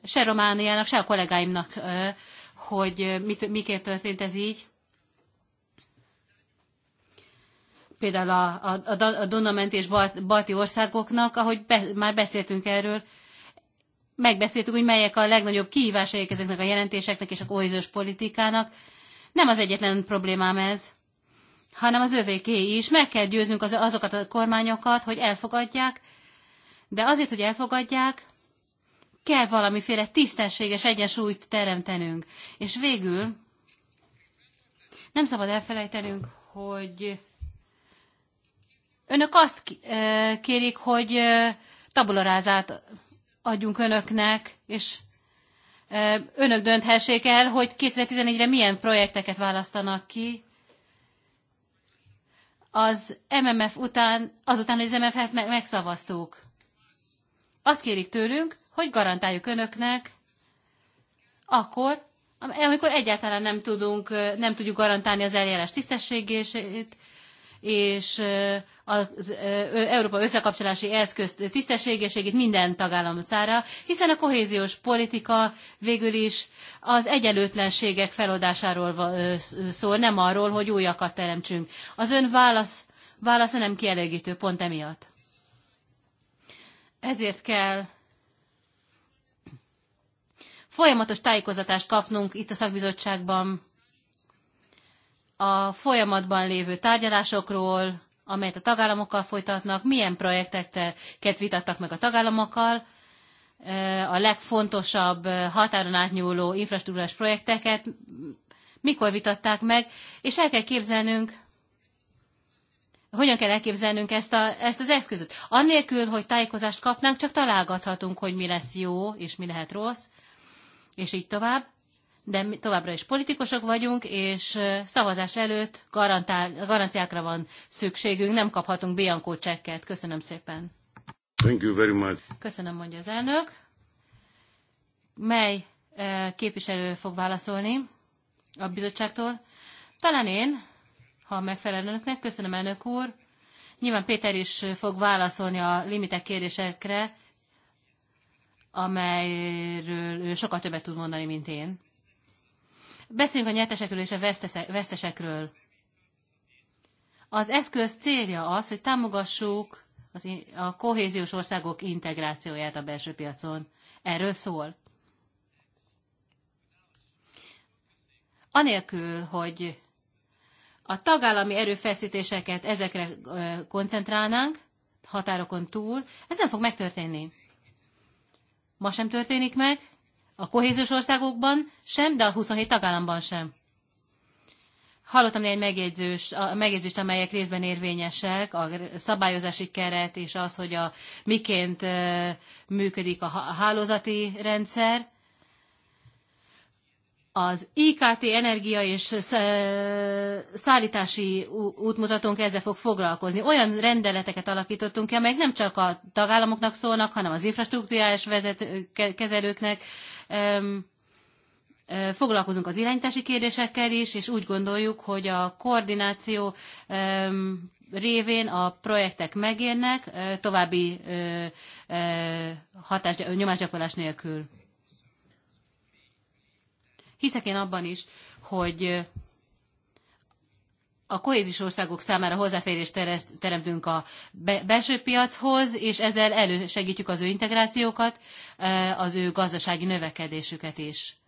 se Romániának, se a kollégáimnak, hogy mit, miként történt ez így. Például a, a, a Dunament és Balt, balti országoknak, ahogy be, már beszéltünk erről, megbeszéltük, hogy melyek a legnagyobb kihívásaik ezeknek a jelentéseknek és a kohéziós politikának. Nem az egyetlen problémám ez hanem az övéké is. Meg kell győznünk az, azokat a kormányokat, hogy elfogadják, de azért, hogy elfogadják, kell valamiféle tisztességes egyensúlyt teremtenünk. És végül nem szabad elfelejtenünk, hogy önök azt kérik, hogy tabularázát adjunk önöknek, és önök dönthessék el, hogy 2014-re milyen projekteket választanak ki, az MMF után, azután, hogy az MMF-et megszavaztuk. Azt kérik tőlünk, hogy garantáljuk önöknek akkor, amikor egyáltalán nem, tudunk, nem tudjuk garantálni az eljárás tisztességét, és az Európa összekapcsolási eszköz tisztességességét minden tagállam szára, hiszen a kohéziós politika végül is az egyenlőtlenségek feloldásáról szól, nem arról, hogy újakat teremtsünk. Az ön válasz, válasza nem kielégítő pont emiatt. Ezért kell folyamatos tájékozatást kapnunk itt a szakbizottságban a folyamatban lévő tárgyalásokról, amelyet a tagállamokkal folytatnak, milyen projekteket vitattak meg a tagállamokkal, a legfontosabb határon átnyúló infrastruktúrás projekteket, mikor vitatták meg, és el kell képzelnünk, hogyan kell elképzelnünk ezt, a, ezt az eszközöt. Annélkül, hogy tájékozást kapnánk, csak találgathatunk, hogy mi lesz jó, és mi lehet rossz, és így tovább de mi továbbra is politikusok vagyunk, és szavazás előtt garantál, garanciákra van szükségünk, nem kaphatunk Bianco csekket. Köszönöm szépen. Thank you very much. Köszönöm, mondja az elnök. Mely képviselő fog válaszolni a bizottságtól? Talán én, ha megfelel önöknek. Köszönöm, elnök úr. Nyilván Péter is fog válaszolni a limitek kérdésekre, amelyről ő sokkal többet tud mondani, mint én. Beszéljünk a nyertesekről és a vesztesekről. Az eszköz célja az, hogy támogassuk az, a kohéziós országok integrációját a belső piacon. Erről szól. Anélkül, hogy a tagállami erőfeszítéseket ezekre koncentrálnánk, határokon túl, ez nem fog megtörténni. Ma sem történik meg, a kohéziós országokban sem, de a 27 tagállamban sem. Hallottam egy megjegyzős, a megjegyzést, amelyek részben érvényesek, a szabályozási keret és az, hogy a, miként működik a hálózati rendszer. Az IKT energia és szállítási útmutatónk ezzel fog foglalkozni. Olyan rendeleteket alakítottunk ki, amelyek nem csak a tagállamoknak szólnak, hanem az infrastruktúrás vezet, kezelőknek, E, foglalkozunk az irányítási kérdésekkel is, és úgy gondoljuk, hogy a koordináció révén a projektek megérnek e, további e, hatás, nyomásgyakorlás nélkül. Hiszek én abban is, hogy a kohézis országok számára hozzáférést teremtünk a belső piachoz, és ezzel elősegítjük az ő integrációkat, eh, az ő gazdasági növekedésüket is.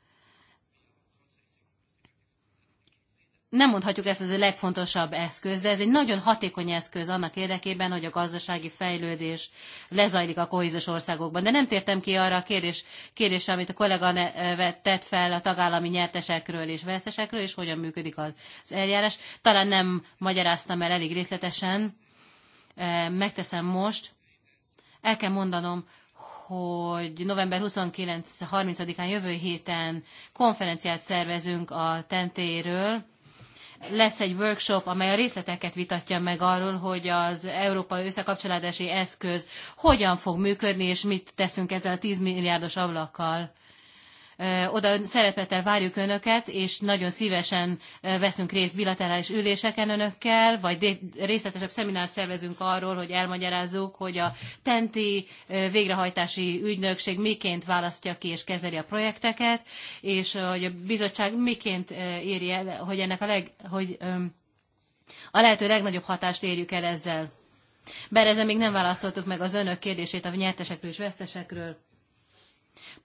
nem mondhatjuk ezt, ez a legfontosabb eszköz, de ez egy nagyon hatékony eszköz annak érdekében, hogy a gazdasági fejlődés lezajlik a kohézes országokban. De nem tértem ki arra a kérdés, kérdésre, amit a kollega e, tett fel a tagállami nyertesekről és veszesekről, és hogyan működik az eljárás. Talán nem magyaráztam el elég részletesen, e, megteszem most. El kell mondanom, hogy november 29-30-án jövő héten konferenciát szervezünk a tentéről, lesz egy workshop, amely a részleteket vitatja meg arról, hogy az európai összekapcsolódási eszköz hogyan fog működni, és mit teszünk ezzel a 10 milliárdos ablakkal oda szeretettel várjuk önöket, és nagyon szívesen veszünk részt bilaterális üléseken önökkel, vagy részletesebb szeminárt szervezünk arról, hogy elmagyarázzuk, hogy a tenti végrehajtási ügynökség miként választja ki és kezeli a projekteket, és hogy a bizottság miként éri el, hogy ennek a leg, hogy a lehető legnagyobb hatást érjük el ezzel. Bár ezzel még nem válaszoltuk meg az önök kérdését a nyertesekről és vesztesekről.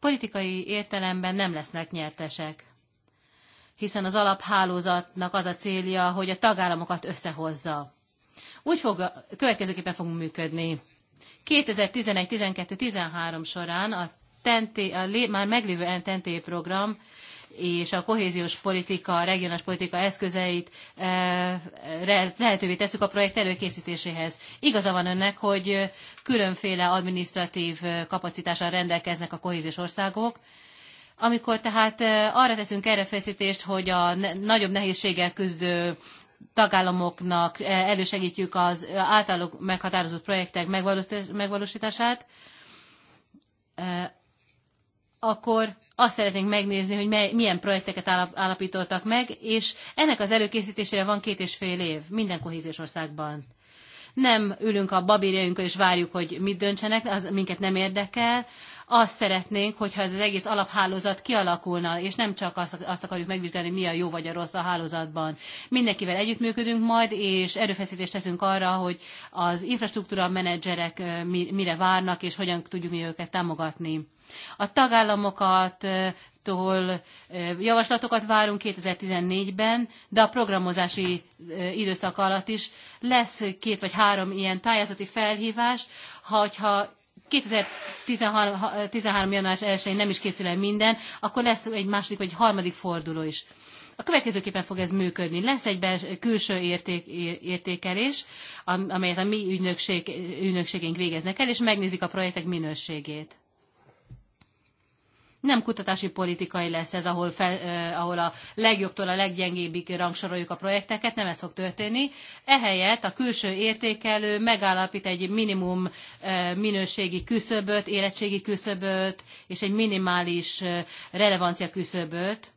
Politikai értelemben nem lesznek nyertesek, hiszen az alaphálózatnak az a célja, hogy a tagállamokat összehozza. Úgy fog, következőképpen fogunk működni. 2011-12-13 során a, tenté, a lé, már meglévő NTNT program és a kohéziós politika, a regionális politika eszközeit eh, lehetővé tesszük a projekt előkészítéséhez. Igaza van önnek, hogy eh, különféle adminisztratív eh, kapacitással rendelkeznek a kohéziós országok, amikor tehát arra teszünk erőfeszítést, hogy a nagyobb nehézséggel küzdő tagállamoknak elősegítjük az általuk meghatározott projektek megvalósítását, akkor azt szeretnénk megnézni, hogy mely, milyen projekteket állapítottak meg, és ennek az előkészítésére van két és fél év minden kohéziós országban nem ülünk a babérjainkon és várjuk, hogy mit döntsenek, az minket nem érdekel. Azt szeretnénk, hogyha ez az egész alaphálózat kialakulna, és nem csak azt, azt akarjuk megvizsgálni, mi a jó vagy a rossz a hálózatban. Mindenkivel együttműködünk majd, és erőfeszítést teszünk arra, hogy az infrastruktúra menedzserek mire várnak, és hogyan tudjuk mi őket támogatni. A tagállamokat bizottságtól javaslatokat várunk 2014-ben, de a programozási időszak alatt is lesz két vagy három ilyen pályázati felhívás, ha, hogyha 2013. január 1-én nem is készül el minden, akkor lesz egy második vagy harmadik forduló is. A következőképpen fog ez működni. Lesz egy bels- külső érték- értékelés, amelyet a mi ügynökség, ügynökségeink végeznek el, és megnézik a projektek minőségét. Nem kutatási politikai lesz ez, ahol, fel, eh, ahol a legjobbtól a leggyengébbig rangsoroljuk a projekteket, nem ez fog történni. Ehelyett a külső értékelő megállapít egy minimum eh, minőségi küszöböt, érettségi küszöböt és egy minimális eh, relevancia küszöböt,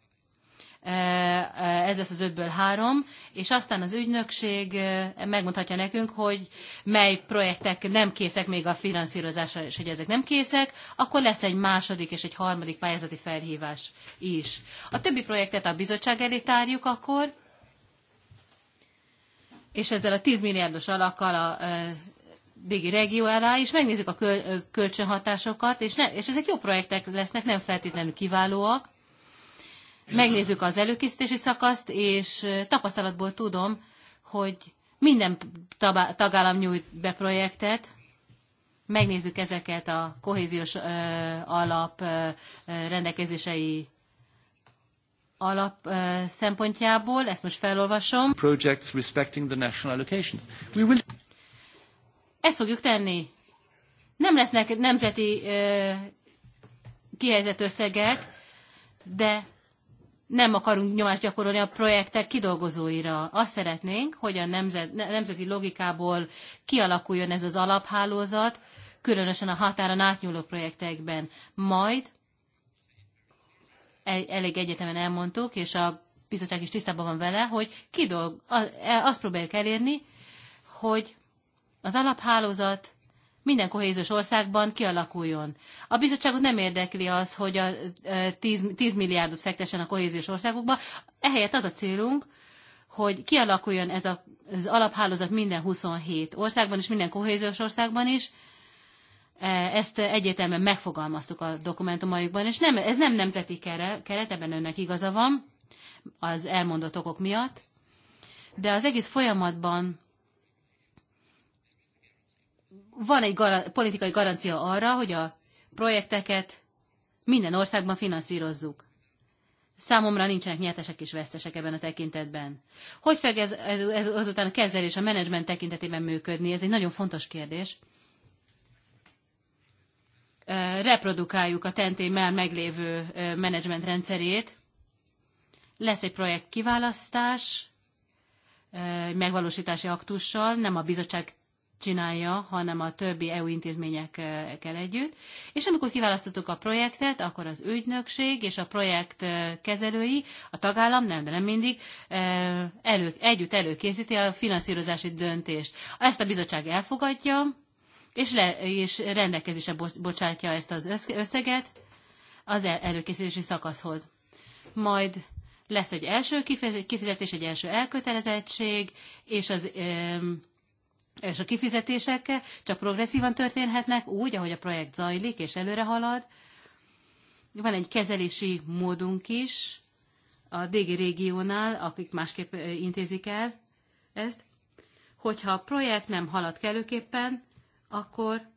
Eh, eh, ez lesz az ötből három, és aztán az ügynökség eh, megmondhatja nekünk, hogy mely projektek nem készek még a finanszírozásra, és hogy ezek nem készek, akkor lesz egy második és egy harmadik pályázati felhívás is. A többi projektet a bizottság elé tárjuk akkor, és ezzel a 10 milliárdos alakkal a Digi Regió alá, és megnézzük a kölcsönhatásokat, és, ne, és ezek jó projektek lesznek, nem feltétlenül kiválóak, megnézzük az előkészítési szakaszt, és tapasztalatból tudom, hogy minden tagállam nyújt be projektet, megnézzük ezeket a kohéziós alap rendelkezései alap szempontjából, ezt most felolvasom. Projects respecting the national allocations. We will... Ezt fogjuk tenni. Nem lesznek nemzeti kihelyezett összegek, de nem akarunk nyomást gyakorolni a projektek kidolgozóira. Azt szeretnénk, hogy a nemzet, nemzeti logikából kialakuljon ez az alaphálózat, különösen a határon átnyúló projektekben. Majd, el, elég egyetemen elmondtuk, és a bizottság is tisztában van vele, hogy kidolg, e, azt próbáljuk elérni, hogy az alaphálózat minden kohéziós országban kialakuljon. A bizottságot nem érdekli az, hogy a 10, 10 milliárdot fektessen a kohéziós országokba, ehelyett az a célunk, hogy kialakuljon ez a, az alaphálózat minden 27 országban és minden kohéziós országban is, e, ezt egyértelműen megfogalmaztuk a dokumentumaikban, és nem, ez nem nemzeti keret, ebben önnek igaza van, az elmondott okok miatt, de az egész folyamatban van egy gar- politikai garancia arra, hogy a projekteket minden országban finanszírozzuk. Számomra nincsenek nyertesek és vesztesek ebben a tekintetben. Hogy fog ez, ez, ez azután a kezelés a menedzsment tekintetében működni? Ez egy nagyon fontos kérdés. Reprodukáljuk a TNT már meglévő menedzsment rendszerét. Lesz egy projekt kiválasztás, megvalósítási aktussal, nem a bizottság csinálja, hanem a többi EU intézményekkel együtt. És amikor kiválasztottuk a projektet, akkor az ügynökség és a projekt kezelői, a tagállam, nem, de nem mindig, elő, együtt előkészíti a finanszírozási döntést. Ezt a bizottság elfogadja, és, le, és rendelkezésre bocsátja ezt az összeget az előkészítési szakaszhoz. Majd lesz egy első kifizetés, egy első elkötelezettség, és az és a kifizetések csak progresszívan történhetnek, úgy, ahogy a projekt zajlik és előre halad. Van egy kezelési módunk is a DG régiónál, akik másképp intézik el ezt, hogyha a projekt nem halad kellőképpen, akkor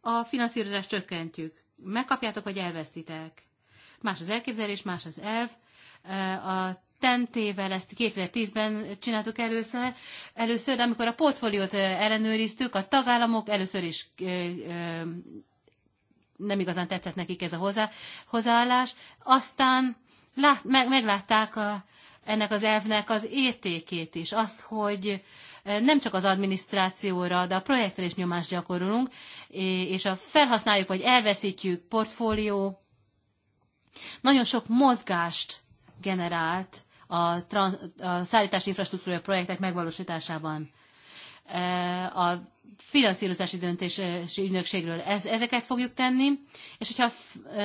a finanszírozást csökkentjük. Megkapjátok, hogy elvesztitek. Más az elképzelés, más az elv. A tentével ezt 2010-ben csináltuk először, először, de amikor a portfóliót ellenőriztük, a tagállamok először is nem igazán tetszett nekik ez a hozzá, hozzáállás. Aztán lát, meg, meglátták a, ennek az elvnek az értékét is, azt, hogy nem csak az adminisztrációra, de a projektre is nyomást gyakorolunk, és a felhasználjuk vagy elveszítjük portfólió nagyon sok mozgást generált a, trans, a szállítási infrastruktúra projektek megvalósításában e, a finanszírozási döntési ügynökségről. Ez, ezeket fogjuk tenni, és hogyha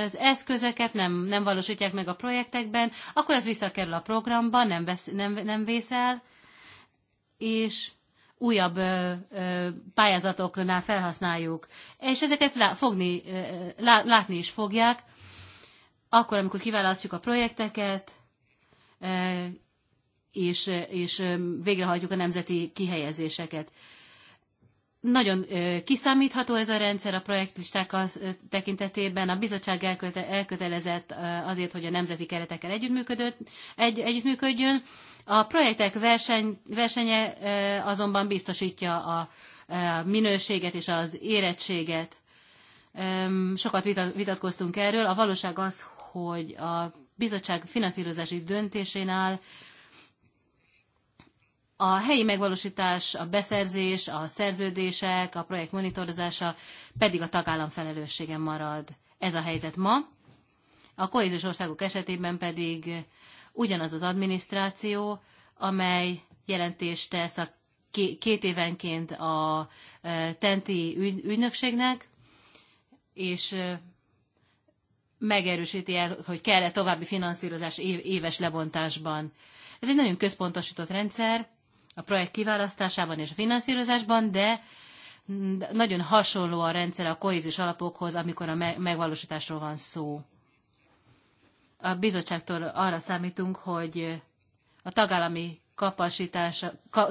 az eszközeket nem, nem valósítják meg a projektekben, akkor ez visszakerül a programba, nem, vesz, nem, nem vészel, és újabb ö, ö, pályázatoknál felhasználjuk. És ezeket lá, fogni, lá, látni is fogják, akkor, amikor kiválasztjuk a projekteket, E, és, és e, végrehajtjuk a nemzeti kihelyezéseket. Nagyon e, kiszámítható ez a rendszer a projektlisták tekintetében. A bizottság elköte, elkötelezett azért, hogy a nemzeti keretekkel együttműködött, egy, együttműködjön. A projektek verseny, versenye azonban biztosítja a, a minőséget és az érettséget. Sokat vitatkoztunk erről. A valóság az, hogy a bizottság finanszírozási áll a helyi megvalósítás, a beszerzés, a szerződések, a projekt monitorozása pedig a tagállam felelőssége marad. Ez a helyzet ma. A kohéziós országok esetében pedig ugyanaz az adminisztráció, amely jelentést tesz a két évenként a e, tenti ügynökségnek, és e, megerősíti el, hogy kell-e további finanszírozás éves lebontásban. Ez egy nagyon központosított rendszer a projekt kiválasztásában és a finanszírozásban, de nagyon hasonló a rendszer a kohézis alapokhoz, amikor a megvalósításról van szó. A bizottságtól arra számítunk, hogy a tagállami kapacitás,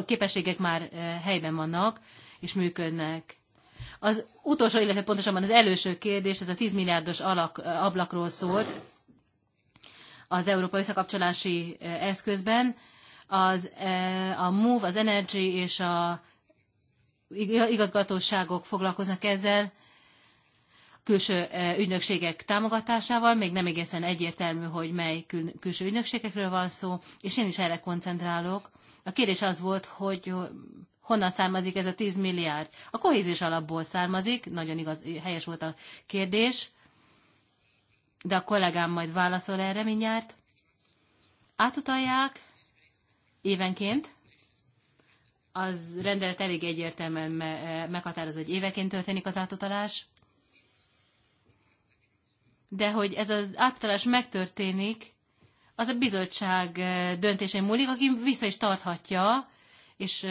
képességek már eh, helyben vannak és működnek. Az utolsó, illetve pontosabban az előső kérdés, ez a 10 milliárdos alak, ablakról szólt az Európai Összekapcsolási e, Eszközben. Az, e, a MOVE, az Energy és a igazgatóságok foglalkoznak ezzel, külső e, ügynökségek támogatásával, még nem egészen egyértelmű, hogy mely kül- külső ügynökségekről van szó, és én is erre koncentrálok. A kérdés az volt, hogy honnan származik ez a 10 milliárd. A kohézis alapból származik, nagyon igaz, helyes volt a kérdés, de a kollégám majd válaszol erre mindjárt. Átutalják évenként, az rendelet elég egyértelműen meghatározza, hogy éveként történik az átutalás, de hogy ez az átutalás megtörténik, az a bizottság döntésén múlik, aki vissza is tarthatja, és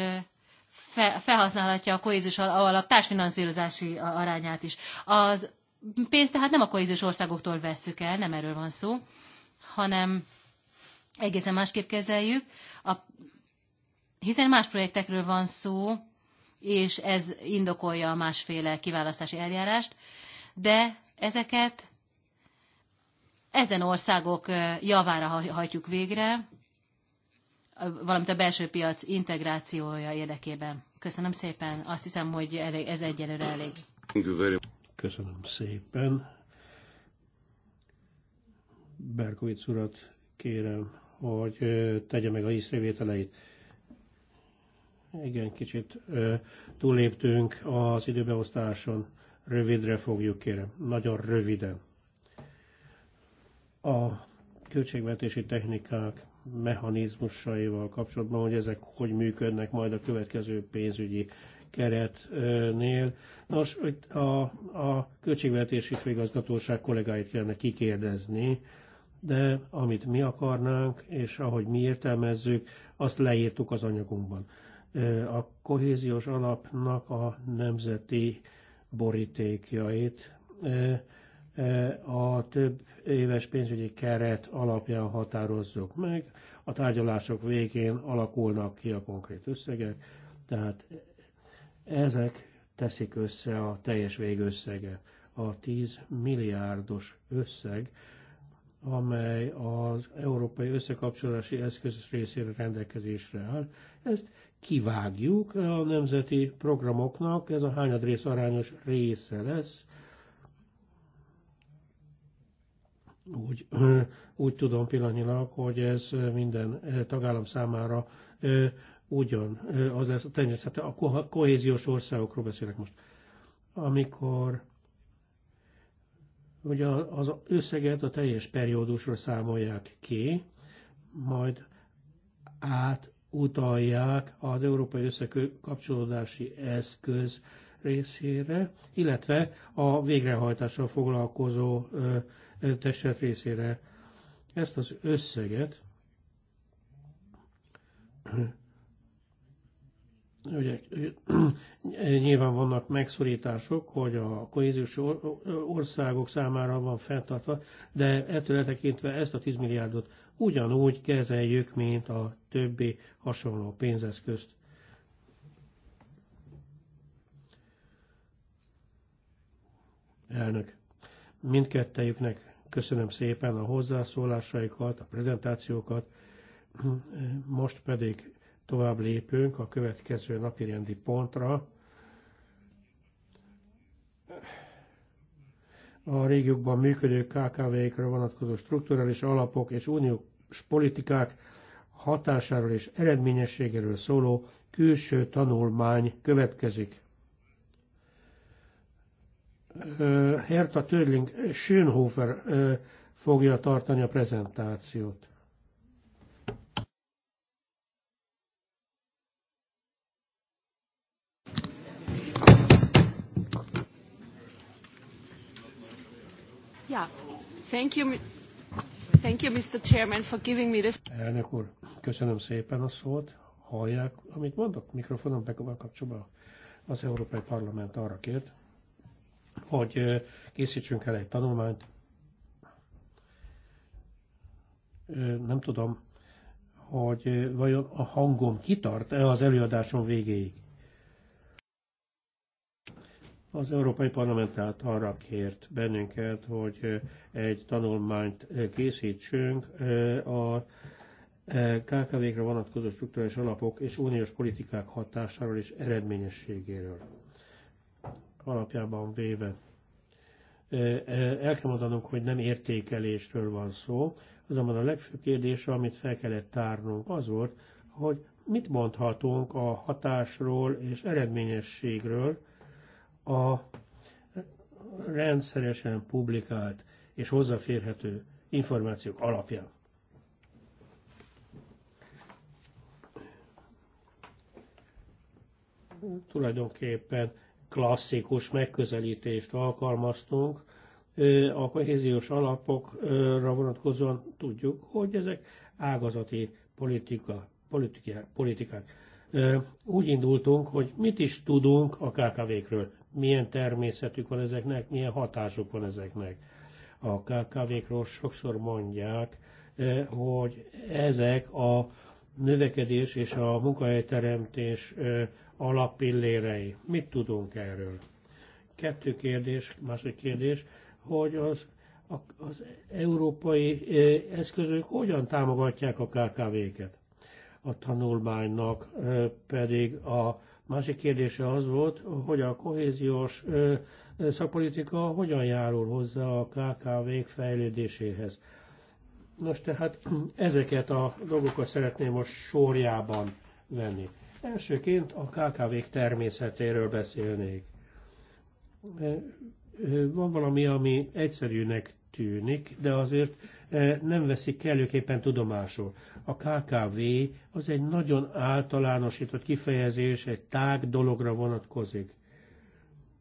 felhasználhatja a kohézus alap társfinanszírozási arányát is. Az pénzt tehát nem a kohézus országoktól vesszük el, nem erről van szó, hanem egészen másképp kezeljük, a, hiszen más projektekről van szó, és ez indokolja a másféle kiválasztási eljárást, de ezeket ezen országok javára hajtjuk végre, valamint a belső piac integrációja érdekében. Köszönöm szépen. Azt hiszem, hogy elég, ez egyelőre elég. Köszönöm szépen. Berkovic urat kérem, hogy tegye meg a észrevételeit. Igen, kicsit túléptünk az időbeosztáson. Rövidre fogjuk, kérem. Nagyon röviden. A költségvetési technikák mechanizmusaival kapcsolatban, hogy ezek hogy működnek majd a következő pénzügyi keretnél. Nos, a, a Költségvetési Főigazgatóság kollégáit kellene kikérdezni, de amit mi akarnánk, és ahogy mi értelmezzük, azt leírtuk az anyagunkban. A kohéziós alapnak a nemzeti borítékjait a több éves pénzügyi keret alapján határozzuk meg, a tárgyalások végén alakulnak ki a konkrét összegek, tehát ezek teszik össze a teljes végösszeget. A 10 milliárdos összeg, amely az európai összekapcsolási eszköz részére rendelkezésre áll, ezt kivágjuk a nemzeti programoknak, ez a hányadrész arányos része lesz, Úgy, úgy tudom pillanatnyilag, hogy ez minden eh, tagállam számára eh, ugyan, eh, az lesz a természete, a kohéziós országokról beszélek most. Amikor ugye az összeget a teljes periódusról számolják ki, majd átutalják az Európai Összekapcsolódási Eszköz részére, illetve a végrehajtással foglalkozó testület részére. Ezt az összeget ugye, nyilván vannak megszorítások, hogy a kohéziós országok számára van fenntartva, de ettől tekintve ezt a 10 milliárdot ugyanúgy kezeljük, mint a többi hasonló pénzeszközt. Elnök, mindkettejüknek köszönöm szépen a hozzászólásaikat, a prezentációkat, most pedig tovább lépünk a következő napirendi pontra. A régiókban működő kkv kre vonatkozó strukturális alapok és uniós politikák hatásáról és eredményességéről szóló külső tanulmány következik. Herta Törling Schönhofer fogja tartani a prezentációt. Thank you, thank you, Mr. Chairman, for giving me the... Elnök úr, köszönöm szépen a szót. Hallják, amit mondok? Mikrofonom bekapcsolva az Európai Parlament arra kért, hogy készítsünk el egy tanulmányt. Nem tudom, hogy vajon a hangom kitart-e az előadásom végéig. Az Európai Parlament tehát arra kért bennünket, hogy egy tanulmányt készítsünk a KKV-kre vonatkozó struktúrális alapok és uniós politikák hatásáról és eredményességéről alapjában véve. El kell mondanunk, hogy nem értékelésről van szó, azonban a legfőbb kérdés, amit fel kellett tárnunk, az volt, hogy mit mondhatunk a hatásról és eredményességről a rendszeresen publikált és hozzáférhető információk alapján. Tulajdonképpen klasszikus megközelítést alkalmaztunk. A kohéziós alapokra vonatkozóan tudjuk, hogy ezek ágazati politika, politika, politikák. Úgy indultunk, hogy mit is tudunk a KKV-kről, milyen természetük van ezeknek, milyen hatásuk van ezeknek. A KKV-król sokszor mondják, hogy ezek a növekedés és a munkahelyteremtés alappillérei. Mit tudunk erről? Kettő kérdés, másik kérdés, hogy az, az európai eszközök hogyan támogatják a KKV-ket. A tanulmánynak pedig a másik kérdése az volt, hogy a kohéziós szakpolitika hogyan járul hozzá a KKV-k fejlődéséhez. Nos, tehát ezeket a dolgokat szeretném most sorjában venni. Elsőként a KKV-k természetéről beszélnék. E, e, van valami, ami egyszerűnek tűnik, de azért e, nem veszik kellőképpen tudomásul. A KKV az egy nagyon általánosított kifejezés, egy tág dologra vonatkozik.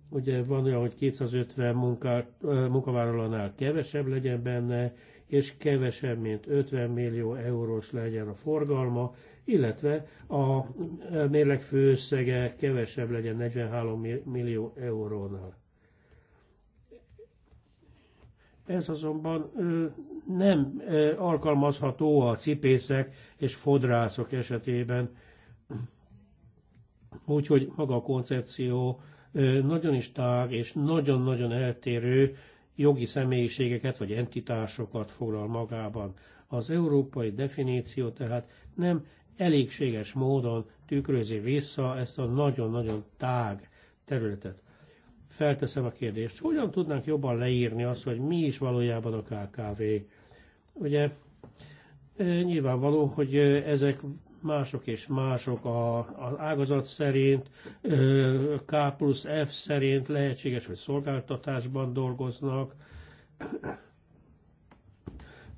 Ugye van olyan, hogy 250 munka, munkavállalónál kevesebb legyen benne, és kevesebb, mint 50 millió eurós legyen a forgalma, illetve a e, mérleg főszege kevesebb legyen 43 millió eurónál. Ez azonban nem e, alkalmazható a cipészek és fodrászok esetében, úgyhogy maga a koncepció nagyon is tág és nagyon-nagyon eltérő jogi személyiségeket vagy entitásokat foglal magában. Az európai definíció tehát nem elégséges módon tükrözi vissza ezt a nagyon-nagyon tág területet. Felteszem a kérdést, hogyan tudnánk jobban leírni azt, hogy mi is valójában a KKV? Ugye e, nyilvánvaló, hogy e, ezek mások és mások a, az ágazat szerint, e, K plusz F szerint lehetséges, hogy szolgáltatásban dolgoznak,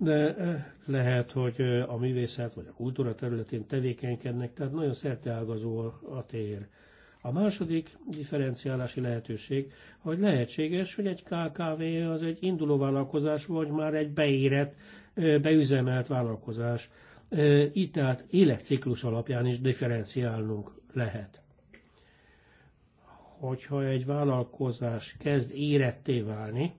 de eh, lehet, hogy eh, a művészet vagy a kultúra területén tevékenykednek, tehát nagyon szerteágazó a tér. A második differenciálási lehetőség, hogy lehetséges, hogy egy KKV az egy induló vállalkozás, vagy már egy beérett, eh, beüzemelt vállalkozás. Itt tehát életciklus alapján is differenciálnunk lehet. Hogyha egy vállalkozás kezd éretté válni,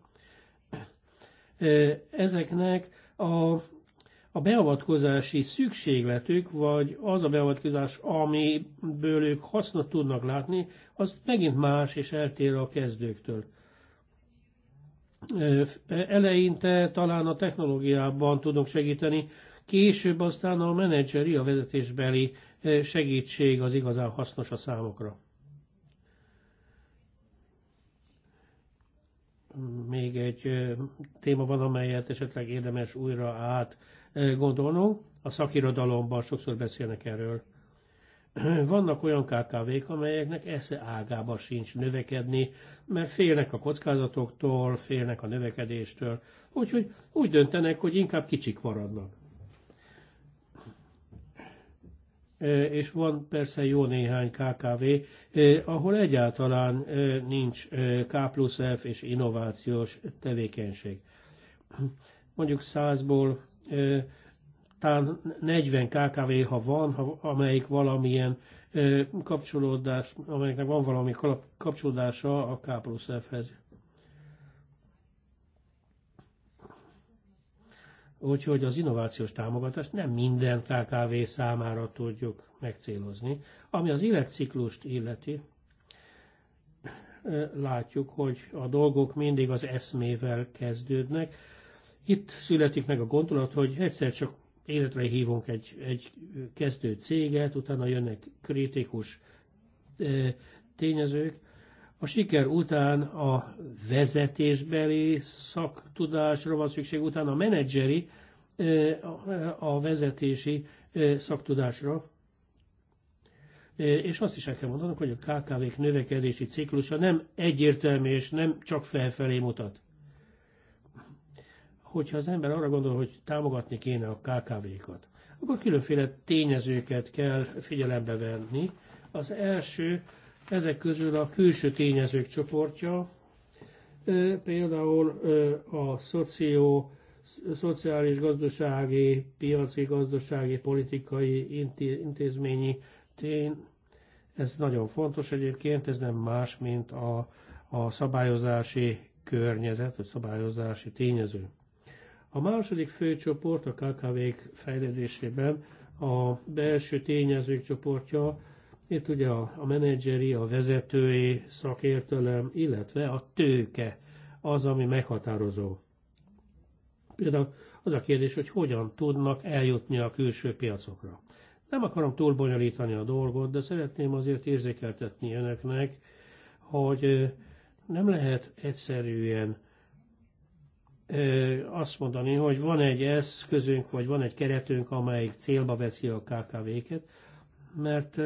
ezeknek a, a beavatkozási szükségletük, vagy az a beavatkozás, amiből ők hasznot tudnak látni, az megint más és eltér a kezdőktől. Eleinte talán a technológiában tudunk segíteni, később aztán a menedzseri, a vezetésbeli segítség az igazán hasznos a számokra. még egy téma van, amelyet esetleg érdemes újra át gondolnunk. A szakirodalomban sokszor beszélnek erről. Vannak olyan KKV-k, amelyeknek esze ágába sincs növekedni, mert félnek a kockázatoktól, félnek a növekedéstől, úgyhogy úgy döntenek, hogy inkább kicsik maradnak. E, és van persze jó néhány KKV, e, ahol egyáltalán e, nincs K plusz F és innovációs tevékenység. Mondjuk százból talán 40 KKV, ha van, ha, amelyik valamilyen kapcsolódás, amelyiknek van valami kapcsolódása a K plusz F-hez. úgyhogy az innovációs támogatást nem minden KKV számára tudjuk megcélozni. Ami az életciklust illeti, látjuk, hogy a dolgok mindig az eszmével kezdődnek. Itt születik meg a gondolat, hogy egyszer csak életre hívunk egy, egy kezdő céget, utána jönnek kritikus tényezők, a siker után a vezetésbeli szaktudásra van szükség, utána a menedzseri, a vezetési szaktudásra. És azt is el kell mondanom, hogy a KKV-k növekedési ciklusa nem egyértelmű és nem csak felfelé mutat. Hogyha az ember arra gondol, hogy támogatni kéne a KKV-kat, akkor különféle tényezőket kell figyelembe venni. Az első ezek közül a külső tényezők csoportja, például a szoció, szociális, gazdasági, piaci, gazdasági, politikai, intézményi tény. Ez nagyon fontos egyébként, ez nem más, mint a, a szabályozási környezet, vagy szabályozási tényező. A második fő csoport a KKV-k fejlődésében a belső tényezők csoportja, itt ugye a, a menedzseri, a vezetői szakértelem, illetve a tőke az, ami meghatározó. Például az a kérdés, hogy hogyan tudnak eljutni a külső piacokra. Nem akarom túl bonyolítani a dolgot, de szeretném azért érzékeltetni önöknek, hogy nem lehet egyszerűen azt mondani, hogy van egy eszközünk, vagy van egy keretünk, amelyik célba veszi a KKV-ket, mert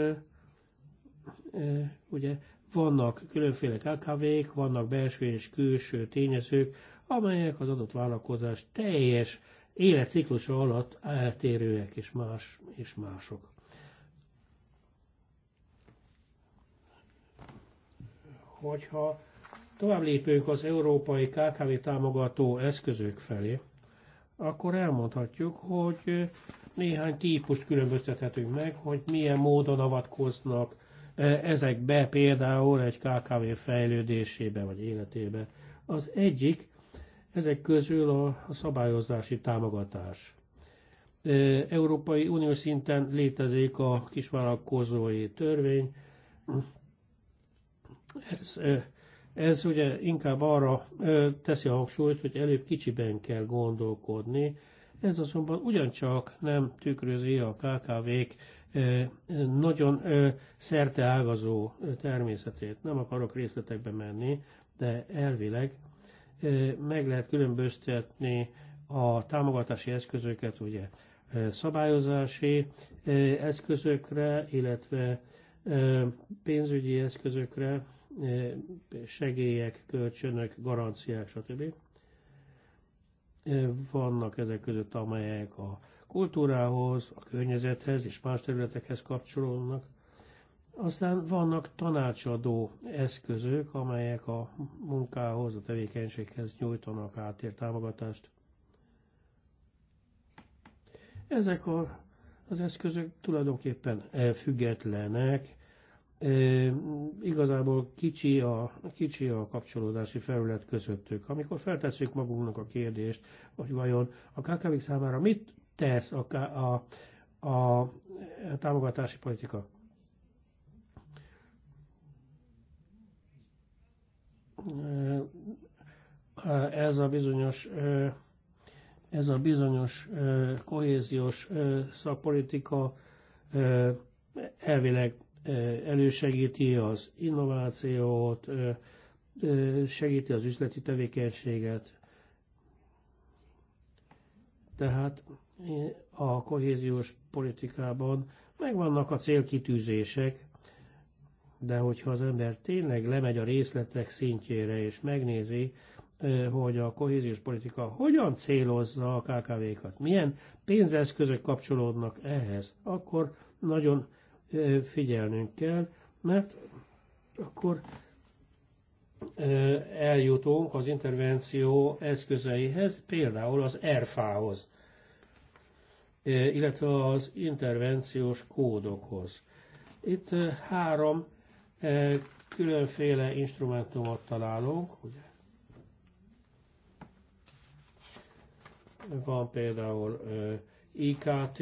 ugye vannak különféle KKV-k, vannak belső és külső tényezők, amelyek az adott vállalkozás teljes életciklusa alatt eltérőek és más és mások. Hogyha tovább lépünk az európai KKV támogató eszközök felé, akkor elmondhatjuk, hogy néhány típust különböztethetünk meg, hogy milyen módon avatkoznak Eh, ezekbe például egy KKV fejlődésébe vagy életébe. Az egyik, ezek közül a szabályozási támogatás. Eh, Európai Unió szinten létezik a kisvállalkozói törvény. Ez, eh, ez ugye inkább arra teszi a hangsúlyt, hogy előbb kicsiben kell gondolkodni, ez azonban ugyancsak nem tükrözi a KKV-k nagyon szerte ágazó természetét. Nem akarok részletekbe menni, de elvileg meg lehet különböztetni a támogatási eszközöket, ugye szabályozási eszközökre, illetve pénzügyi eszközökre, segélyek, kölcsönök, garanciák, stb. Vannak ezek között, amelyek a kultúrához, a környezethez és más területekhez kapcsolódnak. Aztán vannak tanácsadó eszközök, amelyek a munkához, a tevékenységhez nyújtanak átér támogatást. Ezek a, az eszközök tulajdonképpen függetlenek, e, igazából kicsi a, kicsi a kapcsolódási felület közöttük. Amikor feltesszük magunknak a kérdést, hogy vajon a kkv számára mit tesz a, a, a támogatási politika. Ez a bizonyos ez a bizonyos kohéziós szakpolitika elvileg elősegíti az innovációt, segíti az üzleti tevékenységet. Tehát a kohéziós politikában megvannak a célkitűzések, de hogyha az ember tényleg lemegy a részletek szintjére és megnézi, hogy a kohéziós politika hogyan célozza a KKV-kat, milyen pénzeszközök kapcsolódnak ehhez, akkor nagyon figyelnünk kell, mert akkor eljutunk az intervenció eszközeihez, például az ERFA-hoz illetve az intervenciós kódokhoz. Itt három különféle instrumentumot találunk, ugye? Van például IKT,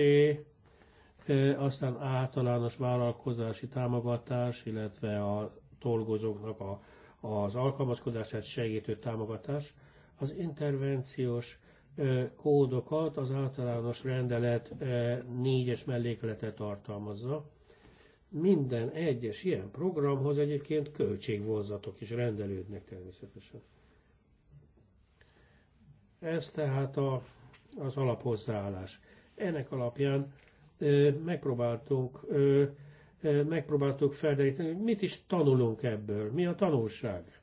aztán általános vállalkozási támogatás, illetve a dolgozóknak a, az alkalmazkodását segítő támogatás. Az intervenciós kódokat az általános rendelet négyes melléklete tartalmazza. Minden egyes ilyen programhoz egyébként költségvonzatok is rendelődnek természetesen. Ez tehát a, az alaphozzáállás. Ennek alapján megpróbáltunk, megpróbáltuk felderíteni, hogy mit is tanulunk ebből, mi a tanulság.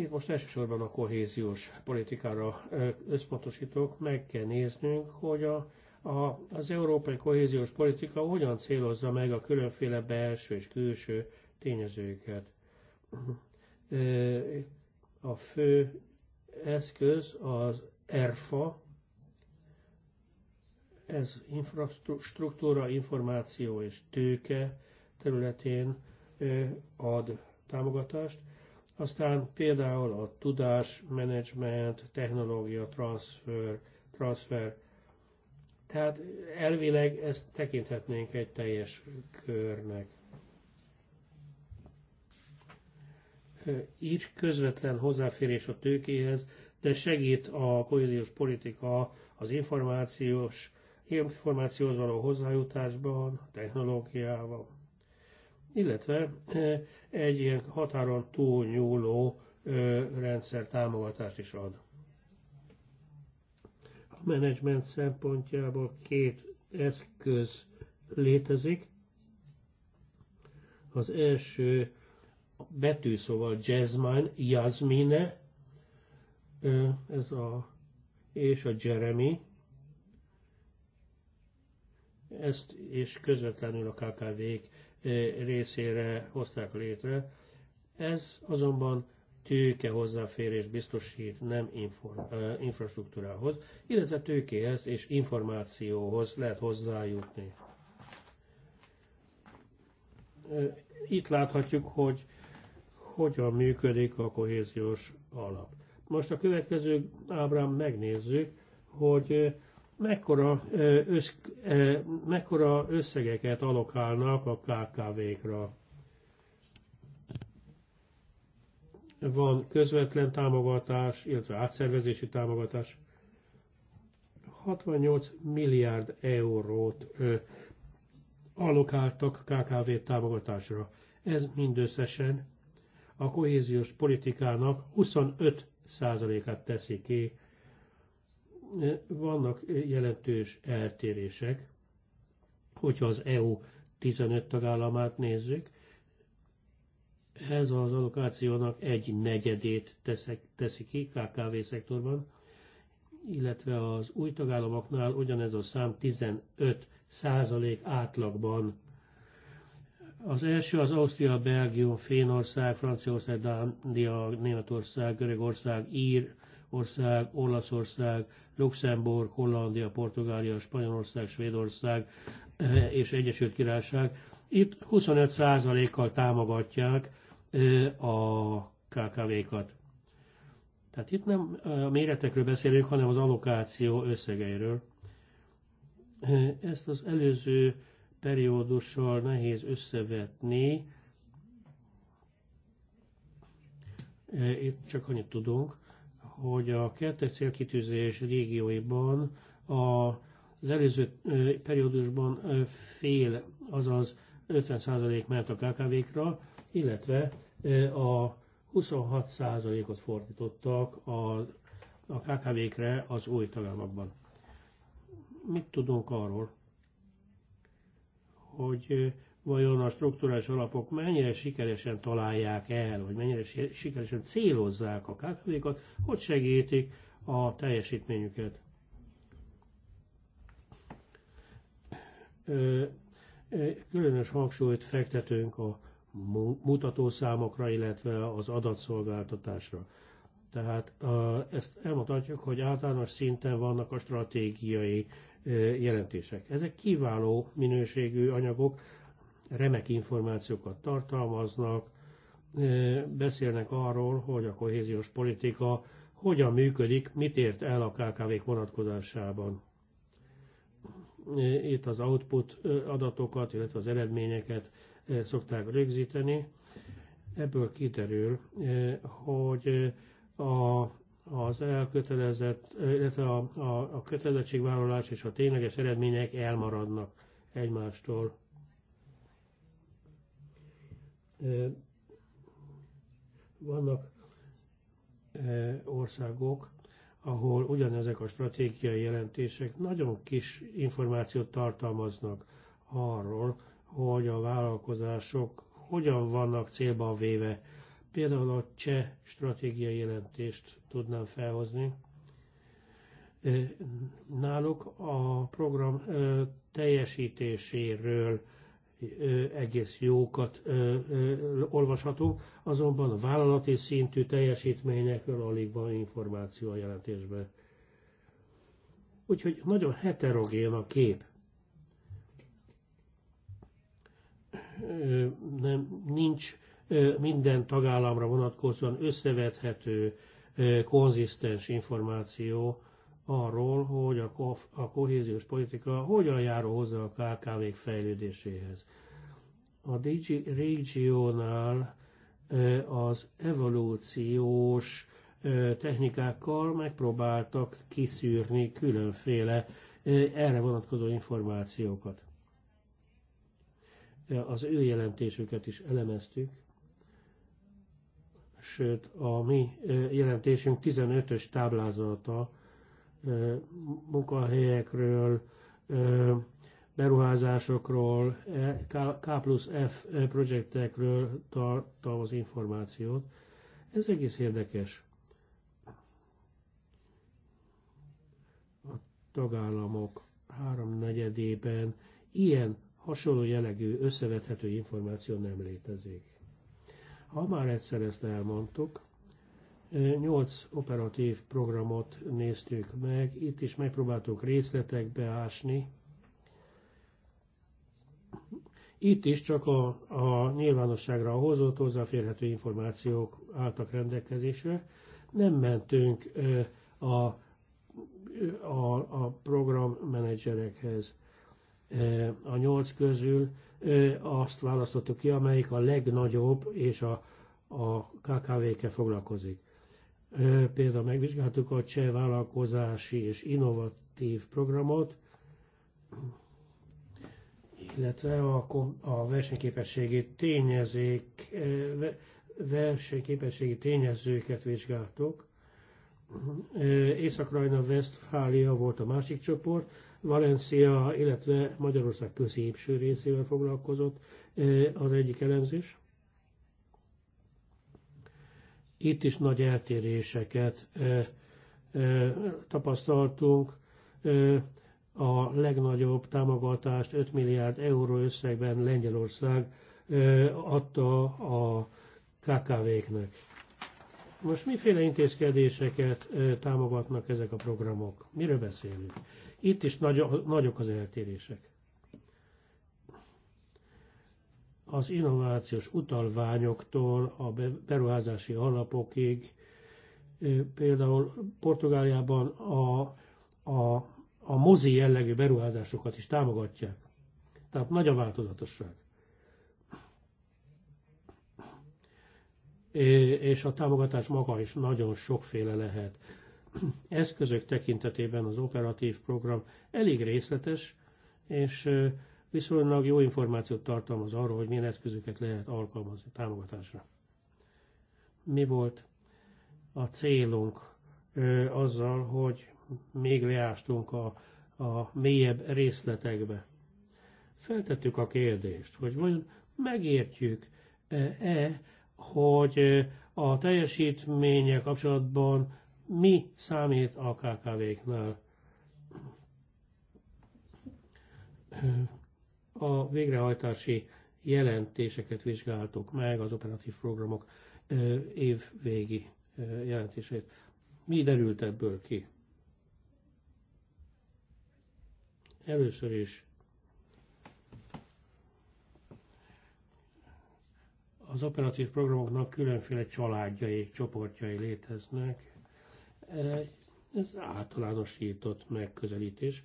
itt most elsősorban a kohéziós politikára összpontosítok, meg kell néznünk, hogy a, a, az európai kohéziós politika hogyan célozza meg a különféle belső és külső tényezőket. A fő eszköz az ERFA, ez infrastruktúra, információ és tőke területén ad támogatást. Aztán például a tudás, menedzsment, technológia, transfer, transfer. Tehát elvileg ezt tekinthetnénk egy teljes körnek. Így közvetlen hozzáférés a tőkéhez, de segít a kohéziós politika az információs, információhoz való hozzájutásban, technológiával illetve egy ilyen határon túlnyúló rendszer támogatást is ad. A menedzsment szempontjából két eszköz létezik. Az első betűszóval Jasmine, Jasmine, ez a, és a Jeremy, ezt és közvetlenül a KKV-k részére hozták létre. Ez azonban tőke hozzáférés biztosít nem inform, infrastruktúrához, illetve tőkéhez és információhoz lehet hozzájutni. Itt láthatjuk, hogy hogyan működik a kohéziós alap. Most a következő ábrán megnézzük, hogy mekkora, össz, mekkora összegeket alokálnak a KKV-kra. Van közvetlen támogatás, illetve átszervezési támogatás. 68 milliárd eurót ö, alokáltak KKV támogatásra. Ez mindösszesen a kohéziós politikának 25 százalékát teszi ki vannak jelentős eltérések, hogyha az EU 15 tagállamát nézzük, ez az allokációnak egy negyedét teszek, teszi ki KKV szektorban, illetve az új tagállamoknál ugyanez a szám 15 százalék átlagban. Az első az Ausztria, Belgium, Fénország, Franciaország, Dánia, Németország, Görögország, Ír, ország, Olaszország, Luxemburg, Hollandia, Portugália, Spanyolország, Svédország eh, és Egyesült Királyság. Itt 25%-kal támogatják eh, a KKV-kat. Tehát itt nem eh, a méretekről beszélünk, hanem az allokáció összegeiről. Ezt az előző periódussal nehéz összevetni. Itt csak annyit tudunk, hogy a kettes célkitűzés régióiban az előző periódusban fél, azaz 50% ment a KKV-kra, illetve a 26%-ot fordítottak a, a KKV-kre az új tagállamokban. Mit tudunk arról, hogy vajon a struktúrás alapok mennyire sikeresen találják el, vagy mennyire sikeresen célozzák a kkv hogy segítik a teljesítményüket. Különös hangsúlyt fektetünk a mutatószámokra, illetve az adatszolgáltatásra. Tehát ezt elmondhatjuk, hogy általános szinten vannak a stratégiai jelentések. Ezek kiváló minőségű anyagok, remek információkat tartalmaznak, beszélnek arról, hogy a kohéziós politika hogyan működik, mit ért el a KKV-k vonatkozásában. Itt az output adatokat, illetve az eredményeket szokták rögzíteni. Ebből kiderül, hogy a, az elkötelezett, illetve a, a, a kötelezettségvállalás és a tényleges eredmények elmaradnak egymástól. Vannak országok, ahol ugyanezek a stratégiai jelentések nagyon kis információt tartalmaznak arról, hogy a vállalkozások hogyan vannak célba véve. Például a cseh stratégiai jelentést tudnám felhozni. Náluk a program teljesítéséről egész jókat olvasható, azonban a vállalati szintű teljesítményekről alig van információ a jelentésben. Úgyhogy nagyon heterogén a kép. Nem, nincs minden tagállamra vonatkozóan összevethető, konzisztens információ arról, hogy a, a kohéziós politika hogyan járul hozzá a kkv fejlődéséhez. A DG Regionál az evolúciós technikákkal megpróbáltak kiszűrni különféle erre vonatkozó információkat. Az ő jelentésüket is elemeztük, sőt a mi jelentésünk 15-ös táblázata munkahelyekről, beruházásokról, e, K plusz F e, projektekről tartalmaz információt. Ez egész érdekes. A tagállamok háromnegyedében ilyen hasonló jellegű összevethető információ nem létezik. Ha már egyszer ezt elmondtuk, Nyolc operatív programot néztük meg, itt is megpróbáltuk részletekbe ásni. Itt is csak a, a nyilvánosságra hozott hozzáférhető információk álltak rendelkezésre. Nem mentünk a, a, a programmenedzserekhez a nyolc közül azt választottuk ki, amelyik a legnagyobb és a, a KKV-kkel foglalkozik. Például megvizsgáltuk a cseh vállalkozási és innovatív programot, illetve a, a versenyképességi tényezék, versenyképességi tényezőket vizsgáltuk. Észak-Rajna, Westfália volt a másik csoport, Valencia, illetve Magyarország középső részével foglalkozott az egyik elemzés. Itt is nagy eltéréseket tapasztaltunk. A legnagyobb támogatást 5 milliárd euró összegben Lengyelország adta a KKV-knek. Most miféle intézkedéseket támogatnak ezek a programok? Miről beszélünk? Itt is nagy, nagyok az eltérések. az innovációs utalványoktól a beruházási alapokig, például Portugáliában a, a, a mozi jellegű beruházásokat is támogatják. Tehát nagy a változatosság. És a támogatás maga is nagyon sokféle lehet. Eszközök tekintetében az operatív program elég részletes, és viszonylag jó információt tartalmaz arról, hogy milyen eszközöket lehet alkalmazni támogatásra. Mi volt a célunk ö, azzal, hogy még leástunk a, a mélyebb részletekbe? Feltettük a kérdést, hogy vajon megértjük-e, e, hogy a teljesítménye kapcsolatban mi számít a KKV-knál a végrehajtási jelentéseket vizsgáltuk meg, az operatív programok évvégi jelentését. Mi derült ebből ki? Először is az operatív programoknak különféle családjai, csoportjai léteznek. Ez általánosított megközelítés.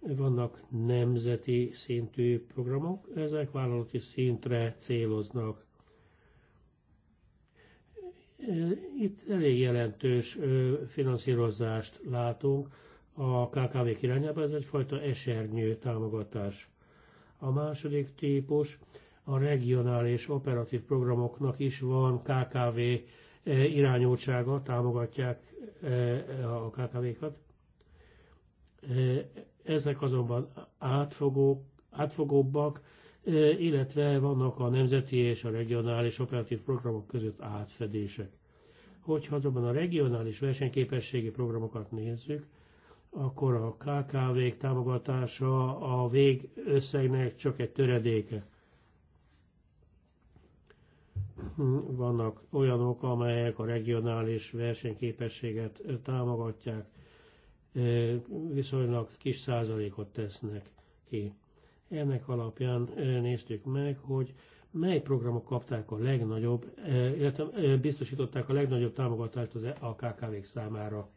Vannak nemzeti szintű programok, ezek vállalati szintre céloznak. Itt elég jelentős finanszírozást látunk a KKV-k irányába, ez egyfajta esernyő támogatás. A második típus a regionális operatív programoknak is van KKV irányultsága, támogatják a KKV-kat ezek azonban átfogók, átfogóbbak, e, illetve vannak a nemzeti és a regionális operatív programok között átfedések. Hogyha azonban a regionális versenyképességi programokat nézzük, akkor a kkv támogatása a végösszegnek csak egy töredéke. Vannak olyanok, amelyek a regionális versenyképességet támogatják, viszonylag kis százalékot tesznek ki. Ennek alapján néztük meg, hogy mely programok kapták a legnagyobb, illetve biztosították a legnagyobb támogatást az e-, a KKV-k számára.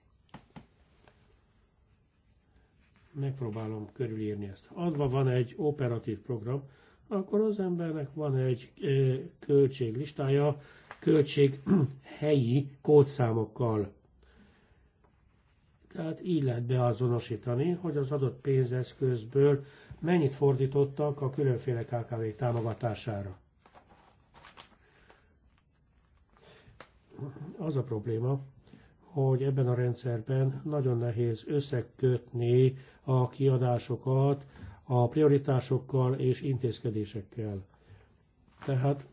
Megpróbálom körülírni ezt. Adva van egy operatív program, akkor az embernek van egy költséglistája, költség helyi kódszámokkal tehát így lehet beazonosítani, hogy az adott pénzeszközből mennyit fordítottak a különféle KKV támogatására. Az a probléma, hogy ebben a rendszerben nagyon nehéz összekötni a kiadásokat a prioritásokkal és intézkedésekkel. Tehát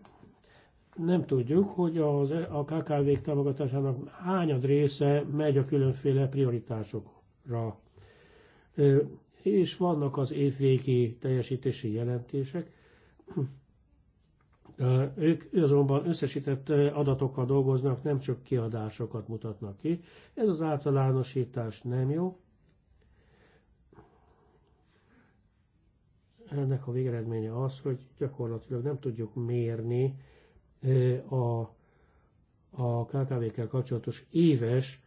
nem tudjuk, hogy az, a KKV-k támogatásának hányad része megy a különféle prioritásokra. És vannak az évvégi teljesítési jelentések. De ők azonban összesített adatokkal dolgoznak, nem csak kiadásokat mutatnak ki. Ez az általánosítás nem jó. Ennek a végeredménye az, hogy gyakorlatilag nem tudjuk mérni, a, a KKV-kkel kapcsolatos éves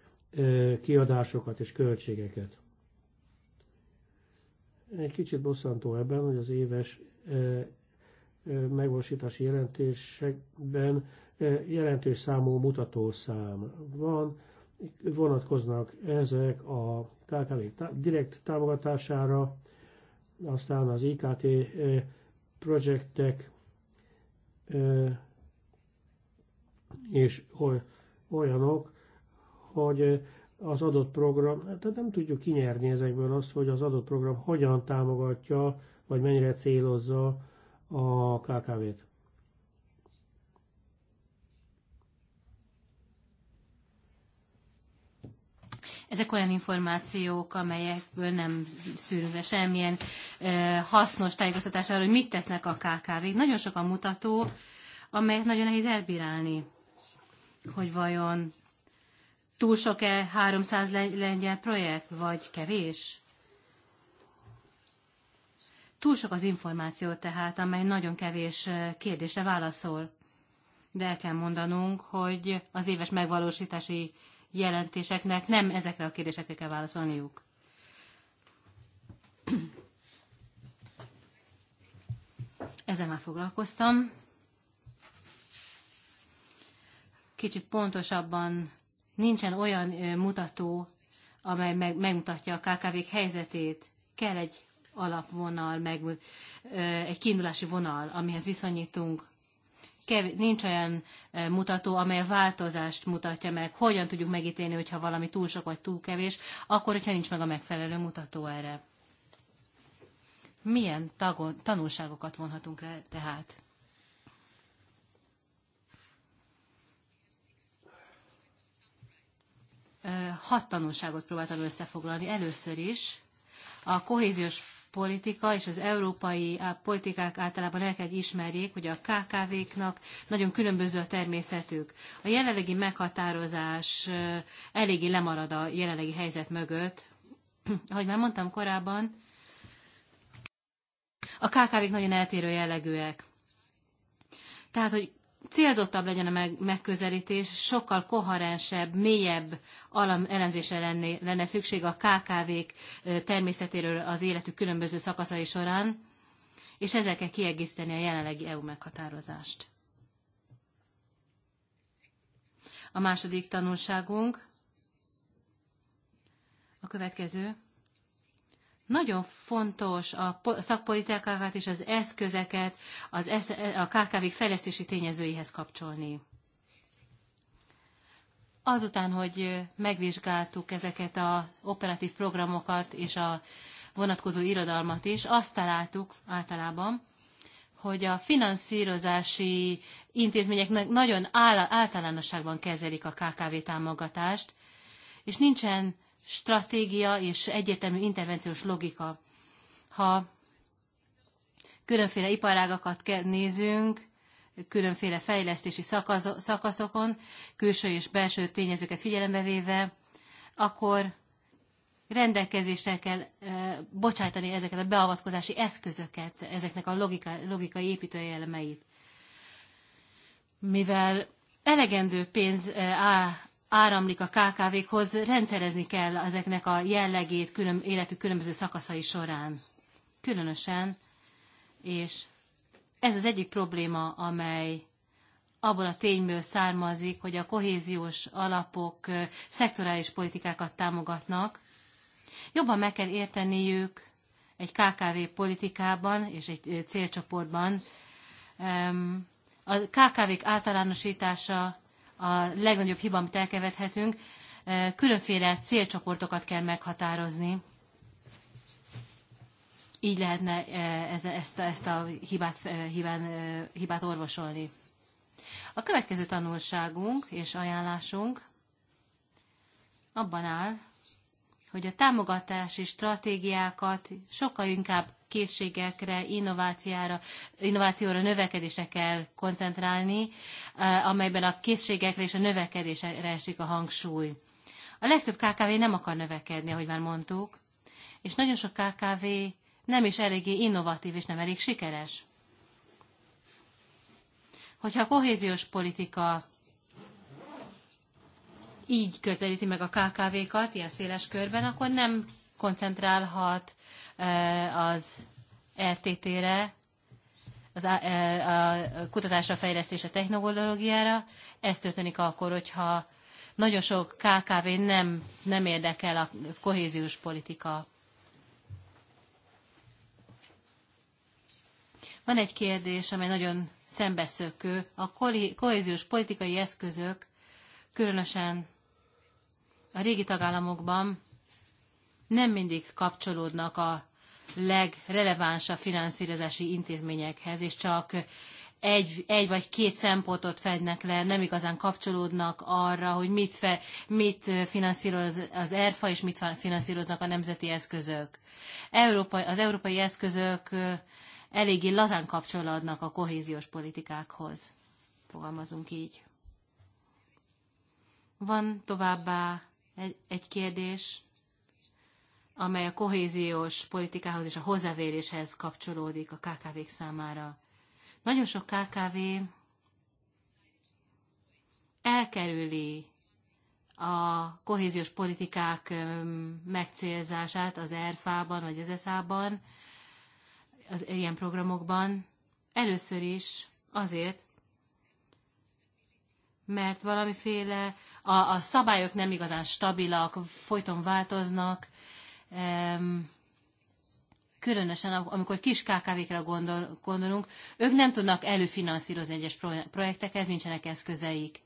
kiadásokat és költségeket. Egy kicsit bosszantó ebben, hogy az éves megvalósítási jelentésekben jelentős számú mutatószám van, vonatkoznak ezek a KKV direkt támogatására, aztán az IKT projektek és olyanok, hogy az adott program, tehát nem tudjuk kinyerni ezekből azt, hogy az adott program hogyan támogatja, vagy mennyire célozza a KKV-t. Ezek olyan információk, amelyekből nem szűrve le semmilyen hasznos tájékoztatás arra, hogy mit tesznek a KKV-k. Nagyon sok a mutató, amelyet nagyon nehéz elbírálni hogy vajon túl sok-e 300 lengyel projekt, vagy kevés? Túl sok az információ tehát, amely nagyon kevés kérdésre válaszol. De el kell mondanunk, hogy az éves megvalósítási jelentéseknek nem ezekre a kérdésekre kell válaszolniuk. Ezzel már foglalkoztam. kicsit pontosabban nincsen olyan mutató, amely megmutatja a KKV-k helyzetét. Kell egy alapvonal, meg, egy kiindulási vonal, amihez viszonyítunk. Kev- nincs olyan mutató, amely a változást mutatja meg. Hogyan tudjuk megítélni, hogyha valami túl sok vagy túl kevés, akkor, hogyha nincs meg a megfelelő mutató erre. Milyen tagon, tanulságokat vonhatunk le tehát? hat tanulságot próbáltam összefoglalni. Először is a kohéziós politika és az európai politikák általában el kell ismerjék, hogy a KKV-knak nagyon különböző a természetük. A jelenlegi meghatározás eléggé lemarad a jelenlegi helyzet mögött. Ahogy már mondtam korábban, a KKV-k nagyon eltérő jellegűek. Tehát, hogy célzottabb legyen a meg, megközelítés, sokkal koherensebb, mélyebb alam, elemzésre lenni, lenne szükség a KKV-k természetéről az életük különböző szakaszai során, és kell kiegészíteni a jelenlegi EU meghatározást. A második tanulságunk a következő. Nagyon fontos a szakpolitikákat és az eszközeket az esz a kkv fejlesztési tényezőihez kapcsolni. Azután, hogy megvizsgáltuk ezeket az operatív programokat és a vonatkozó irodalmat is, azt találtuk általában, hogy a finanszírozási intézményeknek nagyon általánosságban kezelik a KKV támogatást, és nincsen stratégia és egyetemű intervenciós logika. Ha különféle iparágakat nézünk, különféle fejlesztési szakaszokon, külső és belső tényezőket figyelembe véve, akkor rendelkezésre kell bocsájtani ezeket a beavatkozási eszközöket, ezeknek a logika, logikai építői Mivel elegendő pénz áramlik a KKV-khoz, rendszerezni kell ezeknek a jellegét külön, életük különböző szakaszai során. Különösen, és ez az egyik probléma, amely abból a tényből származik, hogy a kohéziós alapok szektorális politikákat támogatnak. Jobban meg kell érteniük egy KKV politikában és egy célcsoportban. A KKV-k általánosítása a legnagyobb hiba, amit elkevethetünk, különféle célcsoportokat kell meghatározni. Így lehetne ezt, ezt a hibát, hibán, hibát orvosolni. A következő tanulságunk és ajánlásunk abban áll, hogy a támogatási stratégiákat sokkal inkább készségekre, innovációra, innovációra, növekedésre kell koncentrálni, amelyben a készségekre és a növekedésre esik a hangsúly. A legtöbb KKV nem akar növekedni, ahogy már mondtuk, és nagyon sok KKV nem is eléggé innovatív és nem elég sikeres. Hogyha a kohéziós politika így közelíti meg a KKV-kat ilyen széles körben, akkor nem koncentrálhat e, az RTT-re, az a, e, a kutatásra, fejlesztésre, technológiára. Ez történik akkor, hogyha nagyon sok KKV nem, nem érdekel a kohéziós politika. Van egy kérdés, amely nagyon szembeszökő. A kohéziós politikai eszközök, különösen a régi tagállamokban nem mindig kapcsolódnak a legrelevánsabb finanszírozási intézményekhez, és csak egy, egy vagy két szempontot fednek le, nem igazán kapcsolódnak arra, hogy mit, fe, mit finanszíroz az ERFA, és mit finanszíroznak a nemzeti eszközök. Európa, az európai eszközök eléggé lazán kapcsolódnak a kohéziós politikákhoz. Fogalmazunk így. Van továbbá egy, egy kérdés amely a kohéziós politikához és a hozzávéréshez kapcsolódik a KKV-k számára. Nagyon sok KKV elkerüli a kohéziós politikák megcélzását az ERFA-ban vagy az ESZA-ban, az ilyen programokban. Először is azért, mert valamiféle a, a szabályok nem igazán stabilak, folyton változnak, különösen amikor kis KKV-kra gondol, gondolunk, ők nem tudnak előfinanszírozni egyes projektekhez, nincsenek eszközeik.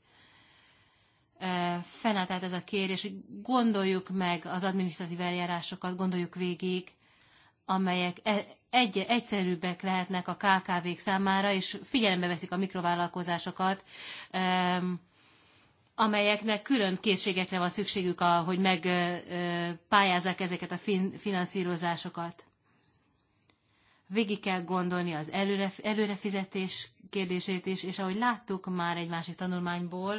Fennállt tehát ez a kérés, hogy gondoljuk meg az adminisztratív eljárásokat, gondoljuk végig, amelyek e- egy, egyszerűbbek lehetnek a KKV-k számára, és figyelembe veszik a mikrovállalkozásokat, amelyeknek külön készségekre van szükségük, hogy megpályázzák ezeket a fin- finanszírozásokat. Végig kell gondolni az előre, előrefizetés kérdését is, és ahogy láttuk már egy másik tanulmányból,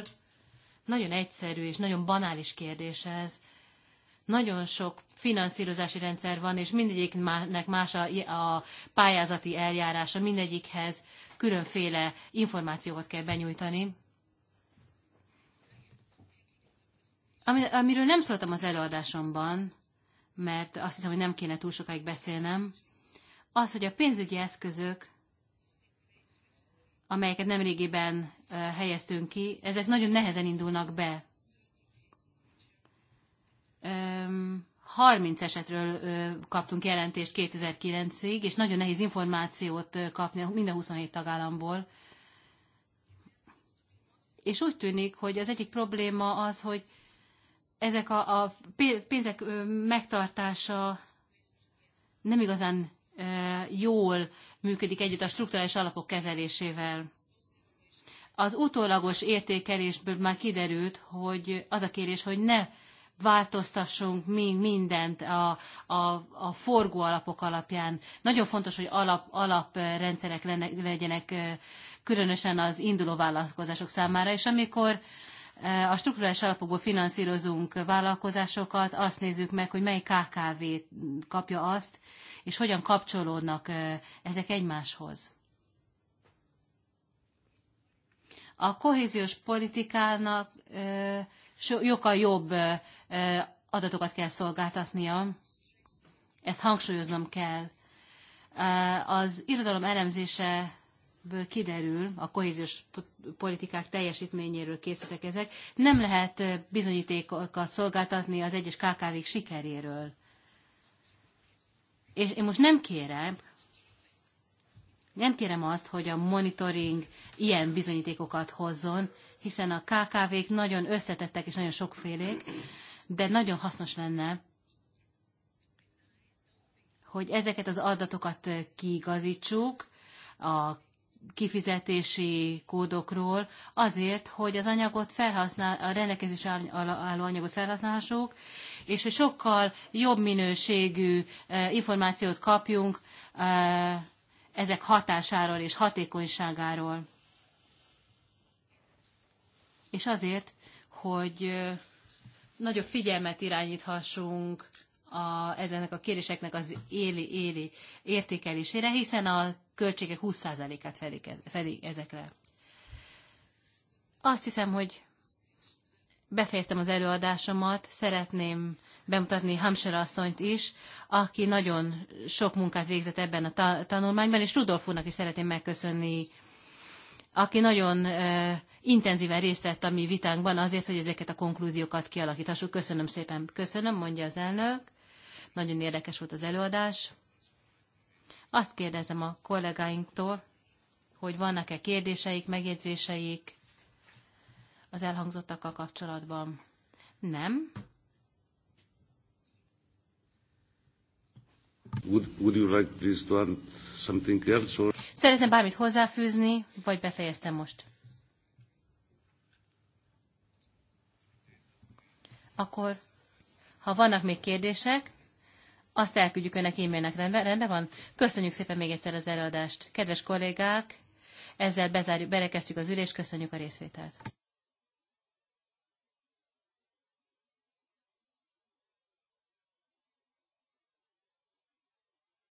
nagyon egyszerű és nagyon banális kérdés ez. Nagyon sok finanszírozási rendszer van, és mindegyiknek más a, a pályázati eljárása, mindegyikhez különféle információkat kell benyújtani amiről nem szóltam az előadásomban, mert azt hiszem, hogy nem kéne túl sokáig beszélnem, az, hogy a pénzügyi eszközök, amelyeket nemrégiben helyeztünk ki, ezek nagyon nehezen indulnak be. 30 esetről kaptunk jelentést 2009-ig, és nagyon nehéz információt kapni minden 27 tagállamból. És úgy tűnik, hogy az egyik probléma az, hogy ezek a, a pénzek megtartása nem igazán jól működik együtt a struktúrális alapok kezelésével. Az utólagos értékelésből már kiderült, hogy az a kérés, hogy ne változtassunk mi mindent a, a, a forgó alapok alapján. Nagyon fontos, hogy alap, alaprendszerek legyenek, különösen az induló vállalkozások számára, és amikor a strukturális alapokból finanszírozunk vállalkozásokat, azt nézzük meg, hogy mely KKV kapja azt, és hogyan kapcsolódnak ezek egymáshoz. A kohéziós politikának sokkal jobb adatokat kell szolgáltatnia, ezt hangsúlyoznom kell. Az irodalom elemzése ből kiderül, a kohéziós politikák teljesítményéről készítek ezek, nem lehet bizonyítékokat szolgáltatni az egyes KKV-k sikeréről. És én most nem kérem, nem kérem azt, hogy a monitoring ilyen bizonyítékokat hozzon, hiszen a KKV-k nagyon összetettek és nagyon sokfélék, de nagyon hasznos lenne, hogy ezeket az adatokat kiigazítsuk, a kifizetési kódokról azért, hogy az anyagot felhasznál, a rendelkezés álló anyagot felhasználhassuk, és hogy sokkal jobb minőségű e, információt kapjunk e, ezek hatásáról és hatékonyságáról. És azért, hogy e, nagyobb figyelmet irányíthassunk a, ezenek a kéréseknek az éli, éli értékelésére, hiszen a költségek 20%-át fedik, fedik ezekre. Azt hiszem, hogy befejeztem az előadásomat, szeretném bemutatni Hamsel asszonyt is, aki nagyon sok munkát végzett ebben a ta- tanulmányban, és Rudolf úrnak is szeretném megköszönni, aki nagyon ö, intenzíven részt vett a mi vitánkban azért, hogy ezeket a konklúziókat kialakítassuk. Köszönöm szépen. Köszönöm, mondja az elnök. Nagyon érdekes volt az előadás. Azt kérdezem a kollégáinktól, hogy vannak-e kérdéseik, megjegyzéseik az elhangzottakkal kapcsolatban. Nem. Would, would you like this to add something else? Or... Szeretném bármit hozzáfűzni, vagy befejeztem most? Akkor, ha vannak még kérdések, azt elküldjük önnek e-mailnek. Rendben, rendben van? Köszönjük szépen még egyszer az előadást. Kedves kollégák, ezzel bezárjuk, berekeztjük az ülést, köszönjük a részvételt.